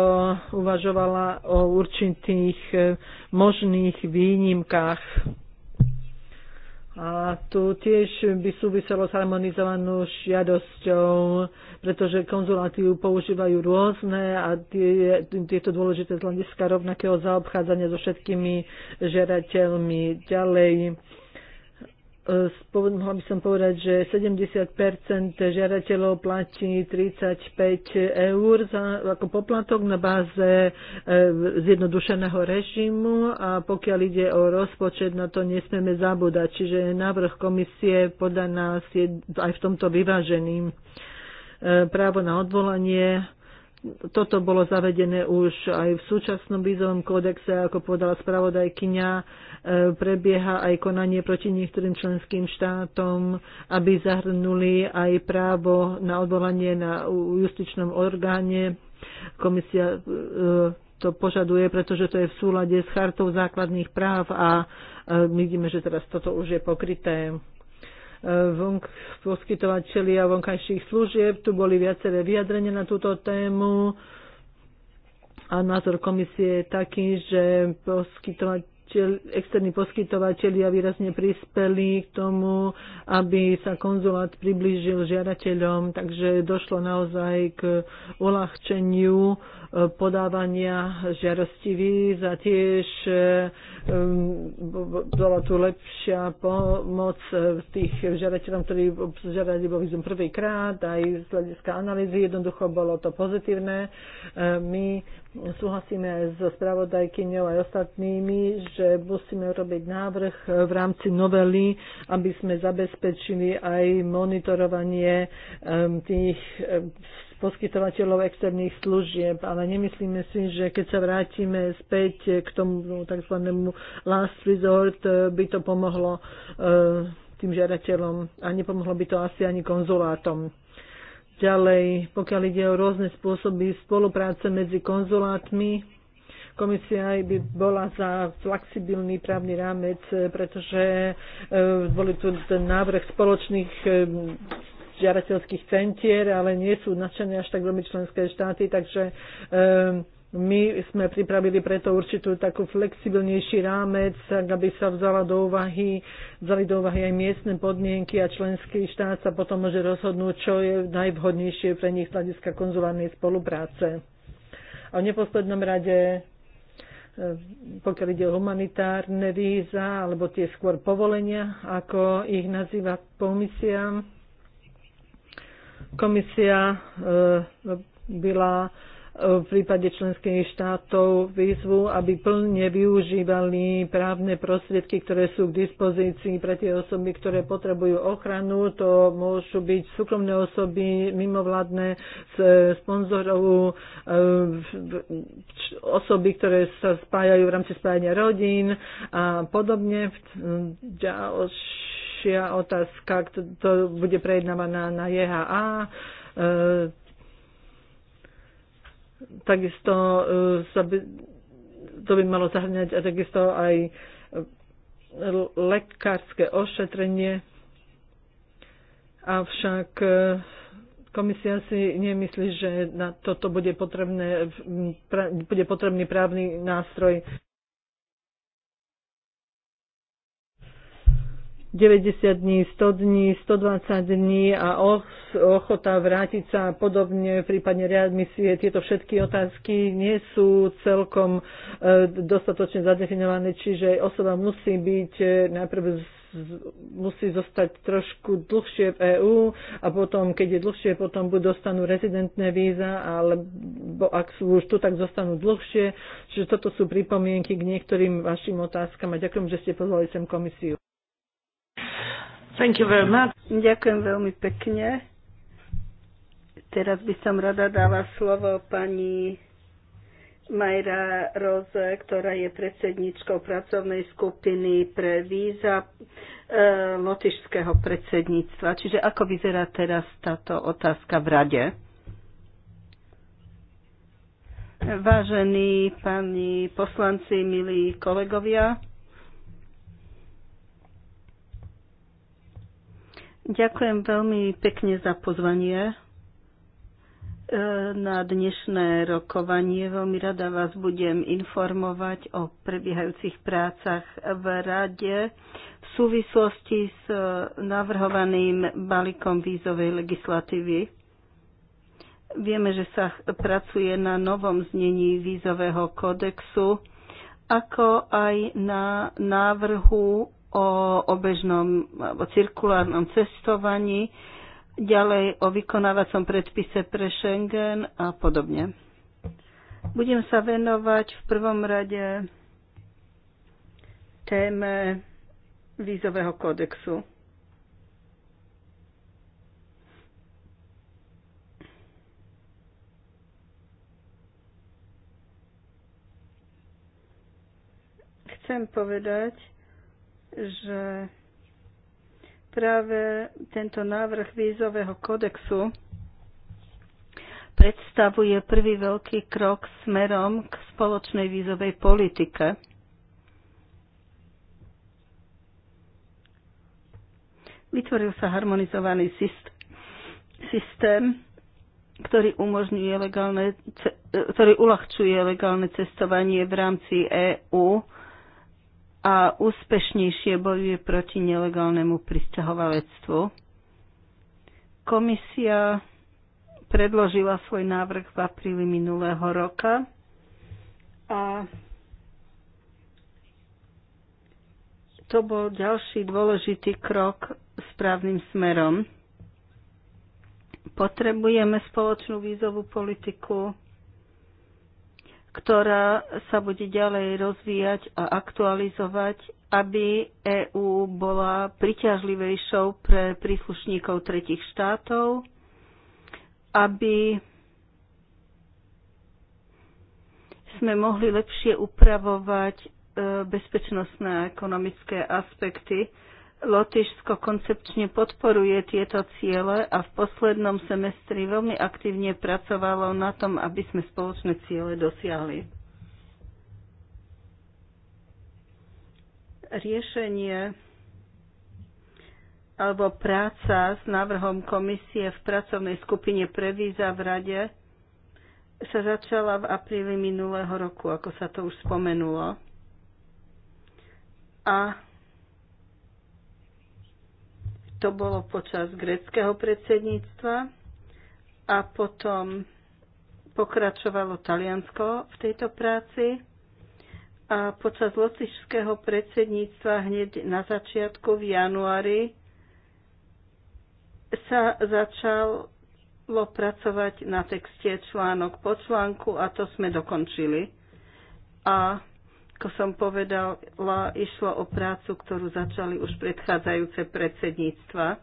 uvažovala o určitých e, možných výnimkách. A tu tiež by súviselo s harmonizovanou žiadosťou, pretože ju používajú rôzne a tie, tieto dôležité z hľadiska rovnakého zaobchádzania so všetkými žerateľmi Ďalej, Eh, mohla by som povedať, že 70 žiadateľov platí 35 eur za, ako poplatok na báze eh, zjednodušeného režimu a pokiaľ ide o rozpočet, na to nesmieme zabúdať. Čiže návrh komisie podľa nás je aj v tomto vyvážený. Eh, právo na odvolanie toto bolo zavedené už aj v súčasnom výzovom kódexe, ako povedala spravodajkyňa E, prebieha aj konanie proti niektorým členským štátom, aby zahrnuli aj právo na odvolanie na justičnom orgáne. Komisia e, to požaduje, pretože to je v súlade s chartou základných práv a e, vidíme, že teraz toto už je pokryté vonk, poskytovateľia vonkajších služieb. Tu boli viaceré vyjadrenia na túto tému a názor komisie je taký, že poskytovať externí poskytovateľia výrazne prispeli k tomu, aby sa konzulát priblížil žiadateľom, takže došlo naozaj k uľahčeniu podávania žiarostivý a tiež e, bola tu lepšia pomoc tých žiadateľom, ktorí žiadali vo výzum prvýkrát, aj z hľadiska analýzy jednoducho bolo to pozitívne. E, my súhlasíme aj so spravodajkyňou aj ostatnými, že musíme robiť návrh v rámci novely, aby sme zabezpečili aj monitorovanie e, tých poskytovateľov externých služieb, ale nemyslíme si, že keď sa vrátime späť k tomu tzv. last resort, by to pomohlo e, tým žiadateľom a nepomohlo by to asi ani konzulátom. Ďalej, pokiaľ ide o rôzne spôsoby spolupráce medzi konzulátmi, komisia aj by bola za flexibilný právny rámec, pretože e, boli tu ten návrh spoločných e, žiarateľských centier, ale nie sú nadšené až tak veľmi členské štáty, takže um, my sme pripravili preto určitú takú flexibilnejší rámec, aby sa vzala do úvahy, vzali do úvahy aj miestne podmienky a členský štát sa potom môže rozhodnúť, čo je najvhodnejšie pre nich z hľadiska konzulárnej spolupráce. A v neposlednom rade, ehm, pokiaľ ide o humanitárne víza, alebo tie skôr povolenia, ako ich nazýva komisia, Komisia e, byla e, v prípade členských štátov výzvu, aby plne využívali právne prostriedky, ktoré sú k dispozícii pre tie osoby, ktoré potrebujú ochranu. To môžu byť súkromné osoby, mimovládne, e, sponzorov, osoby, ktoré sa spájajú v rámci spájania rodín a podobne. Ďalšie ďalšia otázka, to bude prejednávaná na JHA. E, takisto e, sa by, to by malo zahrňať a takisto aj lekárske ošetrenie. Avšak e, komisia si nemyslí, že na toto bude, potrebné, bude potrebný právny nástroj. 90 dní, 100 dní, 120 dní a ochota vrátiť sa a podobne, prípadne readmisie. Tieto všetky otázky nie sú celkom e, dostatočne zadefinované, čiže osoba musí byť e, najprv musí zostať trošku dlhšie v EÚ a potom, keď je dlhšie, potom buď dostanú rezidentné víza, alebo ak sú už tu, tak zostanú dlhšie. Čiže toto sú pripomienky k niektorým vašim otázkam a ďakujem, že ste pozvali sem komisiu. Thank you very much. Ďakujem veľmi pekne. Teraz by som rada dala slovo pani Majra Roze, ktorá je predsedničkou pracovnej skupiny pre víza e, lotišského predsedníctva. Čiže ako vyzerá teraz táto otázka v rade? Vážení pani poslanci, milí kolegovia, Ďakujem veľmi pekne za pozvanie e, na dnešné rokovanie. Veľmi rada vás budem informovať o prebiehajúcich prácach v Rade v súvislosti s e, navrhovaným balíkom vízovej legislatívy. Vieme, že sa pracuje na novom znení vízového kodexu, ako aj na návrhu o obežnom alebo cirkulárnom cestovaní, ďalej o vykonávacom predpise pre Schengen a podobne. Budem sa venovať v prvom rade téme vízového kódexu. Chcem povedať, že práve tento návrh vízového kodexu predstavuje prvý veľký krok smerom k spoločnej vízovej politike. Vytvoril sa harmonizovaný systém, ktorý umožňuje legálne, ktorý uľahčuje legálne cestovanie v rámci EÚ a úspešnejšie bojuje proti nelegálnemu pristahovalectvu. Komisia predložila svoj návrh v apríli minulého roka a to bol ďalší dôležitý krok správnym smerom. Potrebujeme spoločnú vízovú politiku, ktorá sa bude ďalej rozvíjať a aktualizovať, aby EÚ bola priťažlivejšou pre príslušníkov tretich štátov, aby sme mohli lepšie upravovať e, bezpečnostné a ekonomické aspekty Lotyšsko koncepčne podporuje tieto ciele a v poslednom semestri veľmi aktívne pracovalo na tom, aby sme spoločné ciele dosiahli. Riešenie alebo práca s návrhom komisie v pracovnej skupine pre víza v Rade sa začala v apríli minulého roku, ako sa to už spomenulo. A to bolo počas greckého predsedníctva a potom pokračovalo Taliansko v tejto práci a počas lotišského predsedníctva hneď na začiatku v januári sa začalo pracovať na texte článok po článku a to sme dokončili. A ako som povedala, išlo o prácu, ktorú začali už predchádzajúce predsedníctva.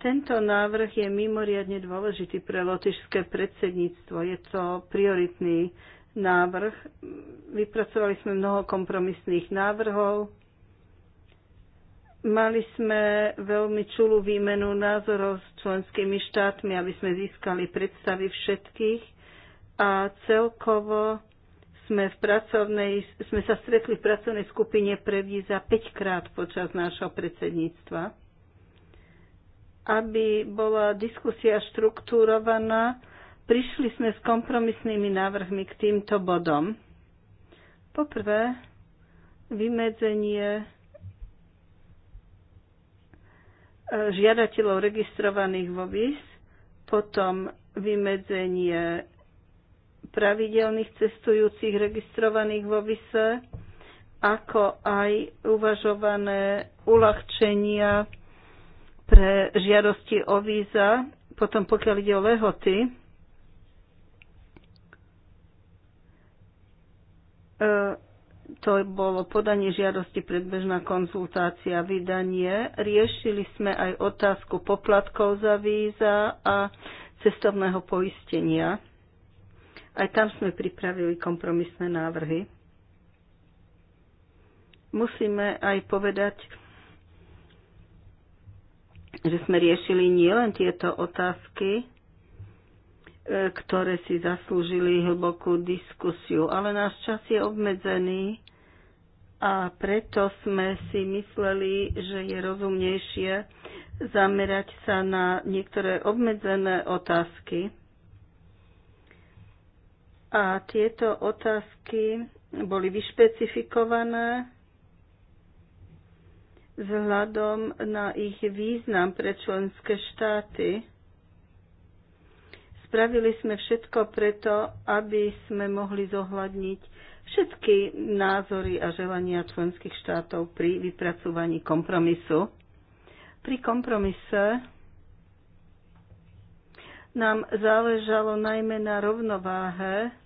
Tento návrh je mimoriadne dôležitý pre lotišské predsedníctvo. Je to prioritný návrh. Vypracovali sme mnoho kompromisných návrhov. Mali sme veľmi čulú výmenu názorov s členskými štátmi, aby sme získali predstavy všetkých a celkovo sme, v pracovnej, sme sa stretli v pracovnej skupine pre víza 5 krát počas nášho predsedníctva, aby bola diskusia štruktúrovaná, prišli sme s kompromisnými návrhmi k týmto bodom. Poprvé, vymedzenie e, žiadateľov registrovaných vo VIS, potom vymedzenie pravidelných cestujúcich registrovaných vo VISE, ako aj uvažované uľahčenia pre žiadosti o víza, potom pokiaľ ide o lehoty, e, to bolo podanie žiadosti, predbežná konzultácia, vydanie. Riešili sme aj otázku poplatkov za víza a cestovného poistenia. Aj tam sme pripravili kompromisné návrhy. Musíme aj povedať, že sme riešili nielen tieto otázky, e, ktoré si zaslúžili hlbokú diskusiu, ale náš čas je obmedzený a preto sme si mysleli, že je rozumnejšie zamerať sa na niektoré obmedzené otázky. A tieto otázky boli vyšpecifikované vzhľadom na ich význam pre členské štáty. Spravili sme všetko preto, aby sme mohli zohľadniť všetky názory a želania členských štátov pri vypracovaní kompromisu. Pri kompromise nám záležalo najmä na rovnováhe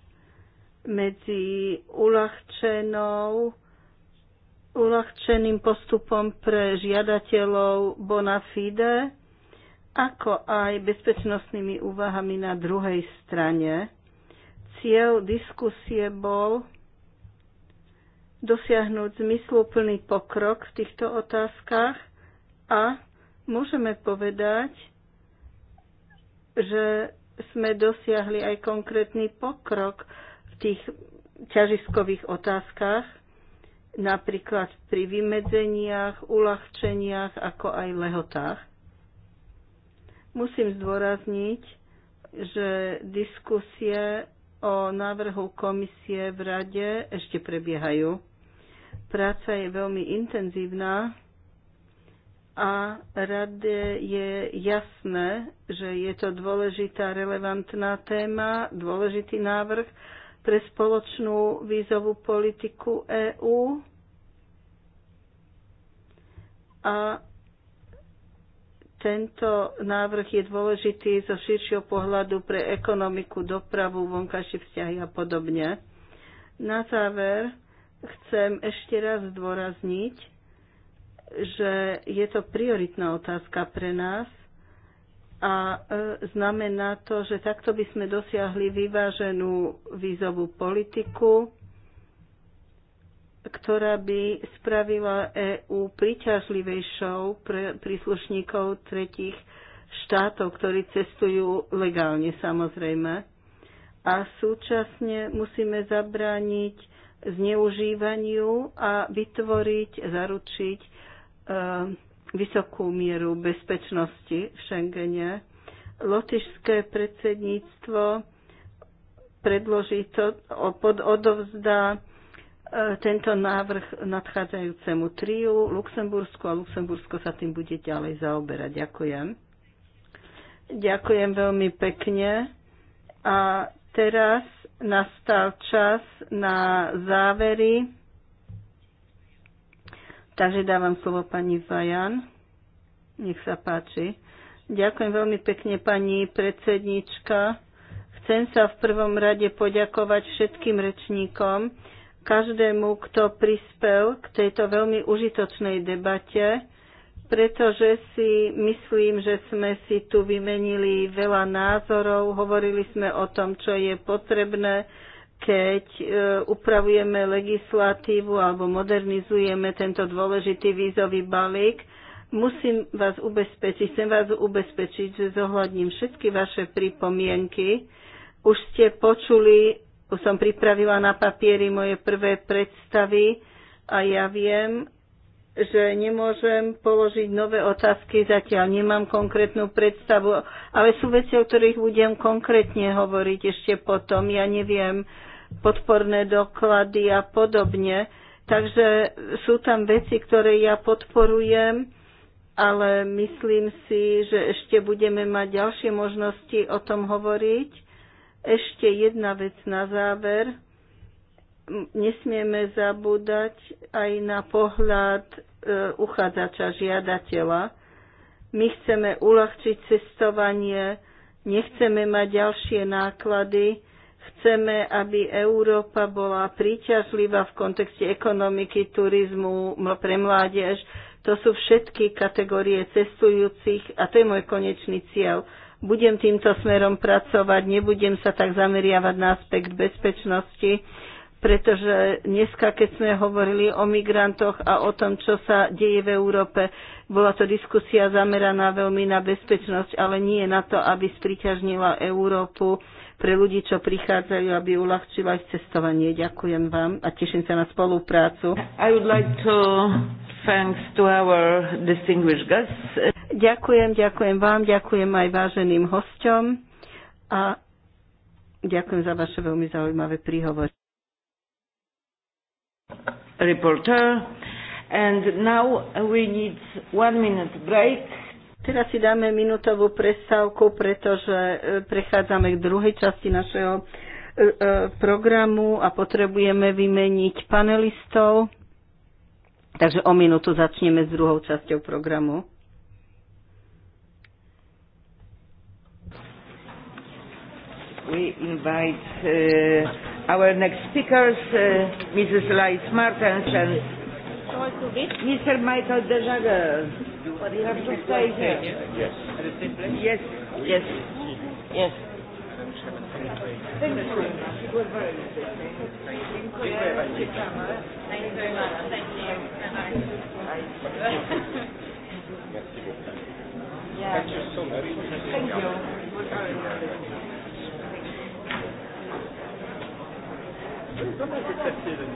medzi uľahčenou uľahčeným postupom pre žiadateľov bona fide, ako aj bezpečnostnými úvahami na druhej strane. Cieľ diskusie bol dosiahnuť zmysluplný pokrok v týchto otázkach a môžeme povedať, že sme dosiahli aj konkrétny pokrok tých ťažiskových otázkach, napríklad pri vymedzeniach, uľahčeniach, ako aj lehotách. Musím zdôrazniť, že diskusie o návrhu komisie v rade ešte prebiehajú. Práca je veľmi intenzívna a rade je jasné, že je to dôležitá, relevantná téma, dôležitý návrh pre spoločnú vízovú politiku EÚ a tento návrh je dôležitý zo širšieho pohľadu pre ekonomiku, dopravu, vonkajšie vzťahy a podobne. Na záver chcem ešte raz zdôrazniť, že je to prioritná otázka pre nás a e, znamená to, že takto by sme dosiahli vyváženú vízovú politiku, ktorá by spravila EÚ príťažlivejšou pre príslušníkov tretich štátov, ktorí cestujú legálne samozrejme. A súčasne musíme zabrániť zneužívaniu a vytvoriť, zaručiť e, vysokú mieru bezpečnosti v Schengene. Lotyšské predsedníctvo predloží to, pod, odovzdá e, tento návrh nadchádzajúcemu triu Luxembursku a Luxembursko sa tým bude ďalej zaoberať. Ďakujem. Ďakujem veľmi pekne. A teraz nastal čas na závery. Takže dávam slovo pani Zajan. Nech sa páči. Ďakujem veľmi pekne pani predsednička. Chcem sa v prvom rade poďakovať všetkým rečníkom, každému, kto prispel k tejto veľmi užitočnej debate, pretože si myslím, že sme si tu vymenili veľa názorov, hovorili sme o tom, čo je potrebné, keď e, upravujeme legislatívu alebo modernizujeme tento dôležitý vízový balík, musím vás ubezpečiť, chcem vás ubezpečiť, že zohľadním všetky vaše pripomienky. Už ste počuli, už som pripravila na papieri moje prvé predstavy a ja viem, že nemôžem položiť nové otázky, zatiaľ nemám konkrétnu predstavu, ale sú veci, o ktorých budem konkrétne hovoriť ešte potom. Ja neviem, podporné doklady a podobne. Takže sú tam veci, ktoré ja podporujem, ale myslím si, že ešte budeme mať ďalšie možnosti o tom hovoriť. Ešte jedna vec na záver. Nesmieme zabúdať aj na pohľad e, uchádzača, žiadateľa. My chceme uľahčiť cestovanie, nechceme mať ďalšie náklady, Chceme, aby Európa bola príťažlivá v kontexte ekonomiky, turizmu pre mládež. To sú všetky kategórie cestujúcich a to je môj konečný cieľ. Budem týmto smerom pracovať, nebudem sa tak zameriavať na aspekt bezpečnosti, pretože dneska, keď sme hovorili o migrantoch a o tom, čo sa deje v Európe, bola to diskusia zameraná veľmi na bezpečnosť, ale nie na to, aby spriťažnila Európu pre ľudí, čo prichádzajú, aby uľahčila ich cestovanie. Ďakujem vám a teším sa na spoluprácu. I would like to thanks to our distinguished guests. Ďakujem, ďakujem vám, ďakujem aj váženým hosťom a ďakujem za vaše veľmi zaujímavé príhovory. Reporter. And now we need one minute break. Teraz si dáme minútovú prestávku, pretože e, prechádzame k druhej časti našeho e, e, programu a potrebujeme vymeniť panelistov. Takže o minútu začneme s druhou časťou programu. we invite uh, our next speakers, uh, Mrs. Lais Martens and Mr. Michael Dejager. But you have to stay here. Yes. Yes. Yes. Yes. Thank you. It was very interesting. Thank you. Thank you very much. Thank you. Merci beaucoup. Yeah. Thank you so much. Thank you. It was very interesting. Thank you. Comment c'est facile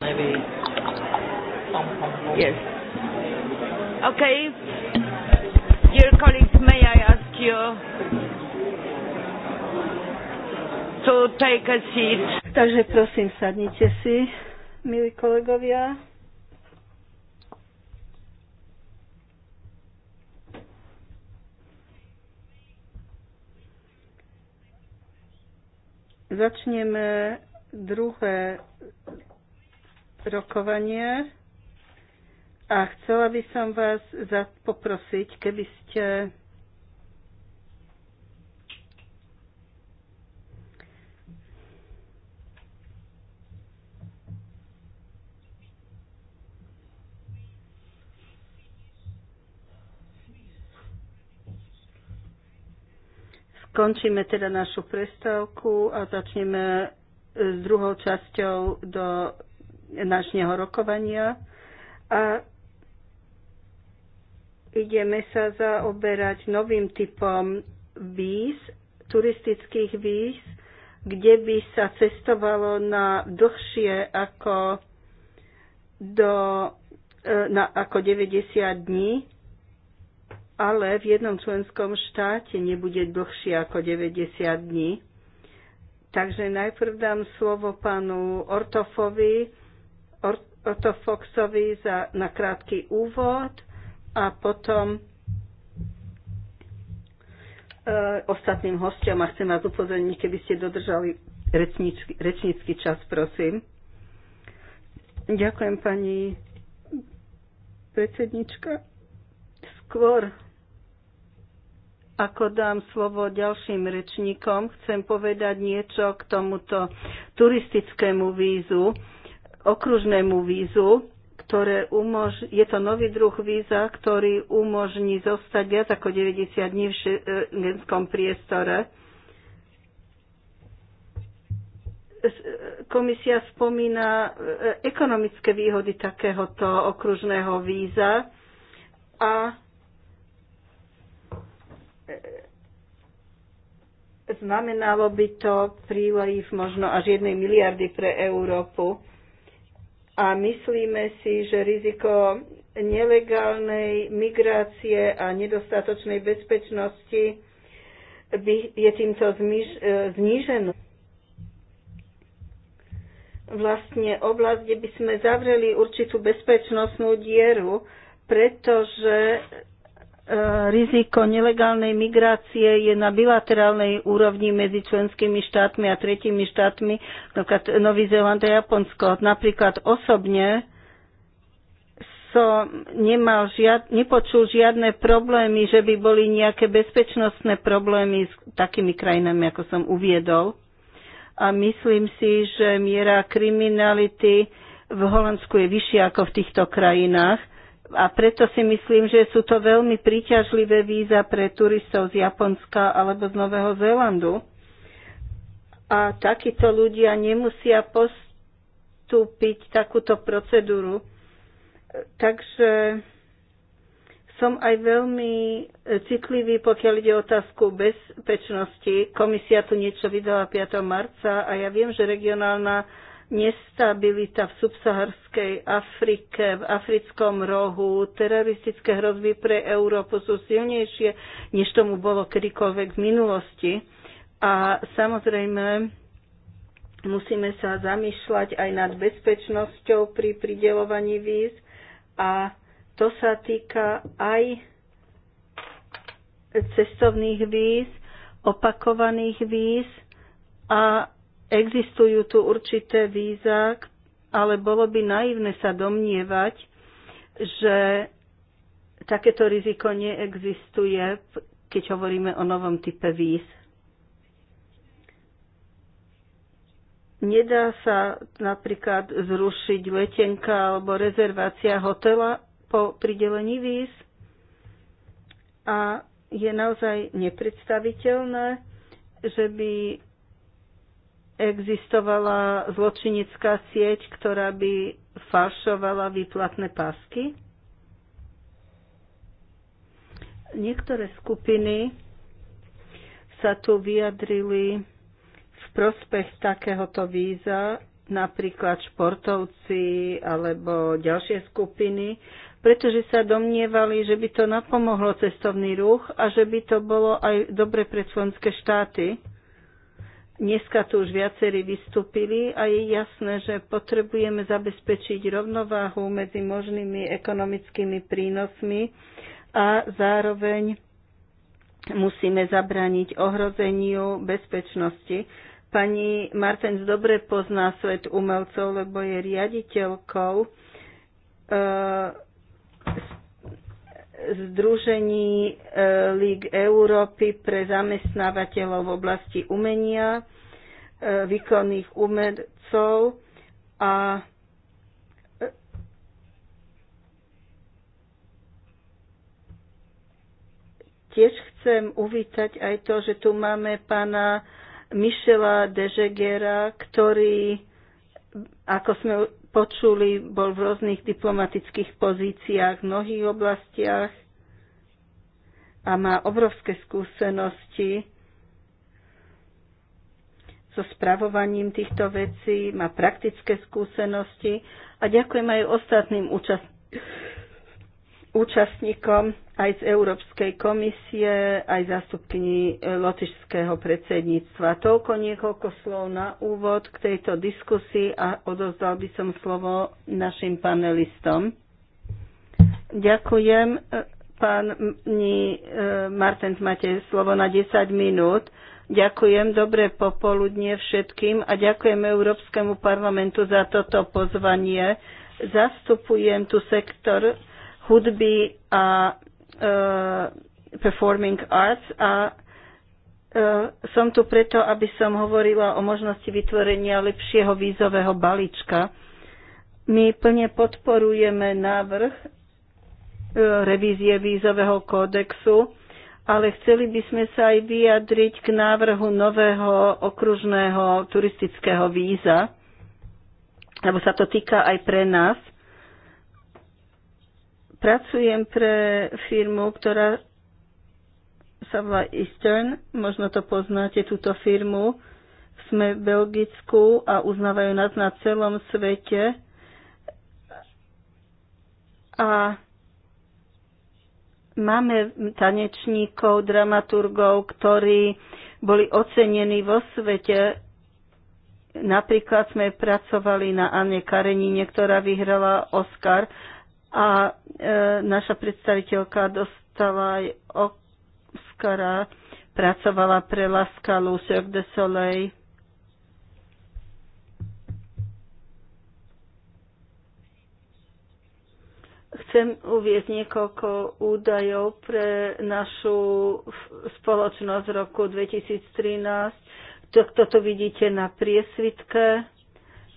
Maybe. Yes. Okay. Dear colleagues, may I ask you to take a seat? Takže prosím, sadnite si, milí kolegovia. Začneme druhé rokovanie a chcela by som vás za poprosiť, keby ste Končíme teda našu prestávku a začneme s druhou časťou do nášneho rokovania a ideme sa zaoberať novým typom víz, turistických víz, kde by sa cestovalo na dlhšie ako, do, e, na, ako 90 dní, ale v jednom členskom štáte nebude dlhšie ako 90 dní. Takže najprv dám slovo pánu Ortofovi, Otto Foxovi za, na krátky úvod a potom e, ostatným hostiam a chcem vás upozorniť, keby ste dodržali rečnícky, rečnícky čas, prosím. Ďakujem pani predsednička. Skôr ako dám slovo ďalším rečníkom, chcem povedať niečo k tomuto turistickému vízu okružnému vízu, ktoré umož... je to nový druh víza, ktorý umožní zostať viac ako 90 dní v šengenskom priestore. Komisia spomína e, ekonomické výhody takéhoto okružného víza a e, znamenalo by to príliv možno až jednej miliardy pre Európu a myslíme si, že riziko nelegálnej migrácie a nedostatočnej bezpečnosti by je týmto e, znížené. Vlastne oblasť, kde by sme zavreli určitú bezpečnostnú dieru, pretože riziko nelegálnej migrácie je na bilaterálnej úrovni medzi členskými štátmi a tretími štátmi, napríklad Nový Zéland a Japonsko. Napríklad osobne som nemal žiad, nepočul žiadne problémy, že by boli nejaké bezpečnostné problémy s takými krajinami, ako som uviedol. A myslím si, že miera kriminality v Holandsku je vyššia ako v týchto krajinách a preto si myslím, že sú to veľmi príťažlivé víza pre turistov z Japonska alebo z Nového Zélandu. A takíto ľudia nemusia postúpiť takúto procedúru. Takže som aj veľmi citlivý, pokiaľ ide o otázku bezpečnosti. Komisia tu niečo vydala 5. marca a ja viem, že regionálna nestabilita v subsaharskej Afrike, v africkom rohu, teroristické hrozby pre Európu sú silnejšie, než tomu bolo kedykoľvek v minulosti. A samozrejme, musíme sa zamýšľať aj nad bezpečnosťou pri pridelovaní víz a to sa týka aj cestovných víz, opakovaných víz a Existujú tu určité víza, ale bolo by naivné sa domnievať, že takéto riziko neexistuje, keď hovoríme o novom type víz. Nedá sa napríklad zrušiť letenka alebo rezervácia hotela po pridelení víz a je naozaj nepredstaviteľné, že by existovala zločinecká sieť, ktorá by falšovala výplatné pásky. Niektoré skupiny sa tu vyjadrili v prospech takéhoto víza, napríklad športovci alebo ďalšie skupiny, pretože sa domnievali, že by to napomohlo cestovný ruch a že by to bolo aj dobre pre členské štáty. Dneska tu už viacerí vystúpili a je jasné, že potrebujeme zabezpečiť rovnováhu medzi možnými ekonomickými prínosmi a zároveň musíme zabrániť ohrozeniu bezpečnosti. Pani Martens dobre pozná svet umelcov, lebo je riaditeľkou e Združení e, Líg Európy pre zamestnávateľov v oblasti umenia, e, výkonných umelcov a e, tiež chcem uvítať aj to, že tu máme pána Michela Dežegera, ktorý, ako sme počuli, bol v rôznych diplomatických pozíciách v mnohých oblastiach a má obrovské skúsenosti so spravovaním týchto vecí, má praktické skúsenosti a ďakujem aj ostatným účastníkom účastníkom aj z Európskej komisie, aj zástupkyni e, lotišského predsedníctva. Toľko niekoľko slov na úvod k tejto diskusii a odozdal by som slovo našim panelistom. Ďakujem. E, pani e, Marten, máte slovo na 10 minút. Ďakujem, dobré popoludnie všetkým a ďakujem Európskemu parlamentu za toto pozvanie. Zastupujem tu sektor hudby uh, uh, a performing arts a uh, som tu preto, aby som hovorila o možnosti vytvorenia lepšieho vízového balíčka. My plne podporujeme návrh revízie vízového kódexu, ale chceli by sme sa aj vyjadriť k návrhu nového okružného turistického víza, lebo sa to týka aj pre nás – Pracujem pre firmu, ktorá sa volá Eastern, možno to poznáte, túto firmu. Sme v Belgicku a uznávajú nás na celom svete. A máme tanečníkov, dramaturgov, ktorí boli ocenení vo svete. Napríklad sme pracovali na Anne Karenine, ktorá vyhrala Oscar a e, naša predstaviteľka dostala aj Oscara, pracovala pre laska Cirque de Soleil. Chcem uvieť niekoľko údajov pre našu spoločnosť roku 2013. Toto vidíte na priesvitke.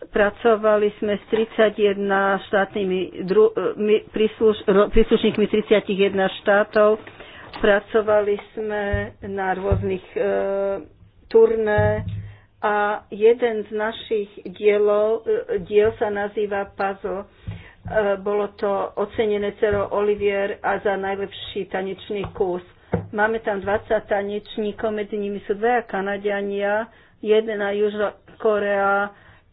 Pracovali sme s 31 štátnymi dru, my, ro, príslušníkmi 31 štátov. Pracovali sme na rôznych e, turné a jeden z našich dielov, e, diel sa nazýva Puzzle. E, bolo to ocenené cero Olivier a za najlepší tanečný kus. Máme tam 20 tanečníkov, medzi nimi sú dvaja Kanadiania, jedna Južná Korea,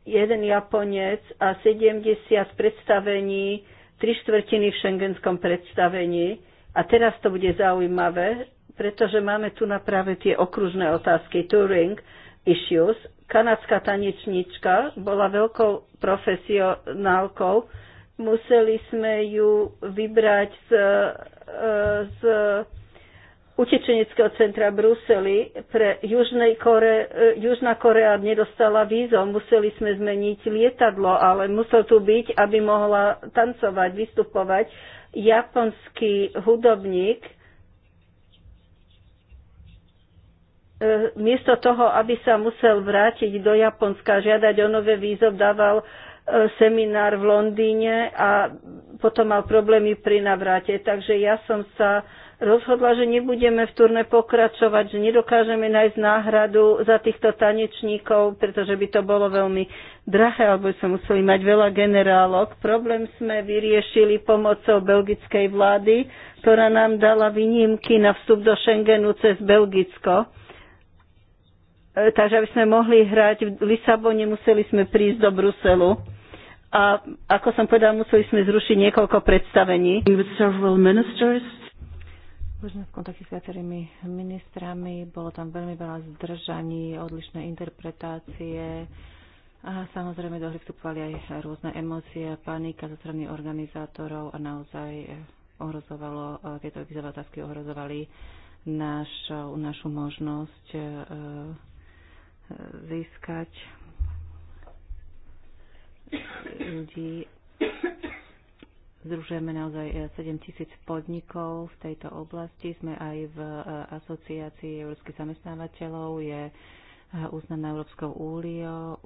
jeden Japonec a 70 predstavení, tri štvrtiny v šengenskom predstavení. A teraz to bude zaujímavé, pretože máme tu naprave tie okružné otázky Turing issues. Kanadská tanečnička bola veľkou profesionálkou. Museli sme ju vybrať z, e, z utečeneckého centra Bruseli pre Južnej Kore, e, Južná Korea nedostala vízo, museli sme zmeniť lietadlo, ale musel tu byť, aby mohla tancovať, vystupovať. Japonský hudobník e, miesto toho, aby sa musel vrátiť do Japonska, žiadať o nové vízo, dával e, seminár v Londýne a potom mal problémy pri navráte. Takže ja som sa rozhodla, že nebudeme v turné pokračovať, že nedokážeme nájsť náhradu za týchto tanečníkov, pretože by to bolo veľmi drahé, alebo sme museli mať veľa generálok. Problém sme vyriešili pomocou belgickej vlády, ktorá nám dala výnimky na vstup do Schengenu cez Belgicko. E, takže aby sme mohli hrať v Lisabone, museli sme prísť do Bruselu. A ako som povedal, museli sme zrušiť niekoľko predstavení. With several ministers boli sme v kontakte s viacerými ministrami, bolo tam veľmi veľa zdržaní, odlišné interpretácie a samozrejme do hry vstupovali aj rôzne emócie, panika zo strany organizátorov a naozaj ohrozovalo, e, tieto vízové otázky ohrozovali našu, našu možnosť e, e, získať ľudí Združujeme naozaj 7 e, tisíc podnikov v tejto oblasti. Sme aj v e, asociácii európskych zamestnávateľov, je e, uznaná Európskou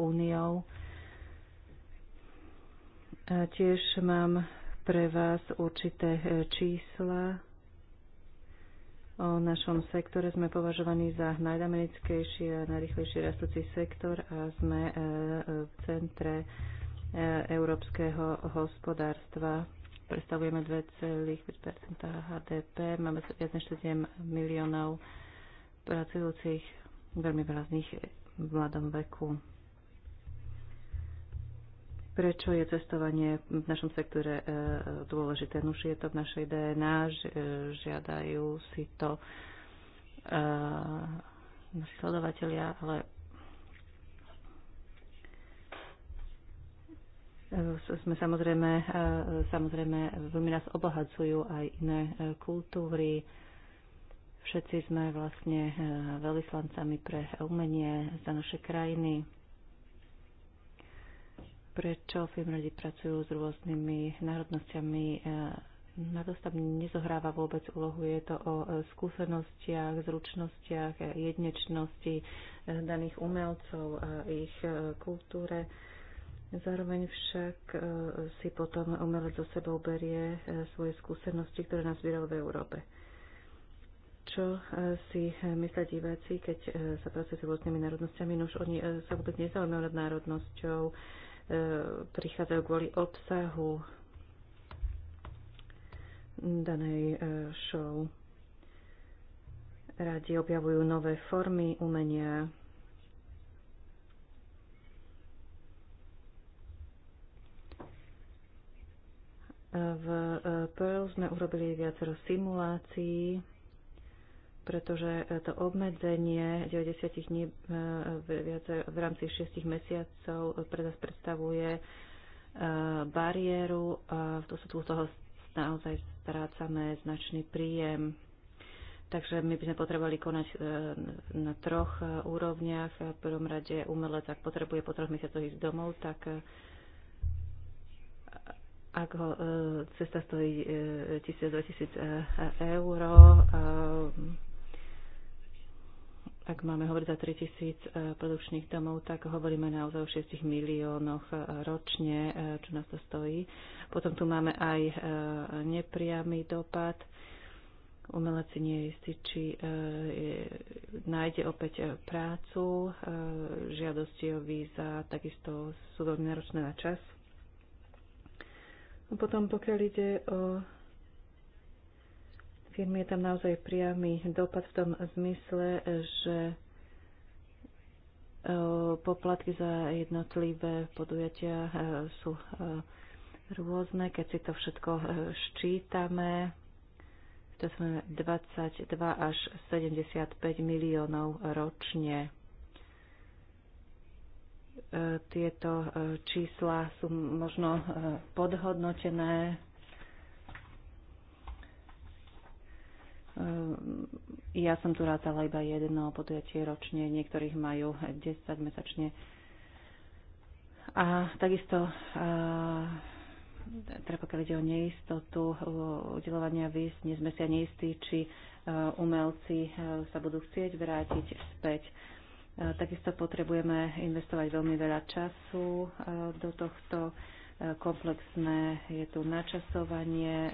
úniou. Tiež mám pre vás určité čísla. O našom sektore sme považovaní za najamerickejší a najrychlejší rastúci sektor a sme v centre európskeho hospodárstva predstavujeme 2,5 HDP, máme viac než 7 miliónov pracujúcich, veľmi veľa z nich v mladom veku. Prečo je cestovanie v našom sektore e, dôležité? už je to v našej DNA, e, žiadajú si to e, sledovateľia, ale E, sme samozrejme, e, samozrejme veľmi nás obohacujú aj iné e, kultúry. Všetci sme vlastne veľvyslancami pre umenie za naše krajiny. Prečo radi pracujú s rôznymi národnosťami? to tam nezohráva vôbec úlohu. Je to o skúsenostiach, zručnostiach, jednečnosti daných umelcov, ich kultúre Zároveň však e, si potom umelec so sebou berie e, svoje skúsenosti, ktoré nás nazbieral v Európe. Čo e, si myslia diváci, keď sa pracuje s rôznymi národnosťami? No už oni sa vôbec nezaujímajú nad národnosťou, prichádzajú kvôli obsahu danej show. Radi objavujú nové formy umenia, V eh, Pearl sme urobili viacero simulácií, pretože eh, to obmedzenie 90 dní eh, v rámci 6 mesiacov pre nás predstavuje bariéru a v dôsledku toho naozaj strácame značný príjem. Takže my by sme potrebovali konať na troch úrovniach. V prvom rade umelec, ak potrebuje po troch mesiacoch ísť domov, tak ak ho e, cesta stojí e, 1000-2000 e, eur, e, ak máme hovoriť za 3000 e, produkčných domov, tak hovoríme naozaj o 6 miliónoch e, ročne, e, čo nás to stojí. Potom tu máme aj nepriamy dopad. Umelec nie je istý, či nájde opäť prácu, žiadosti o víza, takisto sú veľmi náročné na čas a no potom, pokiaľ ide o firmy, je tam naozaj priamy dopad v tom zmysle, že e, poplatky za jednotlivé podujatia e, sú e, rôzne. Keď si to všetko ščítame, to sme 22 až 75 miliónov ročne tieto e, čísla sú možno e, podhodnotené. E, ja som tu rátala iba jedno podujatie ročne, niektorých majú 10 mesačne. A takisto teda pokiaľ ide o neistotu udelovania víz, nie sme si ani istí, či umelci sa budú chcieť vrátiť späť E, takisto potrebujeme investovať veľmi veľa času e, do tohto. E, komplexné je tu načasovanie,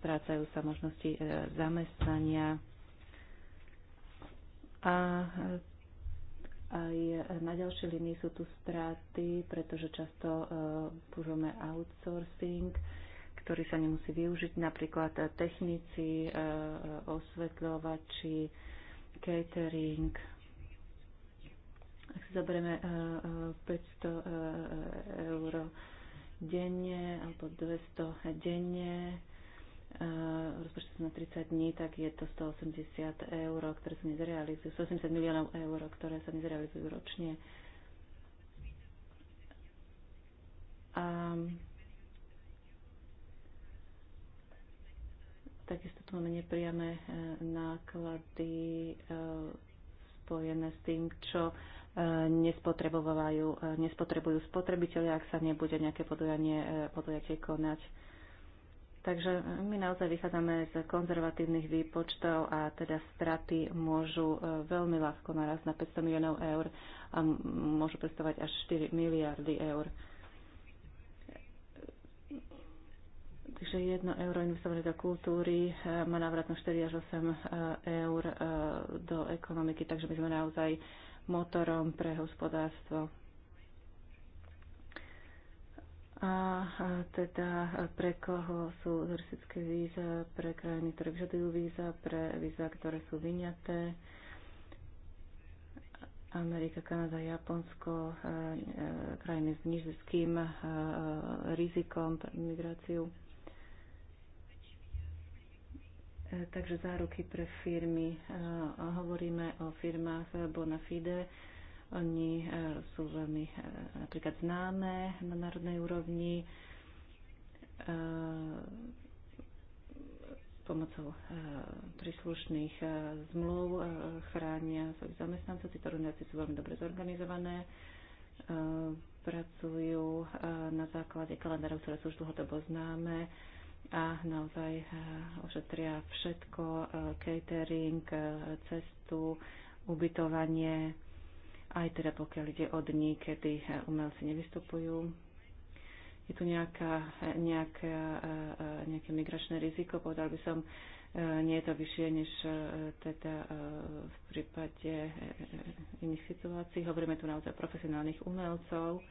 strácajú sa možnosti zamestnania a aj na ďalšej linii sú tu straty, pretože často používame outsourcing, ktorý sa nemusí využiť, napríklad technici, osvetľovači, catering, ak si zoberieme 500 eh, eh, eh, eur denne alebo 200 denne, rozpočet na 30 dní, tak je to 180 eur, ktoré sa mi zrealizujú, 180 miliónov eur, ktoré sa mi zrealizujú ročne. A takisto tu máme nepriame náklady spojené s tým, čo nespotrebujú, e, nespotrebujú spotrebitelia, ak sa nebude nejaké podujanie, e, podujatie konať. Takže e, my naozaj vychádzame z konzervatívnych výpočtov a teda straty môžu veľmi ľahko narazť na 500 miliónov eur a môžu predstavovať až 4 miliardy eur. Takže 1 euro investované do kultúry má návratnosť 4 až 8 eur do ekonomiky, takže my sme naozaj motorom pre hospodárstvo. A teda pre koho sú turistické víza, pre krajiny, ktoré vyžadujú víza, pre víza, ktoré sú vyňaté. Amerika, Kanada, Japonsko, krajiny s nižským rizikom pre migráciu. Takže záruky pre firmy. Hovoríme o firmách Bonafide, Oni e, sú veľmi e, napríklad známe na národnej úrovni e, pomocou príslušných zmluv chránia svojich zamestnancov. Tieto organizácie sú veľmi dobre zorganizované pracujú na základe kalendárov, ktoré sú už dlhodobo známe a naozaj eh, ošetria všetko, eh, catering, eh, cestu, ubytovanie, aj teda pokiaľ ide o dní, kedy umelci nevystupujú. Je tu nejaká, nejaká, nejaké migračné riziko, povedal by som, nie je to vyššie než teda v prípade iných situácií. Hovoríme tu naozaj o profesionálnych umelcov.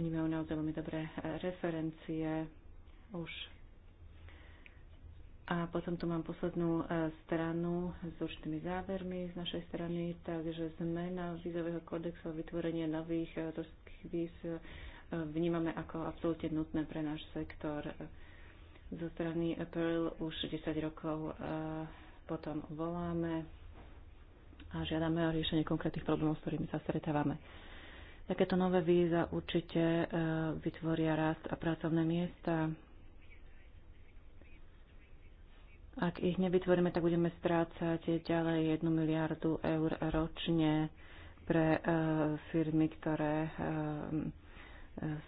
Oni majú naozaj veľmi dobré referencie už. A potom tu mám poslednú e, stranu s určitými závermi z našej strany, takže zmena vízového kódexu a vytvorenie nových e, autorských víz e, vnímame ako absolútne nutné pre náš sektor. Zo strany Pearl už 10 rokov potom voláme a žiadame o riešenie konkrétnych problémov, s ktorými sa stretávame. Takéto nové víza určite vytvoria rast a pracovné miesta, Ak ich nevytvoríme, tak budeme strácať ďalej 1 miliardu eur ročne pre e, firmy, ktoré e, e,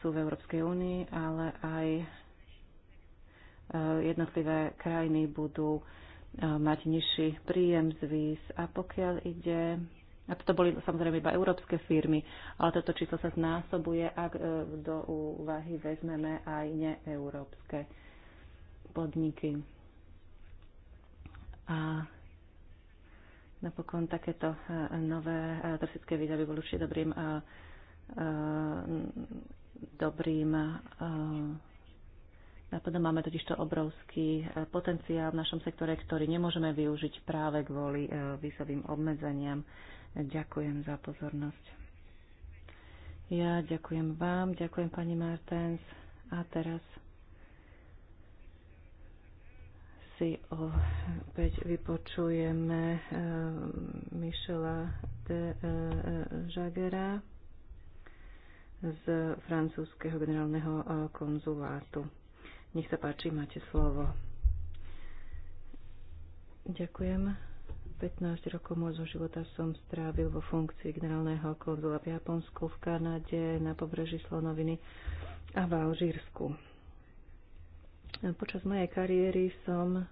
sú v Európskej únii, ale aj jednotlivé krajiny budú mať nižší príjem z víz. A pokiaľ ide, a toto boli samozrejme iba európske firmy, ale toto číslo sa znásobuje, ak do úvahy vezmeme aj neeurópske podniky. A napokon takéto e, nové toxické e, víza by boli určite dobrým e, dobrým nápadom. Máme totižto obrovský potenciál v našom sektore, ktorý nemôžeme využiť práve kvôli výsovým obmedzeniam. Ďakujem za pozornosť. Ja ďakujem vám, ďakujem pani Martens. A teraz si opäť vypočujeme eh, Michela de Žagera eh, z francúzského generálneho eh, konzulátu. Nech sa páči, máte slovo. Ďakujem. 15 rokov môjho života som strávil vo funkcii generálneho konzula v Japonsku, v Kanade, na pobreží Slonoviny a v Alžírsku. Počas mojej kariéry som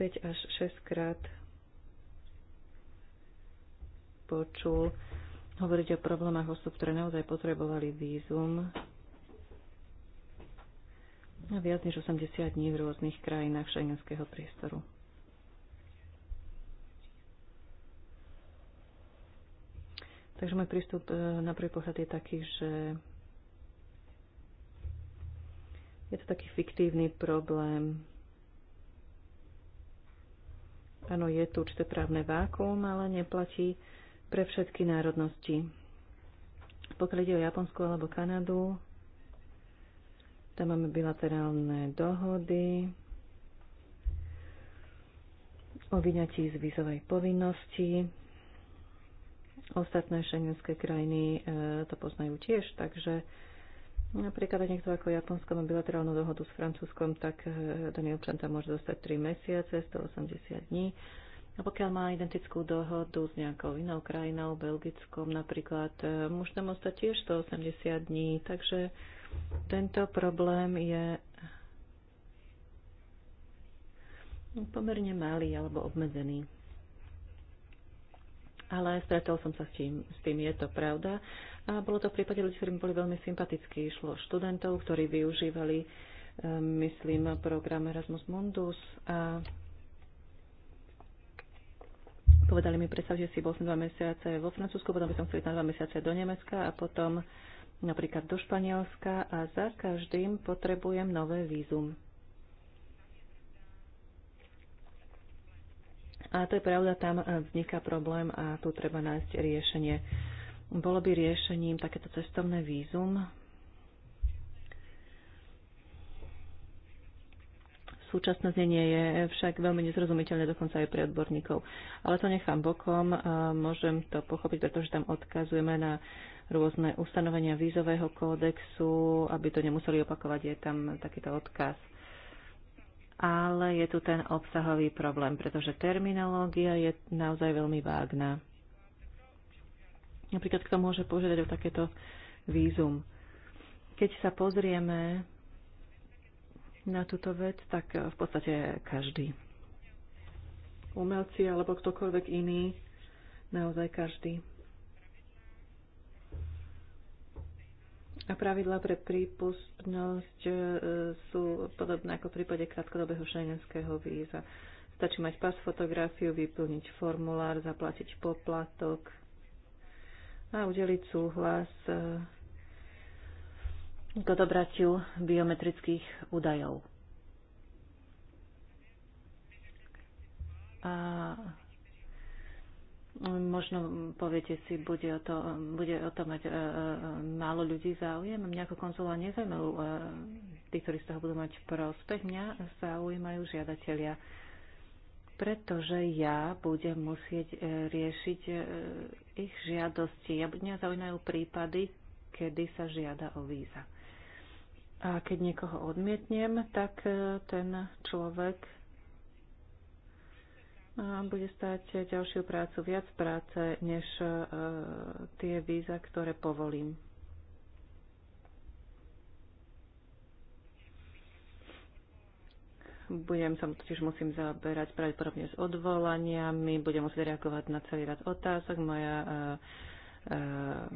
5 až 6 krát počul hovoriť o problémach osob, ktoré naozaj potrebovali vízum na viac než 80 dní v rôznych krajinách šengenského priestoru. Takže môj prístup e, na prvý pohľad je taký, že je to taký fiktívny problém. Áno, je tu určité právne vákuum, ale neplatí pre všetky národnosti. Pokiaľ ide o Japonsku alebo Kanadu, tam máme bilaterálne dohody o vyňatí z vízovej povinnosti. Ostatné šengenské krajiny e, to poznajú tiež, takže Napríklad niekto ako Japonsko má bilaterálnu dohodu s Francúzskom, tak eh, daný občan tam môže dostať 3 mesiace, 180 dní. A pokiaľ má identickú dohodu s nejakou inou krajinou, Belgickom napríklad, eh, môže tam ostať tiež 180 dní. Takže tento problém je no, pomerne malý alebo obmedzený. Ale stretol som sa s tým, s tým je to pravda. A bolo to v prípade ľudí, ktorí boli veľmi sympatickí. Išlo študentov, ktorí využívali, e, myslím, program Erasmus Mundus a povedali mi, predstav, že si bol som dva mesiace vo Francúzsku, potom by som chcel ísť na dva mesiace do Nemecka a potom napríklad do Španielska a za každým potrebujem nové vízum. A to je pravda, tam vzniká problém a tu treba nájsť riešenie. Bolo by riešením takéto cestovné vízum. Súčasné znenie je však veľmi nezrozumiteľné dokonca aj pre odborníkov. Ale to nechám bokom, môžem to pochopiť, pretože tam odkazujeme na rôzne ustanovenia vízového kódexu, aby to nemuseli opakovať, je tam takýto odkaz ale je tu ten obsahový problém, pretože terminológia je naozaj veľmi vágna. Napríklad kto môže požiadať o takéto vízum. Keď sa pozrieme na túto vec, tak eh, v podstate každý. Umelci alebo ktokoľvek iný, naozaj každý. A pravidla pre prípustnosť eh, sú podobné ako v prípade krátkodobého šengenského víza. Stačí mať pas, fotografiu, vyplniť formulár, zaplatiť poplatok, a udeliť súhlas e, k odobratiu biometrických údajov. A možno poviete si, bude o to, bude o to mať e, e, málo ľudí záujem. Mňa ako konzula nezaujímajú tí, ktorí z toho budú mať prospech. Mňa zaujímajú žiadatelia pretože ja budem musieť e, riešiť e, ich žiadosti. Ja, budem zaujímajú prípady, kedy sa žiada o víza. A keď niekoho odmietnem, tak e, ten človek bude stať ďalšiu prácu, viac práce, než tie víza, ktoré povolím. Budem sa totiž musím zaberať pravdepodobne s odvolaniami, budem musieť reagovať na celý rad otázok. Moja, uh,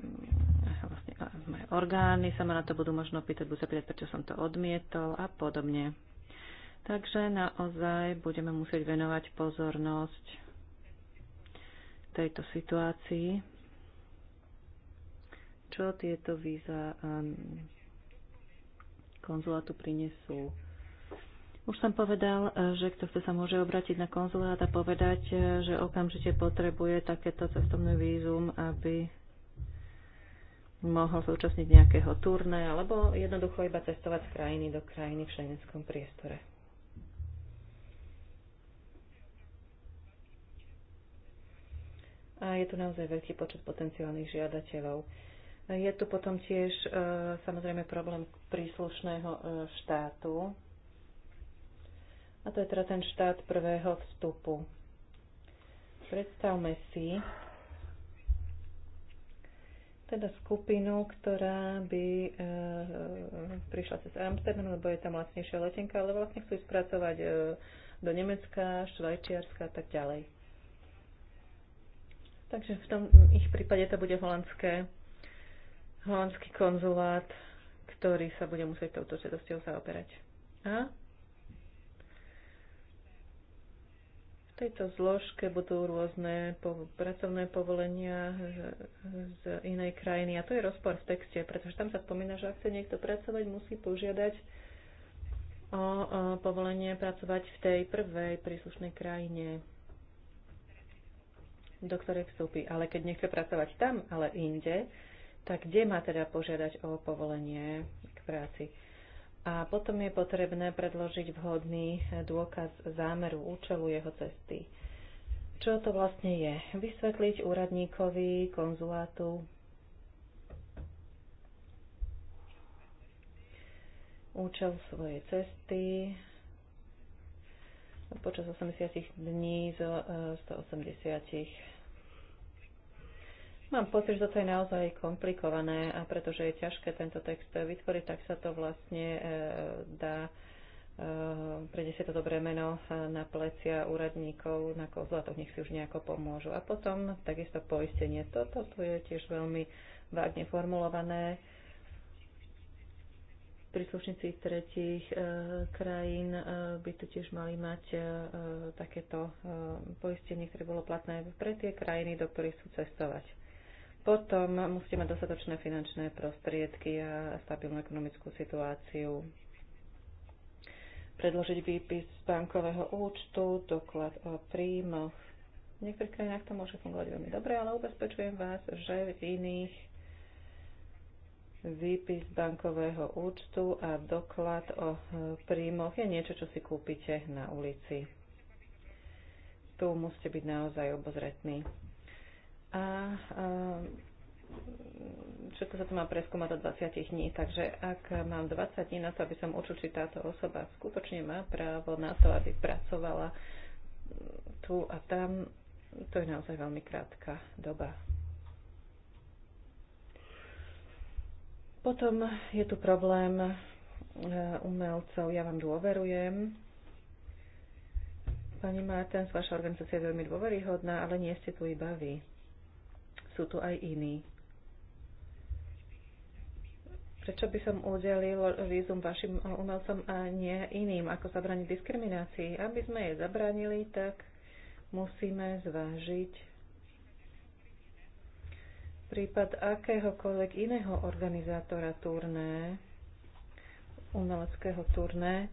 uh, vlastne, uh, moje orgány sa ma na to budú možno pýtať, budú sa pýtať, prečo som to odmietol a podobne. Takže naozaj budeme musieť venovať pozornosť tejto situácii, čo tieto víza konzulátu prinesú už som povedal, e, že kto chce sa môže obrátiť na konzulát a povedať, e, že okamžite potrebuje takéto cestovné vízum, aby mohol zúčastniť nejakého turné alebo jednoducho iba cestovať z krajiny do krajiny v šengenskom priestore. A je tu naozaj veľký počet potenciálnych žiadateľov. Je tu potom tiež e, samozrejme problém príslušného štátu, a to je teda ten štát prvého vstupu. Predstavme si teda skupinu, ktorá by e, e prišla cez Amsterdam, lebo je tam lacnejšia letenka, ale vlastne chcú spracovať e, do Nemecka, Švajčiarska a tak ďalej. Takže v tom ich prípade to bude holandské, holandský konzulát, ktorý sa bude musieť touto žiadosťou zaoberať. A tejto zložke budú rôzne pracovné povolenia z, inej krajiny. A to je rozpor v texte, pretože tam sa spomína, že ak chce niekto pracovať, musí požiadať o, povolenie pracovať v tej prvej príslušnej krajine, do ktorej vstúpi. Ale keď nechce pracovať tam, ale inde, tak kde má teda požiadať o povolenie k práci? a potom je potrebné predložiť vhodný dôkaz zámeru, účelu jeho cesty. Čo to vlastne je? Vysvetliť úradníkovi konzulátu účel svojej cesty počas 80 dní z 180 e, Mám pocit, že toto je naozaj komplikované a pretože je ťažké tento text vytvoriť, tak sa to vlastne e, dá e, preniesie toto meno e, na plecia úradníkov, na kozla, to nech si už nejako pomôžu. A potom takisto poistenie. Toto tu je tiež veľmi vágne formulované. Príslušníci tretich e, krajín e, by tu tiež mali mať e, takéto e, poistenie, ktoré bolo platné pre tie krajiny, do ktorých chcú cestovať. Potom musíme mať dostatočné finančné prostriedky a stabilnú ekonomickú situáciu. Predložiť výpis z bankového účtu, doklad o príjmoch. V niektorých krajinách to môže fungovať veľmi dobre, ale ubezpečujem vás, že v iných výpis bankového účtu a doklad o príjmoch je niečo, čo si kúpite na ulici. Tu musíte byť naozaj obozretní a všetko sa to má preskúmať do 20 dní, takže ak mám 20 dní na to, aby som určil, či táto osoba skutočne má právo na to, aby pracovala tu a tam, to je naozaj veľmi krátka doba. Potom je tu problém e, umelcov. Ja vám dôverujem. Pani Martens, vaša organizácia je veľmi dôveryhodná, ale nie ste tu iba vy sú tu aj iní. Prečo by som udelil vízum vašim umelcom a nie iným? Ako zabraniť diskriminácii? Aby sme jej zabranili, tak musíme zvážiť prípad akéhokoľvek iného organizátora turné, umeleckého turné,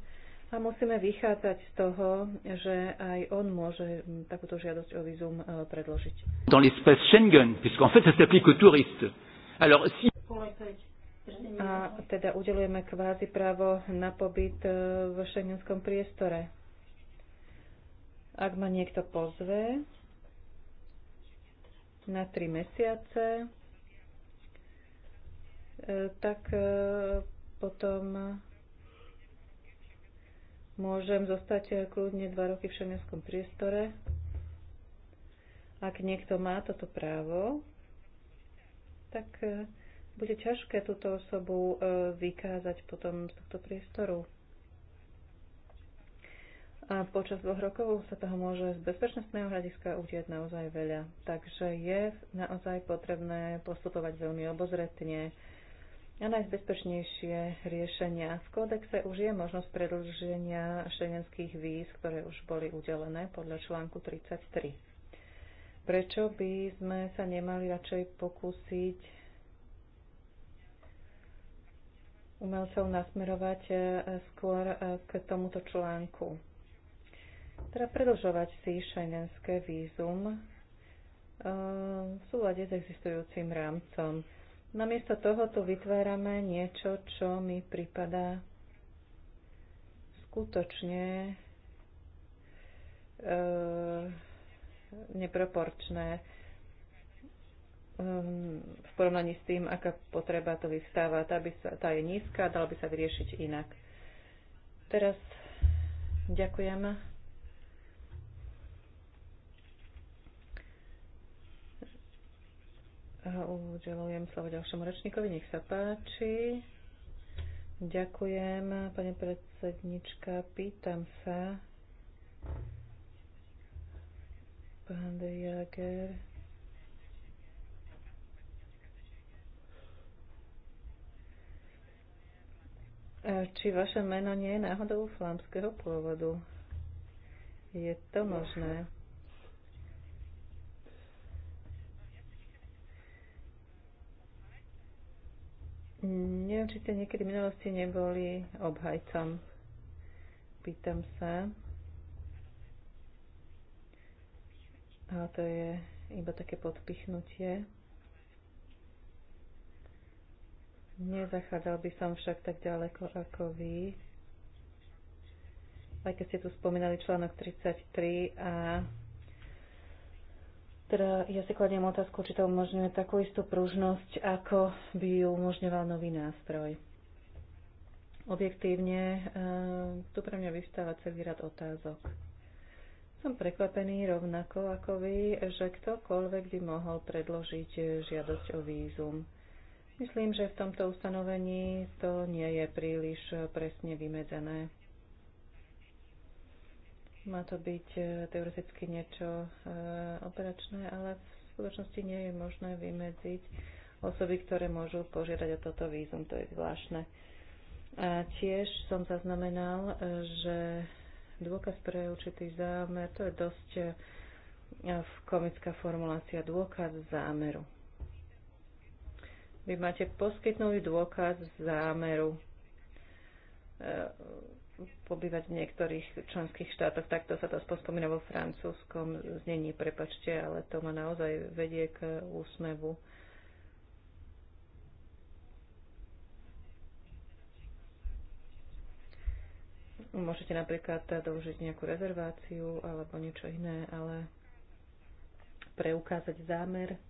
a musíme vychádzať z toho, že aj on môže takúto žiadosť o vízum e, predložiť. Dans l'espace Schengen, puisqu'en fait ça s'applique aux touristes. Alors si a teda udelujeme kvázi právo na pobyt e, v šengenskom priestore. Ak ma niekto pozve na tri mesiace, e, tak potom Môžem zostať eh, kľudne dva roky v šengenskom priestore. Ak niekto má toto právo, tak eh, bude ťažké túto osobu eh, vykázať potom z tohto priestoru. A počas dvoch rokov sa toho môže z bezpečnostného hľadiska udiať naozaj veľa. Takže je naozaj potrebné postupovať veľmi obozretne a najbezpečnejšie riešenia. V kódexe už je možnosť predlženia šengenských víz, ktoré už boli udelené podľa článku 33. Prečo by sme sa nemali radšej pokúsiť umelcov nasmerovať e, skôr e, k tomuto článku? Teda predlžovať si šengenské vízum e, v súlade s existujúcim rámcom Namiesto toho tu vytvárame niečo, čo mi pripadá skutočne e, neproporčné eh, v porovnaní s tým, aká potreba to vystáva. Tá, by sa, tá je nízka, dal by sa vyriešiť inak. Teraz ďakujem Udelujem slovo ďalšiemu rečníkovi, nech sa páči. Ďakujem, pani predsednička. Pýtam sa, pán de Jager, či vaše meno nie je náhodou flámskeho pôvodu. Je to možné? Neviem, či ste niekedy v minulosti neboli obhajcom. Pýtam sa. A to je iba také podpichnutie. Nezachádzal by som však tak ďaleko ako vy. Aj keď ste tu spomínali článok 33 a teda ja si kladiem otázku, či to umožňuje takú istú pružnosť, ako by ju umožňoval nový nástroj. Objektívne e, tu pre mňa vystáva celý rad otázok. Som prekvapený rovnako ako vy, že ktokoľvek by mohol predložiť žiadosť o vízum. Myslím, že v tomto ustanovení to nie je príliš presne vymedzené. Má to byť e, teoreticky niečo e, operačné, ale v skutočnosti nie je možné vymedziť osoby, ktoré môžu požiadať o toto vízum. To je zvláštne. A tiež som zaznamenal, e, že dôkaz pre určitý zámer, to je dosť komická formulácia, dôkaz zámeru. Vy máte poskytnúť dôkaz zámeru pobývať v niektorých členských štátoch. Takto sa to spomína vo francúzskom znení, prepačte, ale to ma naozaj vedie k úsmevu. Môžete napríklad doužiť nejakú rezerváciu alebo niečo iné, ale preukázať zámer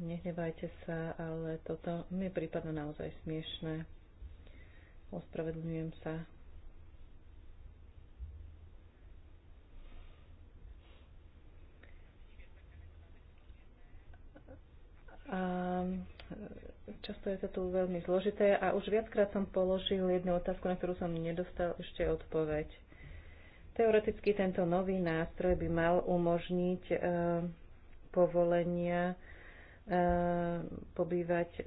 Nehnevajte sa, ale toto mi prípadne naozaj smiešné. Ospravedlňujem sa. A často je to tu veľmi zložité a už viackrát som položil jednu otázku, na ktorú som nedostal ešte odpoveď. Teoreticky tento nový nástroj by mal umožniť eh, povolenia E, pobývať e,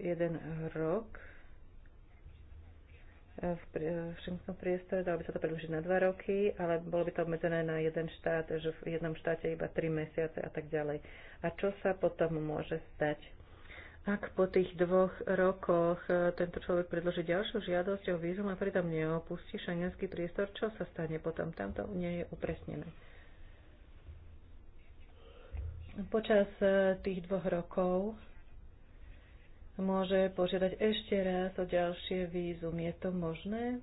jeden rok e, v šengenskom priestore, dalo by sa to predlžiť na dva roky, ale bolo by to obmedzené na jeden štát, že v jednom štáte iba tri mesiace a tak ďalej. A čo sa potom môže stať? Ak po tých dvoch rokoch tento človek predloží ďalšiu žiadosť o vízum a pritom neopustí šengenský priestor, čo sa stane potom? Tam to nie je upresnené. Počas e, tých dvoch rokov môže požiadať ešte raz o ďalšie vízum. Je to možné?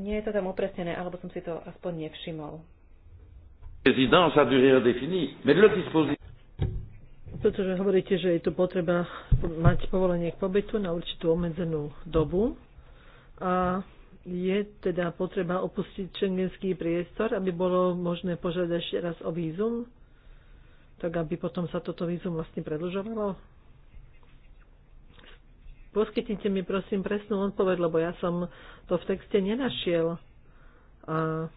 Nie je to tam upresnené, alebo som si to aspoň nevšimol. Pretože hovoríte, že je tu potreba mať povolenie k pobytu na určitú obmedzenú dobu a je teda potreba opustiť šengenský priestor, aby bolo možné požiadať ešte raz o vízum, tak aby potom sa toto vízum vlastne predlžovalo? Poskytnite mi prosím presnú odpoveď, lebo ja som to v texte nenašiel. A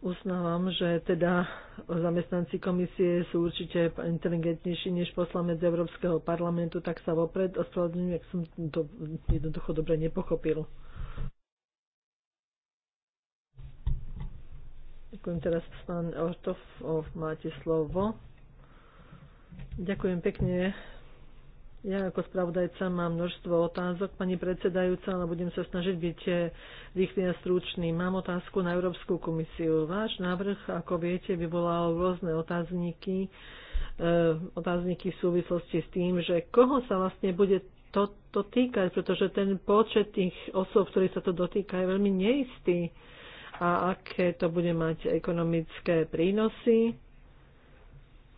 uznávam, že teda zamestnanci komisie sú určite inteligentnejší než poslanec Európskeho parlamentu, tak sa vopred ospravedlňujem, ak som to jednoducho dobre nepochopil. Ďakujem teraz, pán Ortov, máte slovo. Ďakujem pekne. Ja ako spravodajca mám množstvo otázok, pani predsedajúca, ale budem sa snažiť byť eh, rýchly a stručný. Mám otázku na Európsku komisiu. Váš návrh, ako viete, vyvolal rôzne otázniky, eh, otázniky v súvislosti s tým, že koho sa vlastne bude to, to týkať, pretože ten počet tých osôb, ktorí sa to dotýka, je veľmi neistý a aké to bude mať ekonomické prínosy.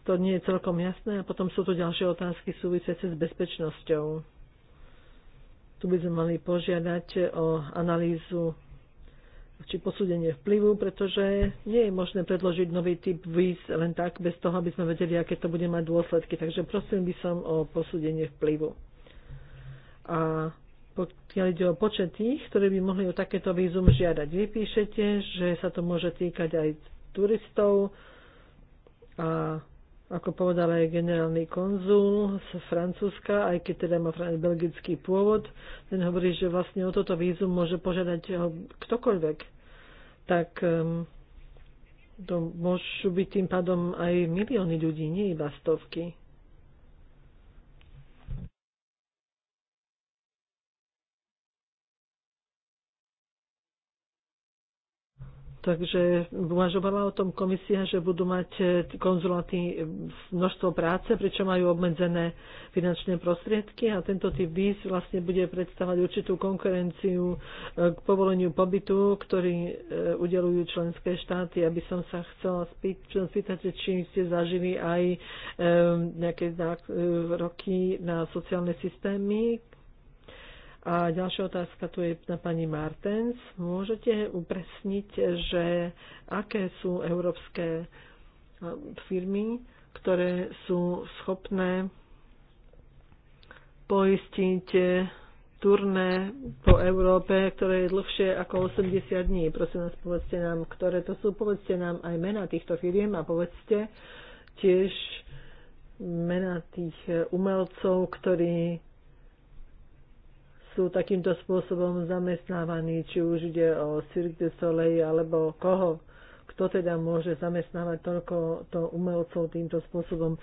To nie je celkom jasné. A potom sú tu ďalšie otázky súvisiace s bezpečnosťou. Tu by sme mali požiadať o analýzu či posúdenie vplyvu, pretože nie je možné predložiť nový typ víz len tak, bez toho, aby sme vedeli, aké to bude mať dôsledky. Takže prosím by som o posúdenie vplyvu. A pokiaľ ide o počet tých, ktorí by mohli o takéto vízum žiadať. Vypíšete, že sa to môže týkať aj turistov a ako povedal aj generálny konzul z Francúzska, aj keď teda má belgický pôvod, ten hovorí, že vlastne o toto vízum môže požiadať ho ktokoľvek. Tak um, to môžu byť tým pádom aj milióny ľudí, nie iba stovky. Takže uvažovala o tom komisia, že budú mať e, konzuláty množstvo práce, pričom majú obmedzené finančné prostriedky a tento typ víz vlastne bude predstavať určitú konkurenciu e, k povoleniu pobytu, ktorý e, udelujú členské štáty. Aby som sa chcela spýtať, či ste zažili aj nejaké roky na sociálne systémy, a ďalšia otázka tu je na pani Martens. Môžete upresniť, že aké sú európske e, firmy, ktoré sú schopné poistiť e, turné po Európe, ktoré je dlhšie ako 80 dní. Prosím vás, povedzte nám, ktoré to sú. Povedzte nám aj mena týchto firiem a povedzte tiež mena tých umelcov, ktorí sú takýmto spôsobom zamestnávaní, či už ide o Cirque du Soleil alebo koho. Kto teda môže zamestnávať toľko to umelcov týmto spôsobom?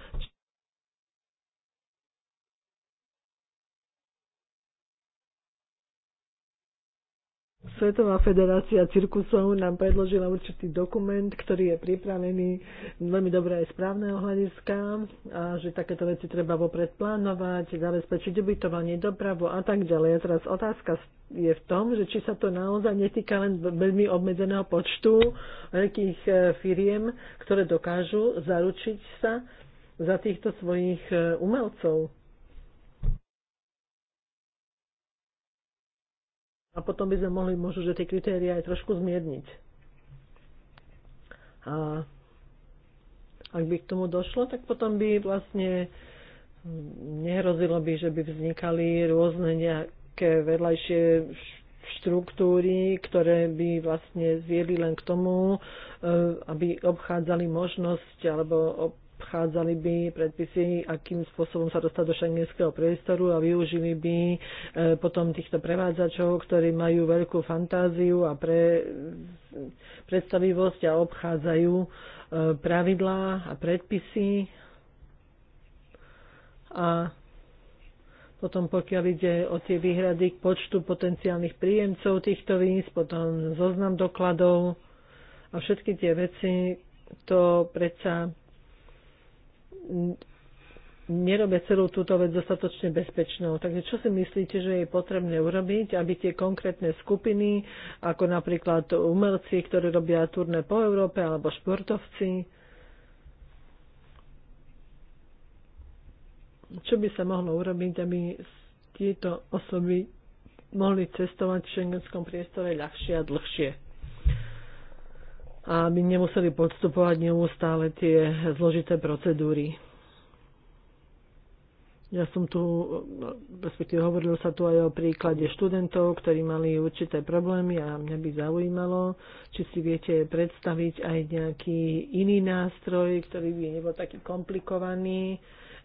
Svetová federácia cirkusov nám predložila určitý dokument, ktorý je pripravený veľmi dobre aj z právneho hľadiska a že takéto veci treba vopred plánovať, zabezpečiť ubytovanie, dopravu a tak ďalej. A teraz otázka je v tom, že či sa to naozaj netýka len veľmi obmedzeného počtu veľkých e, firiem, ktoré dokážu zaručiť sa za týchto svojich e, umelcov. A potom by sme mohli možno, že tie kritéria aj trošku zmierniť. A ak by k tomu došlo, tak potom by vlastne hm, nehrozilo by, že by vznikali rôzne nejaké vedľajšie štruktúry, ktoré by vlastne zviedli len k tomu, eh, aby obchádzali možnosť alebo obchádzali by predpisy, akým spôsobom sa dostať do šengenského priestoru a využili by e, potom týchto prevádzačov, ktorí majú veľkú fantáziu a pre, predstavivosť a obchádzajú e, pravidlá a predpisy. A potom pokiaľ ide o tie výhrady k počtu potenciálnych príjemcov týchto víz, potom zoznam dokladov a všetky tie veci, to predsa nerobia celú túto vec dostatočne bezpečnou. Takže čo si myslíte, že je potrebné urobiť, aby tie konkrétne skupiny, ako napríklad umelci, ktorí robia turné po Európe, alebo športovci, čo by sa mohlo urobiť, aby tieto osoby mohli cestovať v šengenskom priestore ľahšie a dlhšie? aby nemuseli podstupovať neustále tie zložité procedúry. Ja som tu, respektíve hovoril sa tu aj o príklade študentov, ktorí mali určité problémy a mňa by zaujímalo, či si viete predstaviť aj nejaký iný nástroj, ktorý by nebol taký komplikovaný,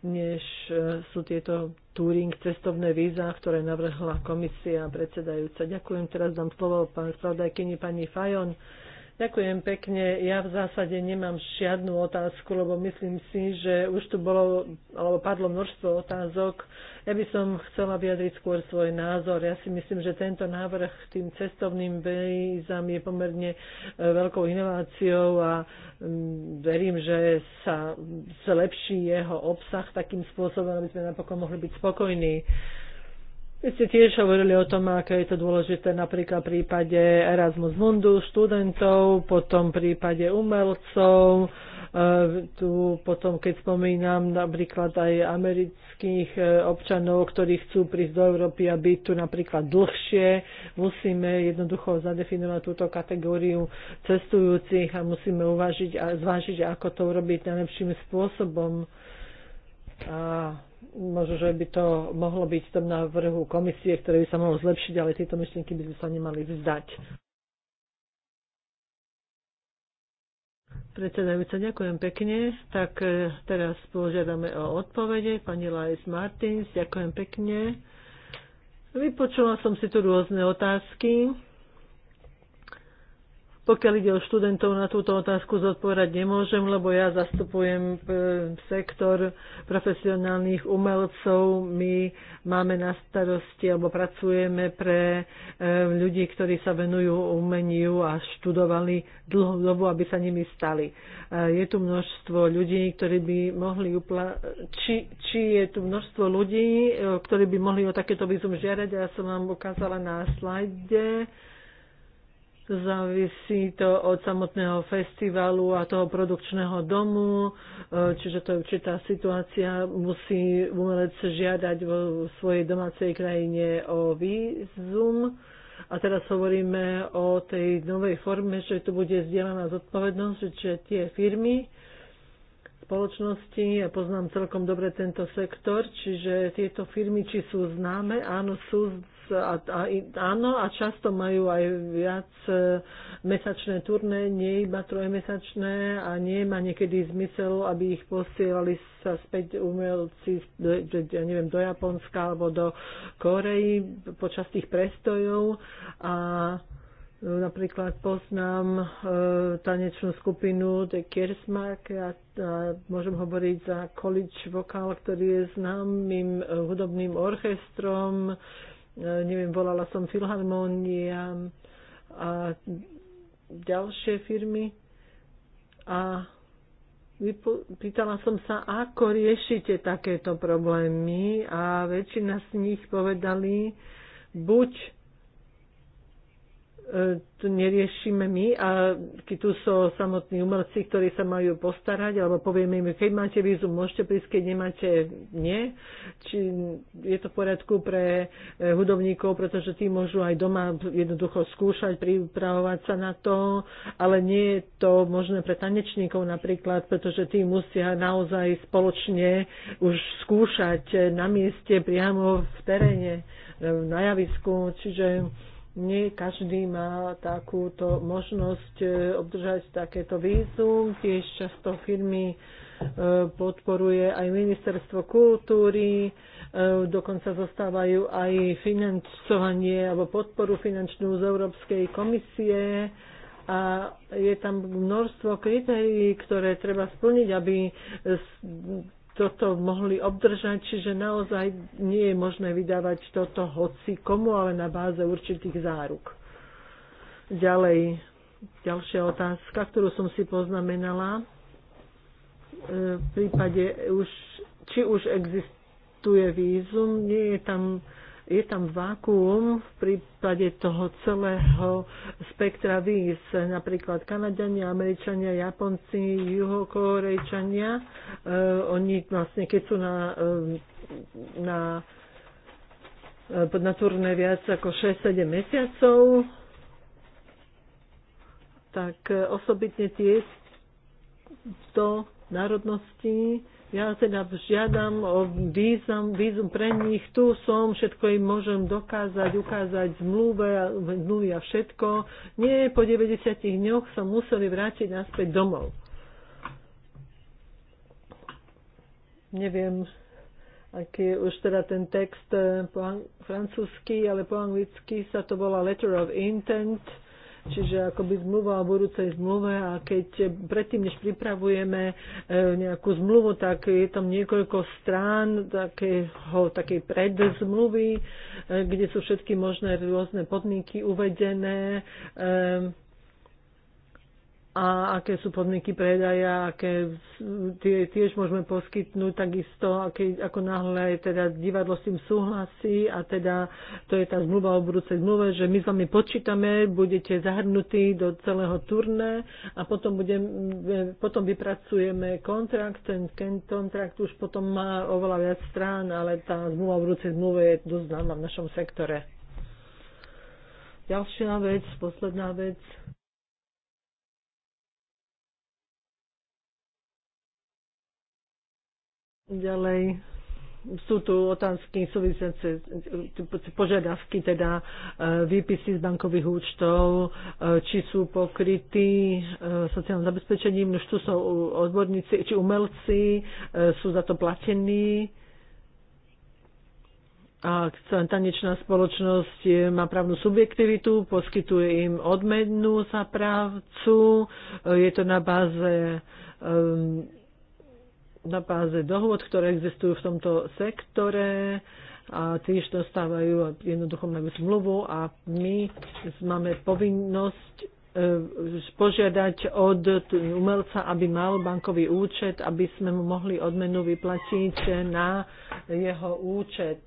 než e, sú tieto Turing cestovné víza, ktoré navrhla komisia predsedajúca. Ďakujem, teraz dám slovo pán spravodajkyni pani Fajon. Ďakujem pekne. Ja v zásade nemám žiadnu otázku, lebo myslím si, že už tu bolo, alebo padlo množstvo otázok. Ja by som chcela vyjadriť skôr svoj názor. Ja si myslím, že tento návrh tým cestovným vízam je pomerne e, veľkou inováciou a mm, verím, že sa zlepší jeho obsah takým spôsobom, aby sme napokon mohli byť spokojní. Vy ste tiež hovorili o tom, aké je to dôležité napríklad v prípade Erasmus Mundu, študentov, potom v prípade umelcov, e, tu potom keď spomínam napríklad aj amerických e, občanov, ktorí chcú prísť do Európy a byť tu napríklad dlhšie, musíme jednoducho zadefinovať túto kategóriu cestujúcich a musíme uvažiť a zvážiť, ako to urobiť najlepším spôsobom. A možno, že by to mohlo byť v tom návrhu komisie, ktoré by sa mohlo zlepšiť, ale tieto myšlienky by sme sa nemali vzdať. Predsedajúca, ďakujem pekne. Tak e, teraz požiadame o odpovede. Pani Lajs Martins, ďakujem pekne. Vypočula som si tu rôzne otázky. Pokiaľ ide o študentov, na túto otázku zodpovedať nemôžem, lebo ja zastupujem e, sektor profesionálnych umelcov. My máme na starosti alebo pracujeme pre e, ľudí, ktorí sa venujú umeniu a študovali dlhú dobu, aby sa nimi stali. E, je tu množstvo ľudí, ktorí by mohli upla- či, či je tu množstvo ľudí, ktorí by mohli o takéto výzum žiarať. Ja som vám ukázala na slajde závisí to od samotného festivalu a toho produkčného domu, e, čiže to je určitá situácia. Musí umelec žiadať vo svojej domácej krajine o vízum. A teraz hovoríme o tej novej forme, že tu bude zdieľaná zodpovednosť, že tie firmy, spoločnosti, ja poznám celkom dobre tento sektor, čiže tieto firmy, či sú známe, áno, sú a, a, áno, a často majú aj viac e, mesačné turné, nie iba trojmesačné a nie má niekedy zmysel, aby ich posielali sa späť umelci, do, ja neviem, do Japonska alebo do Korei počas tých prestojov a e, Napríklad poznám e, tanečnú skupinu The Kersmark a, a môžem hovoriť za college vokál, ktorý je známym e, hudobným orchestrom. E, E, neviem, volala som Filharmónia a ďalšie firmy a pýtala som sa, ako riešite takéto problémy a väčšina z nich povedali, buď to neriešime my a keď tu sú samotní umelci, ktorí sa majú postarať, alebo povieme im, keď máte vízum, môžete prísť, keď nemáte, nie. Či je to v poriadku pre eh, hudobníkov, pretože tí môžu aj doma jednoducho skúšať, pripravovať sa na to, ale nie je to možné pre tanečníkov napríklad, pretože tí musia naozaj spoločne už skúšať eh, na mieste, priamo v teréne, eh, na javisku, čiže nie každý má takúto možnosť e, obdržať takéto vízum. Tiež často firmy e, podporuje aj ministerstvo kultúry, e, dokonca zostávajú aj financovanie alebo podporu finančnú z Európskej komisie a je tam množstvo kritérií, ktoré treba splniť, aby toto mohli obdržať, čiže naozaj nie je možné vydávať toto hoci komu, ale na báze určitých záruk. Ďalej, ďalšia otázka, ktorú som si poznamenala. E, v prípade, už, či už existuje vízum, nie je tam je tam vákuum v prípade toho celého spektra víz, napríklad Kanadania, Američania, Japonci, Juhokorejčania. uh, oni vlastne, keď sú na, uh, na podnatúrne eh, viac ako 6-7 mesiacov, tak osobitne tie národnosti. národností ja teda žiadam o vízum, vízum pre nich, tu som, všetko im môžem dokázať, ukázať zmluve, zmluvy a všetko. Nie, po 90 dňoch som museli vrátiť naspäť domov. Neviem, aký je už teda ten text eh, po francúzsky, ale po anglicky sa to volá Letter of Intent Čiže akoby zmluva o budúcej zmluve a keď predtým, než pripravujeme e, nejakú zmluvu, tak je tam niekoľko strán takého, takej predzmluvy, e, kde sú všetky možné rôzne podmienky uvedené ehm, a aké sú podmienky predaja, aké tie tiež môžeme poskytnúť, takisto aké, ako náhle teda divadlo s tým súhlasí a teda to je tá zmluva o budúcej zmluve, že my s vami počítame, budete zahrnutí do celého turné a potom, budem, potom vypracujeme kontrakt, ten, ten kontrakt už potom má oveľa viac strán, ale tá zmluva o budúcej zmluve je dosť známa v našom sektore. Ďalšia vec, posledná vec. Ďalej sú tu otázky súvisiace požiadavky, teda e, výpisy z bankových účtov, e, či sú pokrytí e, sociálnym zabezpečením, už tu sú odborníci, či umelci, sú za to platení. A tanečná spoločnosť má právnu subjektivitu, poskytuje im odmenu za prácu, je to na báze um, na páze dohôd, ktoré existujú v tomto sektore a tiež dostávajú jednoducho majú zmluvu a my máme povinnosť e, požiadať od umelca, aby mal bankový účet, aby sme mu mohli odmenu vyplatiť na jeho účet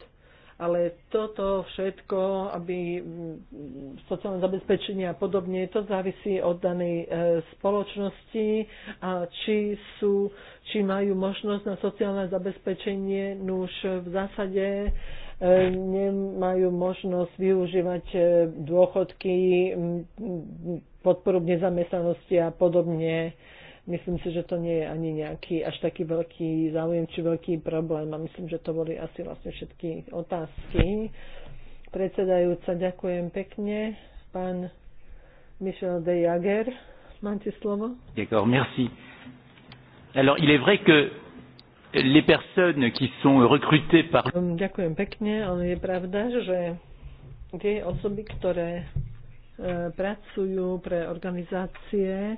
ale toto všetko, aby mm, sociálne zabezpečenie a podobne, to závisí od danej e, spoločnosti a či, sú, či majú možnosť na sociálne zabezpečenie, nuž v zásade e, nemajú možnosť využívať e, dôchodky, podporu nezamestnanosti a podobne. Myslím si, že to nie je ani nejaký až taký veľký záujem či veľký problém a myslím, že to boli asi vlastne všetky otázky. Predsedajúca, ďakujem pekne. Pán Michel de Jager, máte slovo. D'accord, merci. Alors, il est vrai que les personnes qui sont recrutées par... Ďakujem pekne, ale je pravda, že tie osoby, ktoré e, pracujú pre organizácie,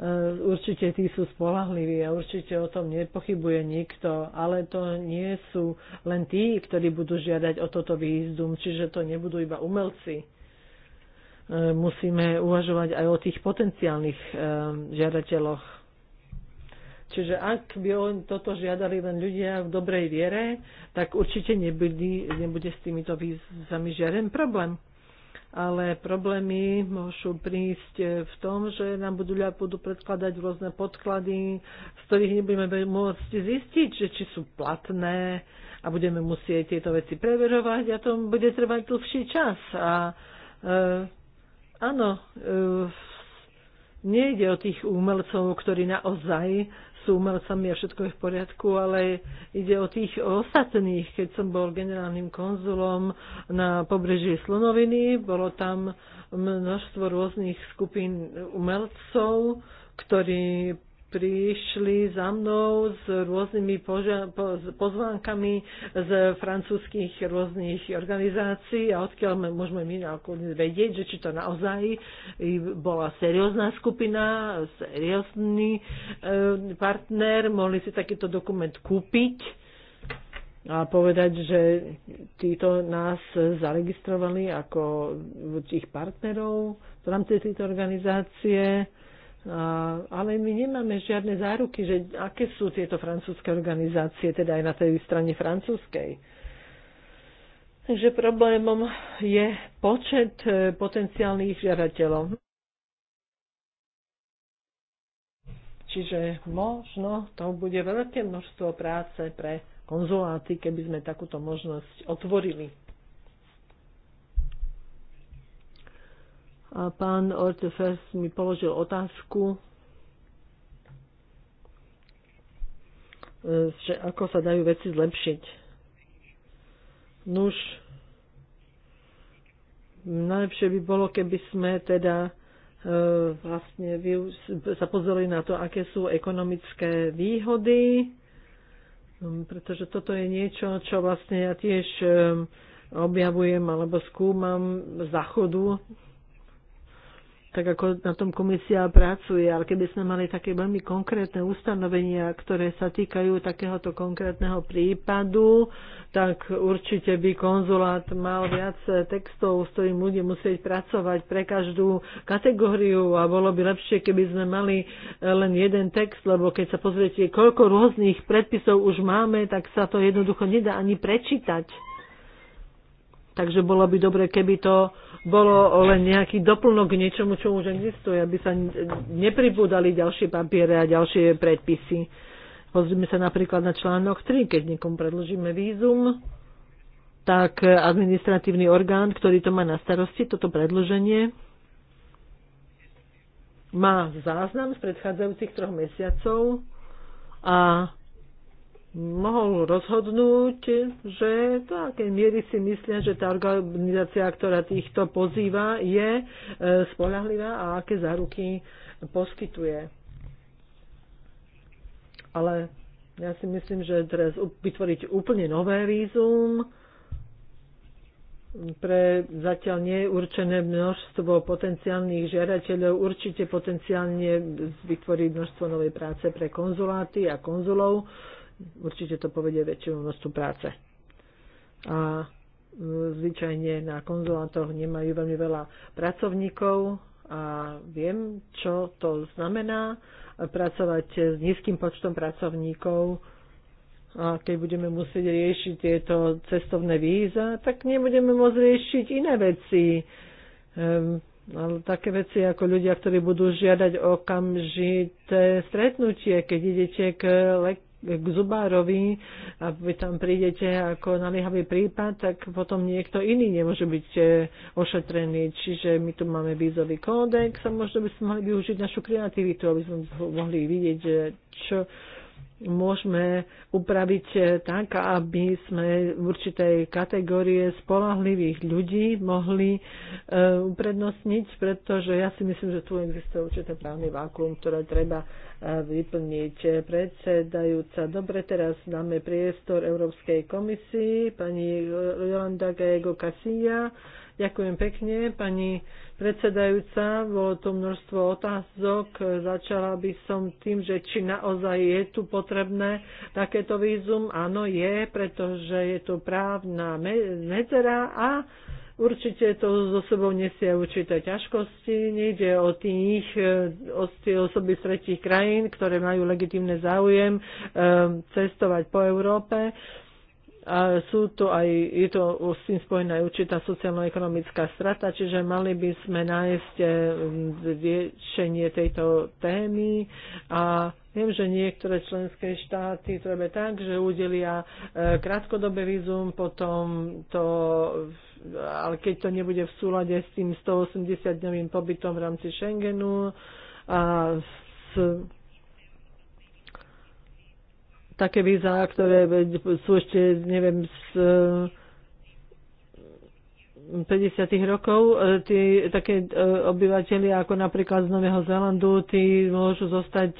Eh, určite tí sú spolahliví a určite o tom nepochybuje nikto, ale to nie sú len tí, ktorí budú žiadať o toto výzdum, čiže to nebudú iba umelci. Eh, musíme uvažovať aj o tých potenciálnych eh, žiadateľoch. Čiže ak by on toto žiadali len ľudia v dobrej viere, tak určite nebude, nebude s týmito výzvami žiaden problém ale problémy môžu prísť eh, v tom, že nám budú ľudia budú predkladať rôzne podklady, z ktorých nebudeme môcť zistiť, že či sú platné a budeme musieť tieto veci preverovať a to bude trvať dlhší čas. A e, áno, e, nejde o tých umelcov, ktorí naozaj sú, umelcami a všetko je v poriadku, ale ide o tých ostatných. Keď som bol generálnym konzulom na pobreží Slonoviny, bolo tam množstvo rôznych skupín umelcov, ktorí prišli za mnou s rôznymi poža- po- pozvánkami z francúzských rôznych organizácií a odkiaľ môžeme my vedieť, že či to naozaj bola seriózna skupina, seriózny e, partner, mohli si takýto dokument kúpiť a povedať, že títo nás zaregistrovali ako tých partnerov v rámci tejto organizácie ale my nemáme žiadne záruky, že aké sú tieto francúzske organizácie, teda aj na tej strane francúzskej. Takže problémom je počet e, potenciálnych žiadateľov. Čiže možno to bude veľké množstvo práce pre konzuláty, keby sme takúto možnosť otvorili. A pán Ortefers mi položil otázku, e, že ako sa dajú veci zlepšiť. Nuž, najlepšie by bolo, keby sme teda e, vlastne sa pozreli na to, aké sú ekonomické výhody, no, pretože toto je niečo, čo vlastne ja tiež e, objavujem alebo skúmam zachodu tak ako na tom komisia pracuje, ale keby sme mali také veľmi konkrétne ustanovenia, ktoré sa týkajú takéhoto konkrétneho prípadu, tak určite by konzulát mal viac textov, s ktorým bude musieť pracovať pre každú kategóriu a bolo by lepšie, keby sme mali len jeden text, lebo keď sa pozriete, koľko rôznych predpisov už máme, tak sa to jednoducho nedá ani prečítať. Takže bolo by dobre, keby to bolo len nejaký doplnok k niečomu, čo už existuje, aby sa nepribúdali ďalšie papiere a ďalšie predpisy. Pozrime sa napríklad na článok 3, keď niekomu predložíme vízum, tak administratívny orgán, ktorý to má na starosti, toto predloženie, má záznam z predchádzajúcich troch mesiacov a mohol rozhodnúť, že do akej miery si myslia, že tá organizácia, ktorá týchto pozýva, je e, spolahlivá a aké záruky poskytuje. Ale ja si myslím, že teraz vytvoriť úplne nové vízum pre zatiaľ neurčené množstvo potenciálnych žiadateľov určite potenciálne vytvorí množstvo novej práce pre konzuláty a konzulov, určite to povedie väčšiemu množstvu práce. A e, zvyčajne na konzulátoch nemajú veľmi veľa pracovníkov a viem, čo to znamená pracovať s nízkym počtom pracovníkov. A keď budeme musieť riešiť tieto cestovné víza, tak nebudeme môcť riešiť iné veci. Um, ale také veci ako ľudia, ktorí budú žiadať okamžité stretnutie, keď idete k lek- k zubárovi a vy tam prídete ako naliehavý prípad, tak potom niekto iný nemôže byť e, ošetrený. Čiže my tu máme vízový kódex a možno by sme mali využiť našu kreativitu, aby sme mohli vidieť, že čo môžeme upraviť eh, tak, aby sme v určitej kategórie spolahlivých ľudí mohli eh, uprednostniť, pretože ja si myslím, že tu existuje určité právny vákuum, ktoré treba eh, vyplniť. Predsedajúca, dobre, teraz dáme priestor Európskej komisii, pani Jolanda Gajego Casilla. Ďakujem pekne, pani predsedajúca, bolo to množstvo otázok. Začala by som tým, že či naozaj je tu potrebné takéto vízum. Áno, je, pretože je to právna medzera a určite to so sebou nesie určité ťažkosti. Nejde o tých e, o tie osoby z tretich krajín, ktoré majú legitímne záujem e, cestovať po Európe a sú to aj, je to s tým spojená aj určitá sociálno-ekonomická strata, čiže mali by sme nájsť eh, riešenie tejto témy a Viem, že niektoré členské štáty to robia tak, že udelia eh, krátkodobé vízum, potom to, ale keď to nebude v súlade s tým 180-dňovým pobytom v rámci Schengenu a s také víza, ktoré sú ešte, neviem, z 50. Eh, rokov, eh, tí, také eh, obyvateľia ako napríklad z Nového Zelandu, tí môžu zostať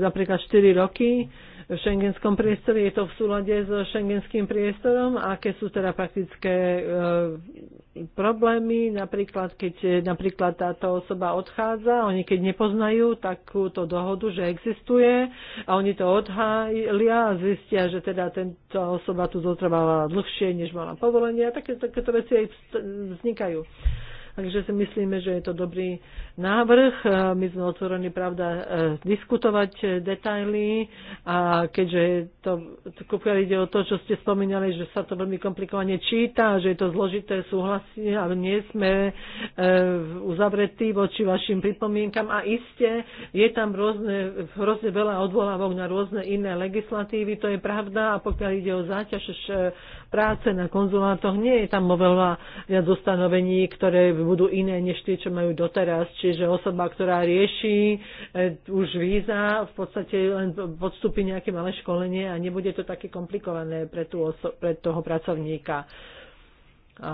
napríklad 4 roky v šengenskom priestore. Je to v súlade so šengenským priestorom? Aké sú teda praktické e, problémy? Napríklad, keď e, napríklad táto osoba odchádza, oni keď nepoznajú takúto dohodu, že existuje a oni to odhália a zistia, že teda tento osoba tu zotrvala dlhšie, než mala povolenie. A také, takéto veci aj vznikajú. Takže si myslíme, že je to dobrý návrh. My sme otvorení, pravda, e, diskutovať e, detaily a keďže to, pokiaľ ide o to, čo ste spomínali, že sa to veľmi komplikovane číta, že je to zložité súhlasie a nie sme e, uzavretí voči vašim pripomienkam a iste je tam rôzne, rôzne veľa odvolávok na rôzne iné legislatívy, to je pravda a pokiaľ ide o záťaž práce na konzulátoch, nie je tam oveľa viac ustanovení, ktoré budú iné než tie, čo majú doteraz. Čiže osoba, ktorá rieši eh, už víza, v podstate len podstúpi nejaké malé školenie a nebude to také komplikované pre, tú oso- pre toho pracovníka. A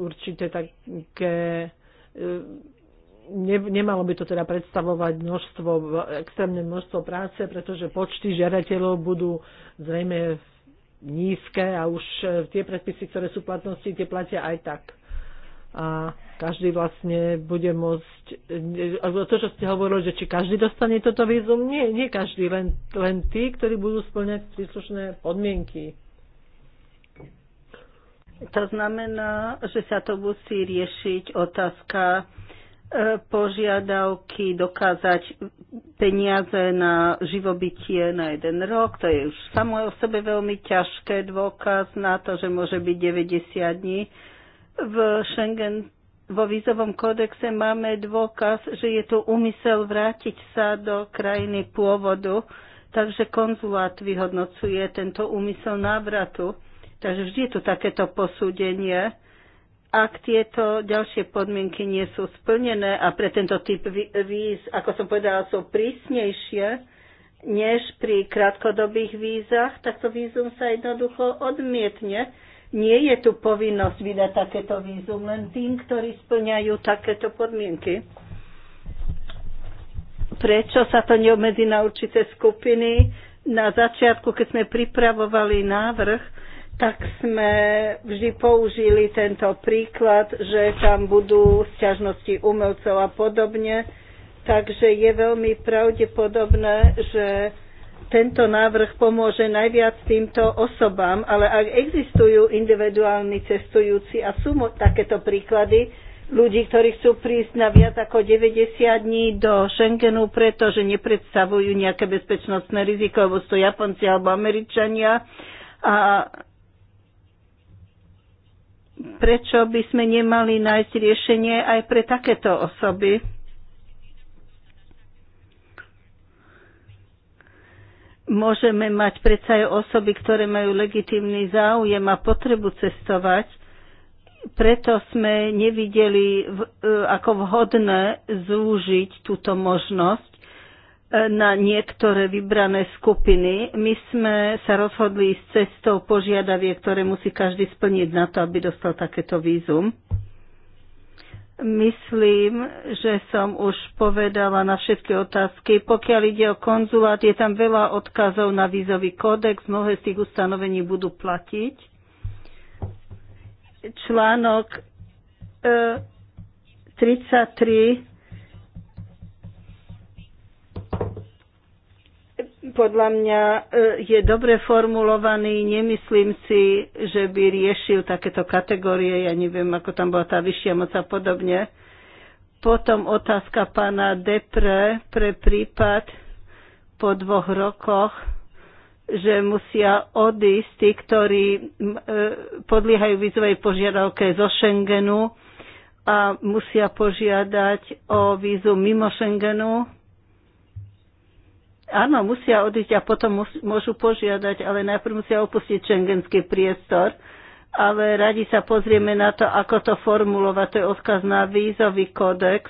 určite také eh, ne, nemalo by to teda predstavovať množstvo, extrémne množstvo práce, pretože počty žiadateľov budú zrejme v nízke a už e, tie predpisy, ktoré sú platnosti, tie platia aj tak. A každý vlastne bude môcť, e, to, čo ste hovorili, že či každý dostane toto výzum, nie, nie každý, len, len tí, ktorí budú splňať príslušné podmienky. To znamená, že sa to musí riešiť otázka E, požiadavky dokázať peniaze na živobytie na jeden rok. To je už samo o sebe veľmi ťažké dôkaz na to, že môže byť 90 dní. V Schengen vo vízovom kódexe máme dôkaz, že je tu úmysel vrátiť sa do krajiny pôvodu, takže konzulát vyhodnocuje tento úmysel návratu. Takže vždy je tu takéto posúdenie ak tieto ďalšie podmienky nie sú splnené a pre tento typ víz, ako som povedala, sú prísnejšie než pri krátkodobých vízach, tak to vízum sa jednoducho odmietne. Nie je tu povinnosť vydať takéto vízum len tým, ktorí splňajú takéto podmienky. Prečo sa to neobmedzí na určité skupiny? Na začiatku, keď sme pripravovali návrh, tak sme vždy použili tento príklad, že tam budú sťažnosti umelcov a podobne. Takže je veľmi pravdepodobné, že tento návrh pomôže najviac týmto osobám, ale ak existujú individuálni cestujúci a sú takéto príklady ľudí, ktorí chcú prísť na viac ako 90 dní do Schengenu, pretože nepredstavujú nejaké bezpečnostné riziko, alebo sú Japonci alebo Američania a prečo by sme nemali nájsť riešenie aj pre takéto osoby? Môžeme mať predsa aj osoby, ktoré majú legitímny záujem a potrebu cestovať. Preto sme nevideli e, ako vhodné zúžiť túto možnosť na niektoré vybrané skupiny. My sme sa rozhodli ísť cestou požiadavie, ktoré musí každý splniť na to, aby dostal takéto vízum. Myslím, že som už povedala na všetky otázky. Pokiaľ ide o konzulát, je tam veľa odkazov na vízový kódex. Mnohé z tých ustanovení budú platiť. Článok e, 33 podľa mňa e, je dobre formulovaný, nemyslím si, že by riešil takéto kategórie, ja neviem, ako tam bola tá vyššia moc a podobne. Potom otázka pána Depre pre prípad po dvoch rokoch, že musia odísť tí, ktorí e, podliehajú vízovej požiadavke zo Schengenu a musia požiadať o vízu mimo Schengenu Áno, musia odísť a potom môžu požiadať, ale najprv musia opustiť šengenský priestor. Ale radi sa pozrieme na to, ako to formulovať. To je odkaz na vízový kódex.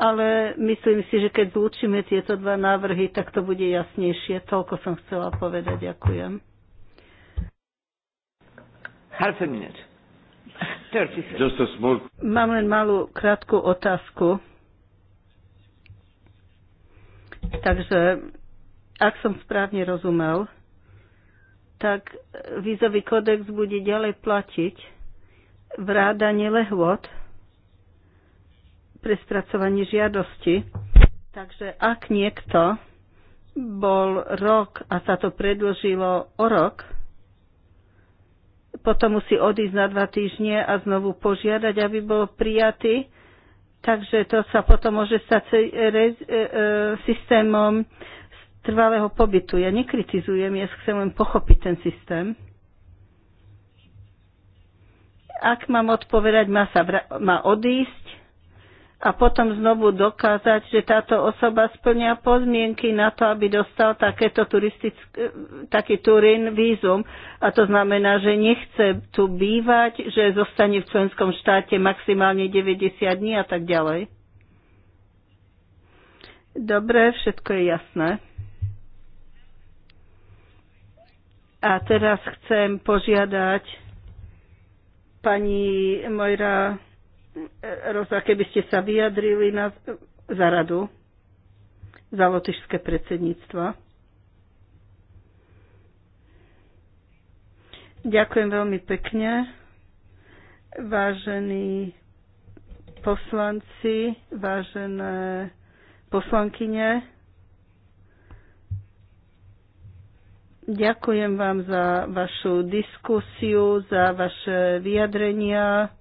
Ale myslím si, že keď zlúčime tieto dva návrhy, tak to bude jasnejšie. Toľko som chcela povedať. Ďakujem. Half a minute. Just a small... Mám len malú krátku otázku Takže, ak som správne rozumel, tak vízový kodex bude ďalej platiť vrádanie lehôd pre spracovanie žiadosti. Takže ak niekto bol rok a sa to predlžilo o rok, potom musí odísť na dva týždne a znovu požiadať, aby bol prijatý Takže to sa potom môže stať e, e, e, systémom trvalého pobytu. Ja nekritizujem, ja chcem len pochopiť ten systém. Ak mám odpovedať, má, sa, má odísť, a potom znovu dokázať, že táto osoba splňa podmienky na to, aby dostal takéto e, taký Turín vízum. A to znamená, že nechce tu bývať, že zostane v členskom štáte maximálne 90 dní a tak ďalej. Dobre, všetko je jasné. A teraz chcem požiadať pani Mojra Roza, keby ste sa vyjadrili na, za radu, za lotišské predsedníctvo. Ďakujem veľmi pekne, vážení poslanci, vážené poslankyne. Ďakujem vám za vašu diskusiu, za vaše vyjadrenia.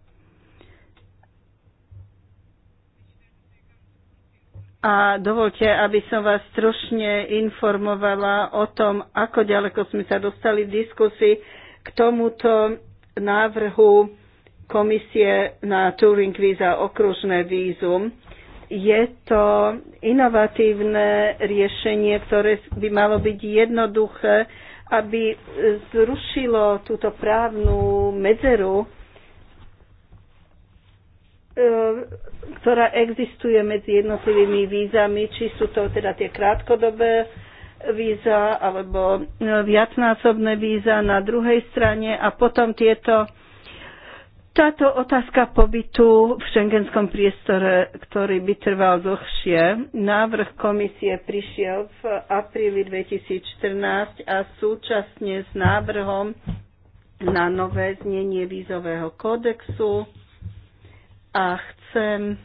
A dovolte, aby som vás stručne informovala o tom, ako ďaleko sme sa dostali v diskusii k tomuto návrhu komisie na Turing víza okružné vízum. Je to inovatívne riešenie, ktoré by malo byť jednoduché, aby zrušilo túto právnu medzeru E, ktorá existuje medzi jednotlivými vízami, či sú to teda tie krátkodobé víza alebo e, viacnásobné víza na druhej strane a potom tieto táto otázka pobytu v šengenskom priestore, ktorý by trval dlhšie, návrh komisie prišiel v apríli 2014 a súčasne s návrhom na nové znenie vízového kódexu a chcem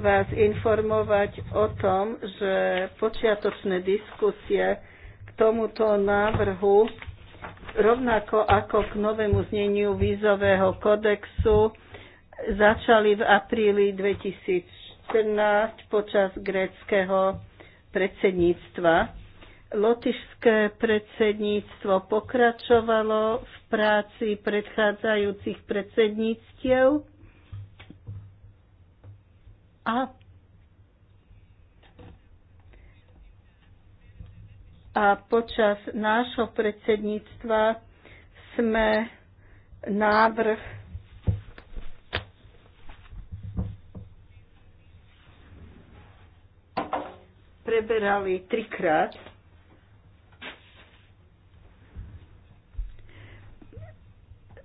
vás informovať o tom, že počiatočné diskusie k tomuto návrhu, rovnako ako k novému zneniu vízového kodexu, začali v apríli 2014 počas gréckého predsedníctva Lotyšské predsedníctvo pokračovalo v práci predchádzajúcich predsedníctiev a a počas nášho predsedníctva sme návrh preberali trikrát.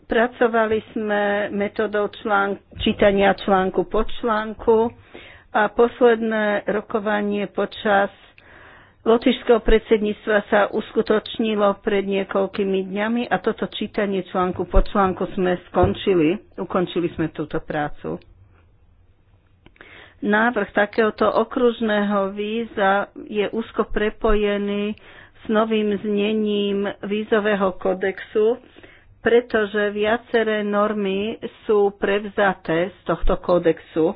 Pracovali sme metodou člán, čítania článku po článku a posledné rokovanie počas Lotyšského predsedníctva sa uskutočnilo pred niekoľkými dňami a toto čítanie článku po článku sme skončili, ukončili sme túto prácu. Návrh takéhoto okružného víza je úzko prepojený s novým znením vízového kodexu, pretože viaceré normy sú prevzaté z tohto kódexu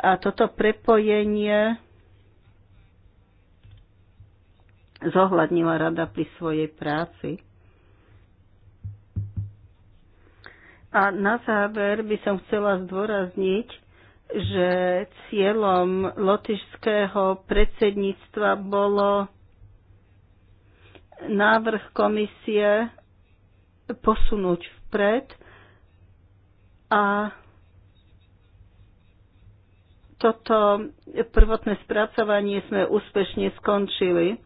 a toto prepojenie zohľadnila rada pri svojej práci. A na záver by som chcela zdôrazniť, že cieľom lotišského predsedníctva bolo návrh komisie posunúť vpred a toto prvotné spracovanie sme úspešne skončili.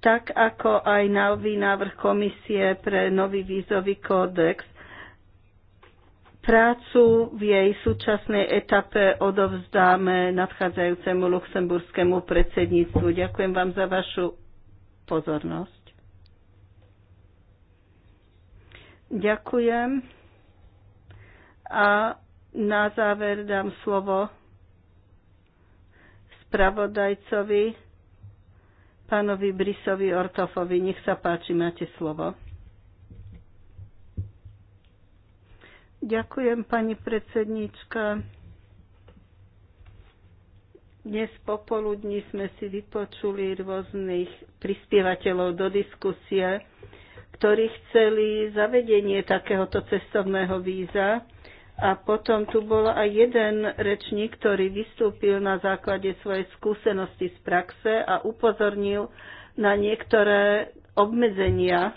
Tak ako aj nový návrh komisie pre nový vízový kódex, prácu v jej súčasnej etape odovzdáme nadchádzajúcemu luxemburskému predsedníctvu. Ďakujem vám za vašu pozornosť. Ďakujem. A na záver dám slovo spravodajcovi, pánovi Brisovi Ortofovi. Nech sa páči, máte slovo. Ďakujem, pani predsednička. Dnes popoludní sme si vypočuli rôznych prispievateľov do diskusie ktorí chceli zavedenie takéhoto cestovného víza. A potom tu bol aj jeden rečník, ktorý vystúpil na základe svojej skúsenosti z praxe a upozornil na niektoré obmedzenia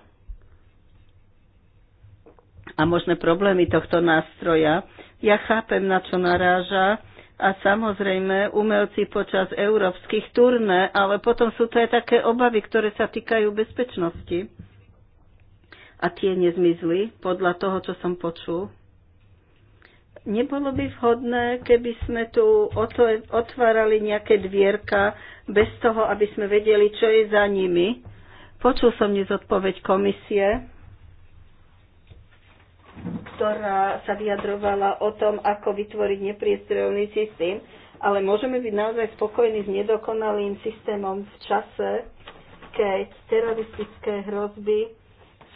a možné problémy tohto nástroja. Ja chápem, na čo naráža a samozrejme umelci počas európskych turné, ale potom sú to aj také obavy, ktoré sa týkajú bezpečnosti a tie nezmizli, podľa toho, čo som počul. Nebolo by vhodné, keby sme tu otvárali nejaké dvierka bez toho, aby sme vedeli, čo je za nimi. Počul som dnes odpoveď komisie, ktorá sa vyjadrovala o tom, ako vytvoriť nepriestrelný systém, ale môžeme byť naozaj spokojní s nedokonalým systémom v čase, keď teroristické hrozby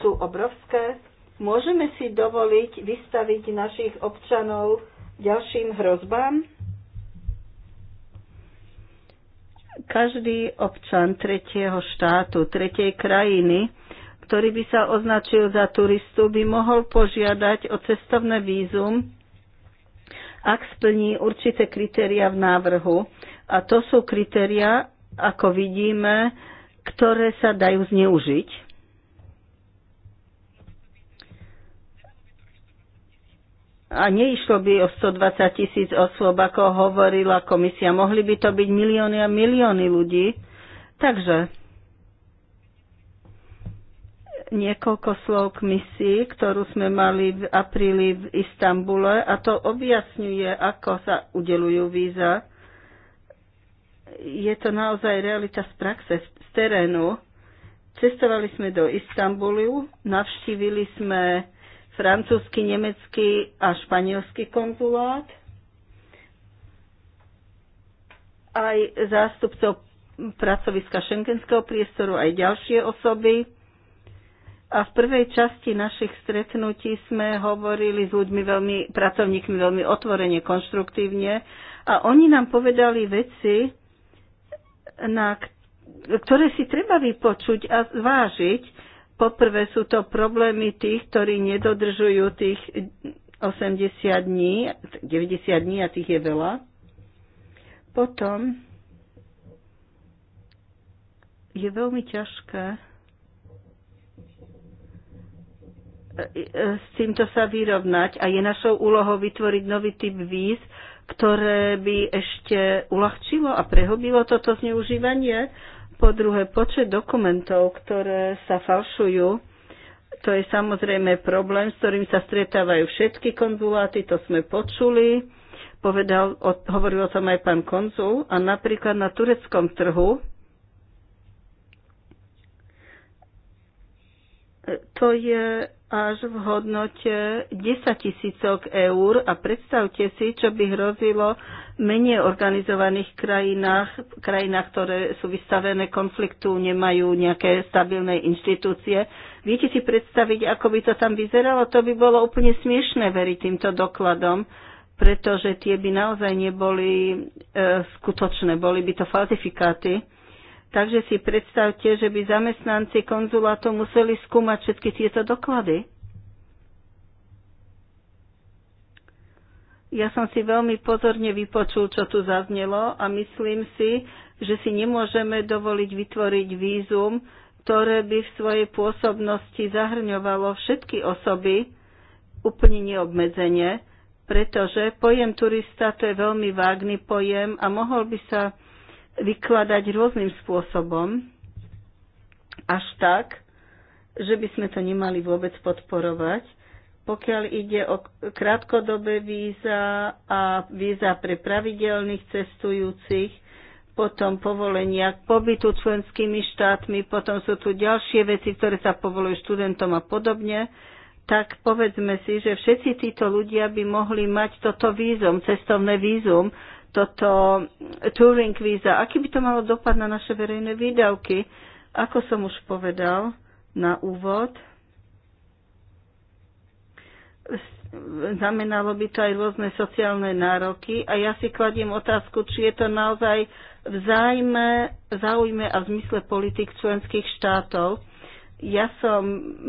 sú obrovské. Môžeme si dovoliť vystaviť našich občanov ďalším hrozbám? Každý občan tretieho štátu, tretej krajiny, ktorý by sa označil za turistu, by mohol požiadať o cestovné vízum, ak splní určité kritéria v návrhu. A to sú kritéria, ako vidíme, ktoré sa dajú zneužiť a neišlo by o 120 tisíc osôb, ako hovorila komisia. Mohli by to byť milióny a milióny ľudí. Takže niekoľko slov k misii, ktorú sme mali v apríli v Istambule a to objasňuje, ako sa udelujú víza. Je to naozaj realita z praxe, z terénu. Cestovali sme do Istanbulu, navštívili sme francúzsky, nemecký a španielský konzulát, aj zástupcov pracoviska šengenského priestoru, aj ďalšie osoby. A v prvej časti našich stretnutí sme hovorili s ľuďmi veľmi, pracovníkmi veľmi otvorene, konštruktívne a oni nám povedali veci, na ktoré si treba vypočuť a zvážiť, Poprvé sú to problémy tých, ktorí nedodržujú tých 80 dní, 90 dní a tých je veľa. Potom je veľmi ťažké e, e, s týmto sa vyrovnať a je našou úlohou vytvoriť nový typ víz, ktoré by ešte uľahčilo a prehobilo toto zneužívanie. Po druhé, počet dokumentov, ktoré sa falšujú, to je samozrejme problém, s ktorým sa stretávajú všetky konzuláty, to sme počuli. Povedal, hovoril o tom aj pán konzul a napríklad na tureckom trhu e, to je až v hodnote 10 tisícok eur a predstavte si, čo by hrozilo menej organizovaných krajinách, krajinách, ktoré sú vystavené konfliktu, nemajú nejaké stabilné inštitúcie. Viete si predstaviť, ako by to tam vyzeralo? To by bolo úplne smiešné veriť týmto dokladom, pretože tie by naozaj neboli e, skutočné, boli by to falzifikáty. Takže si predstavte, že by zamestnanci konzulátu museli skúmať všetky tieto doklady. Ja som si veľmi pozorne vypočul, čo tu zaznelo a myslím si, že si nemôžeme dovoliť vytvoriť vízum, ktoré by v svojej pôsobnosti zahrňovalo všetky osoby úplne neobmedzenie, pretože pojem turista to je veľmi vágny pojem a mohol by sa vykladať rôznym spôsobom, až tak, že by sme to nemali vôbec podporovať. Pokiaľ ide o krátkodobé víza a víza pre pravidelných cestujúcich, potom povolenia k pobytu členskými štátmi, potom sú tu ďalšie veci, ktoré sa povolujú študentom a podobne, tak povedzme si, že všetci títo ľudia by mohli mať toto vízum, cestovné vízum, toto Turing víza, aký by to malo dopad na naše verejné výdavky? Ako som už povedal na úvod, znamenalo by to aj rôzne sociálne nároky a ja si kladiem otázku, či je to naozaj v zájme, záujme a v zmysle politik členských štátov. Ja som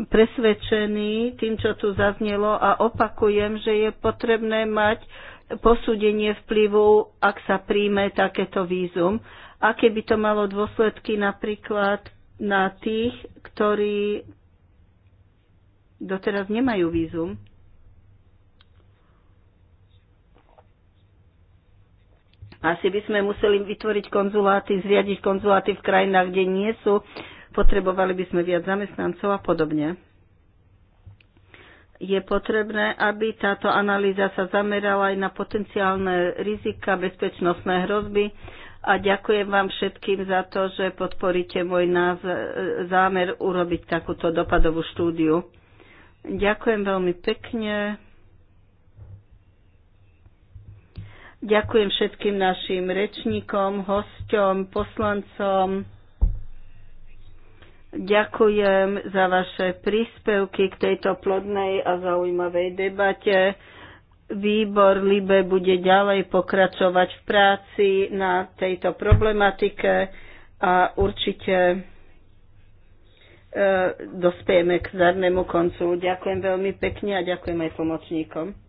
presvedčený tým, čo tu zaznelo a opakujem, že je potrebné mať posúdenie vplyvu, ak sa príjme takéto vízum. Aké by to malo dôsledky napríklad na tých, ktorí doteraz nemajú vízum? Asi by sme museli vytvoriť konzuláty, zriadiť konzuláty v krajinách, kde nie sú, potrebovali by sme viac zamestnancov a podobne je potrebné, aby táto analýza sa zamerala aj na potenciálne rizika, bezpečnostné hrozby a ďakujem vám všetkým za to, že podporíte môj e, zámer urobiť takúto dopadovú štúdiu. Ďakujem veľmi pekne. Ďakujem všetkým našim rečníkom, hosťom, poslancom. Ďakujem za vaše príspevky k tejto plodnej a zaujímavej debate. Výbor LIBE bude ďalej pokračovať v práci na tejto problematike a určite e, dospejeme k zadnému koncu. Ďakujem veľmi pekne a ďakujem aj pomočníkom.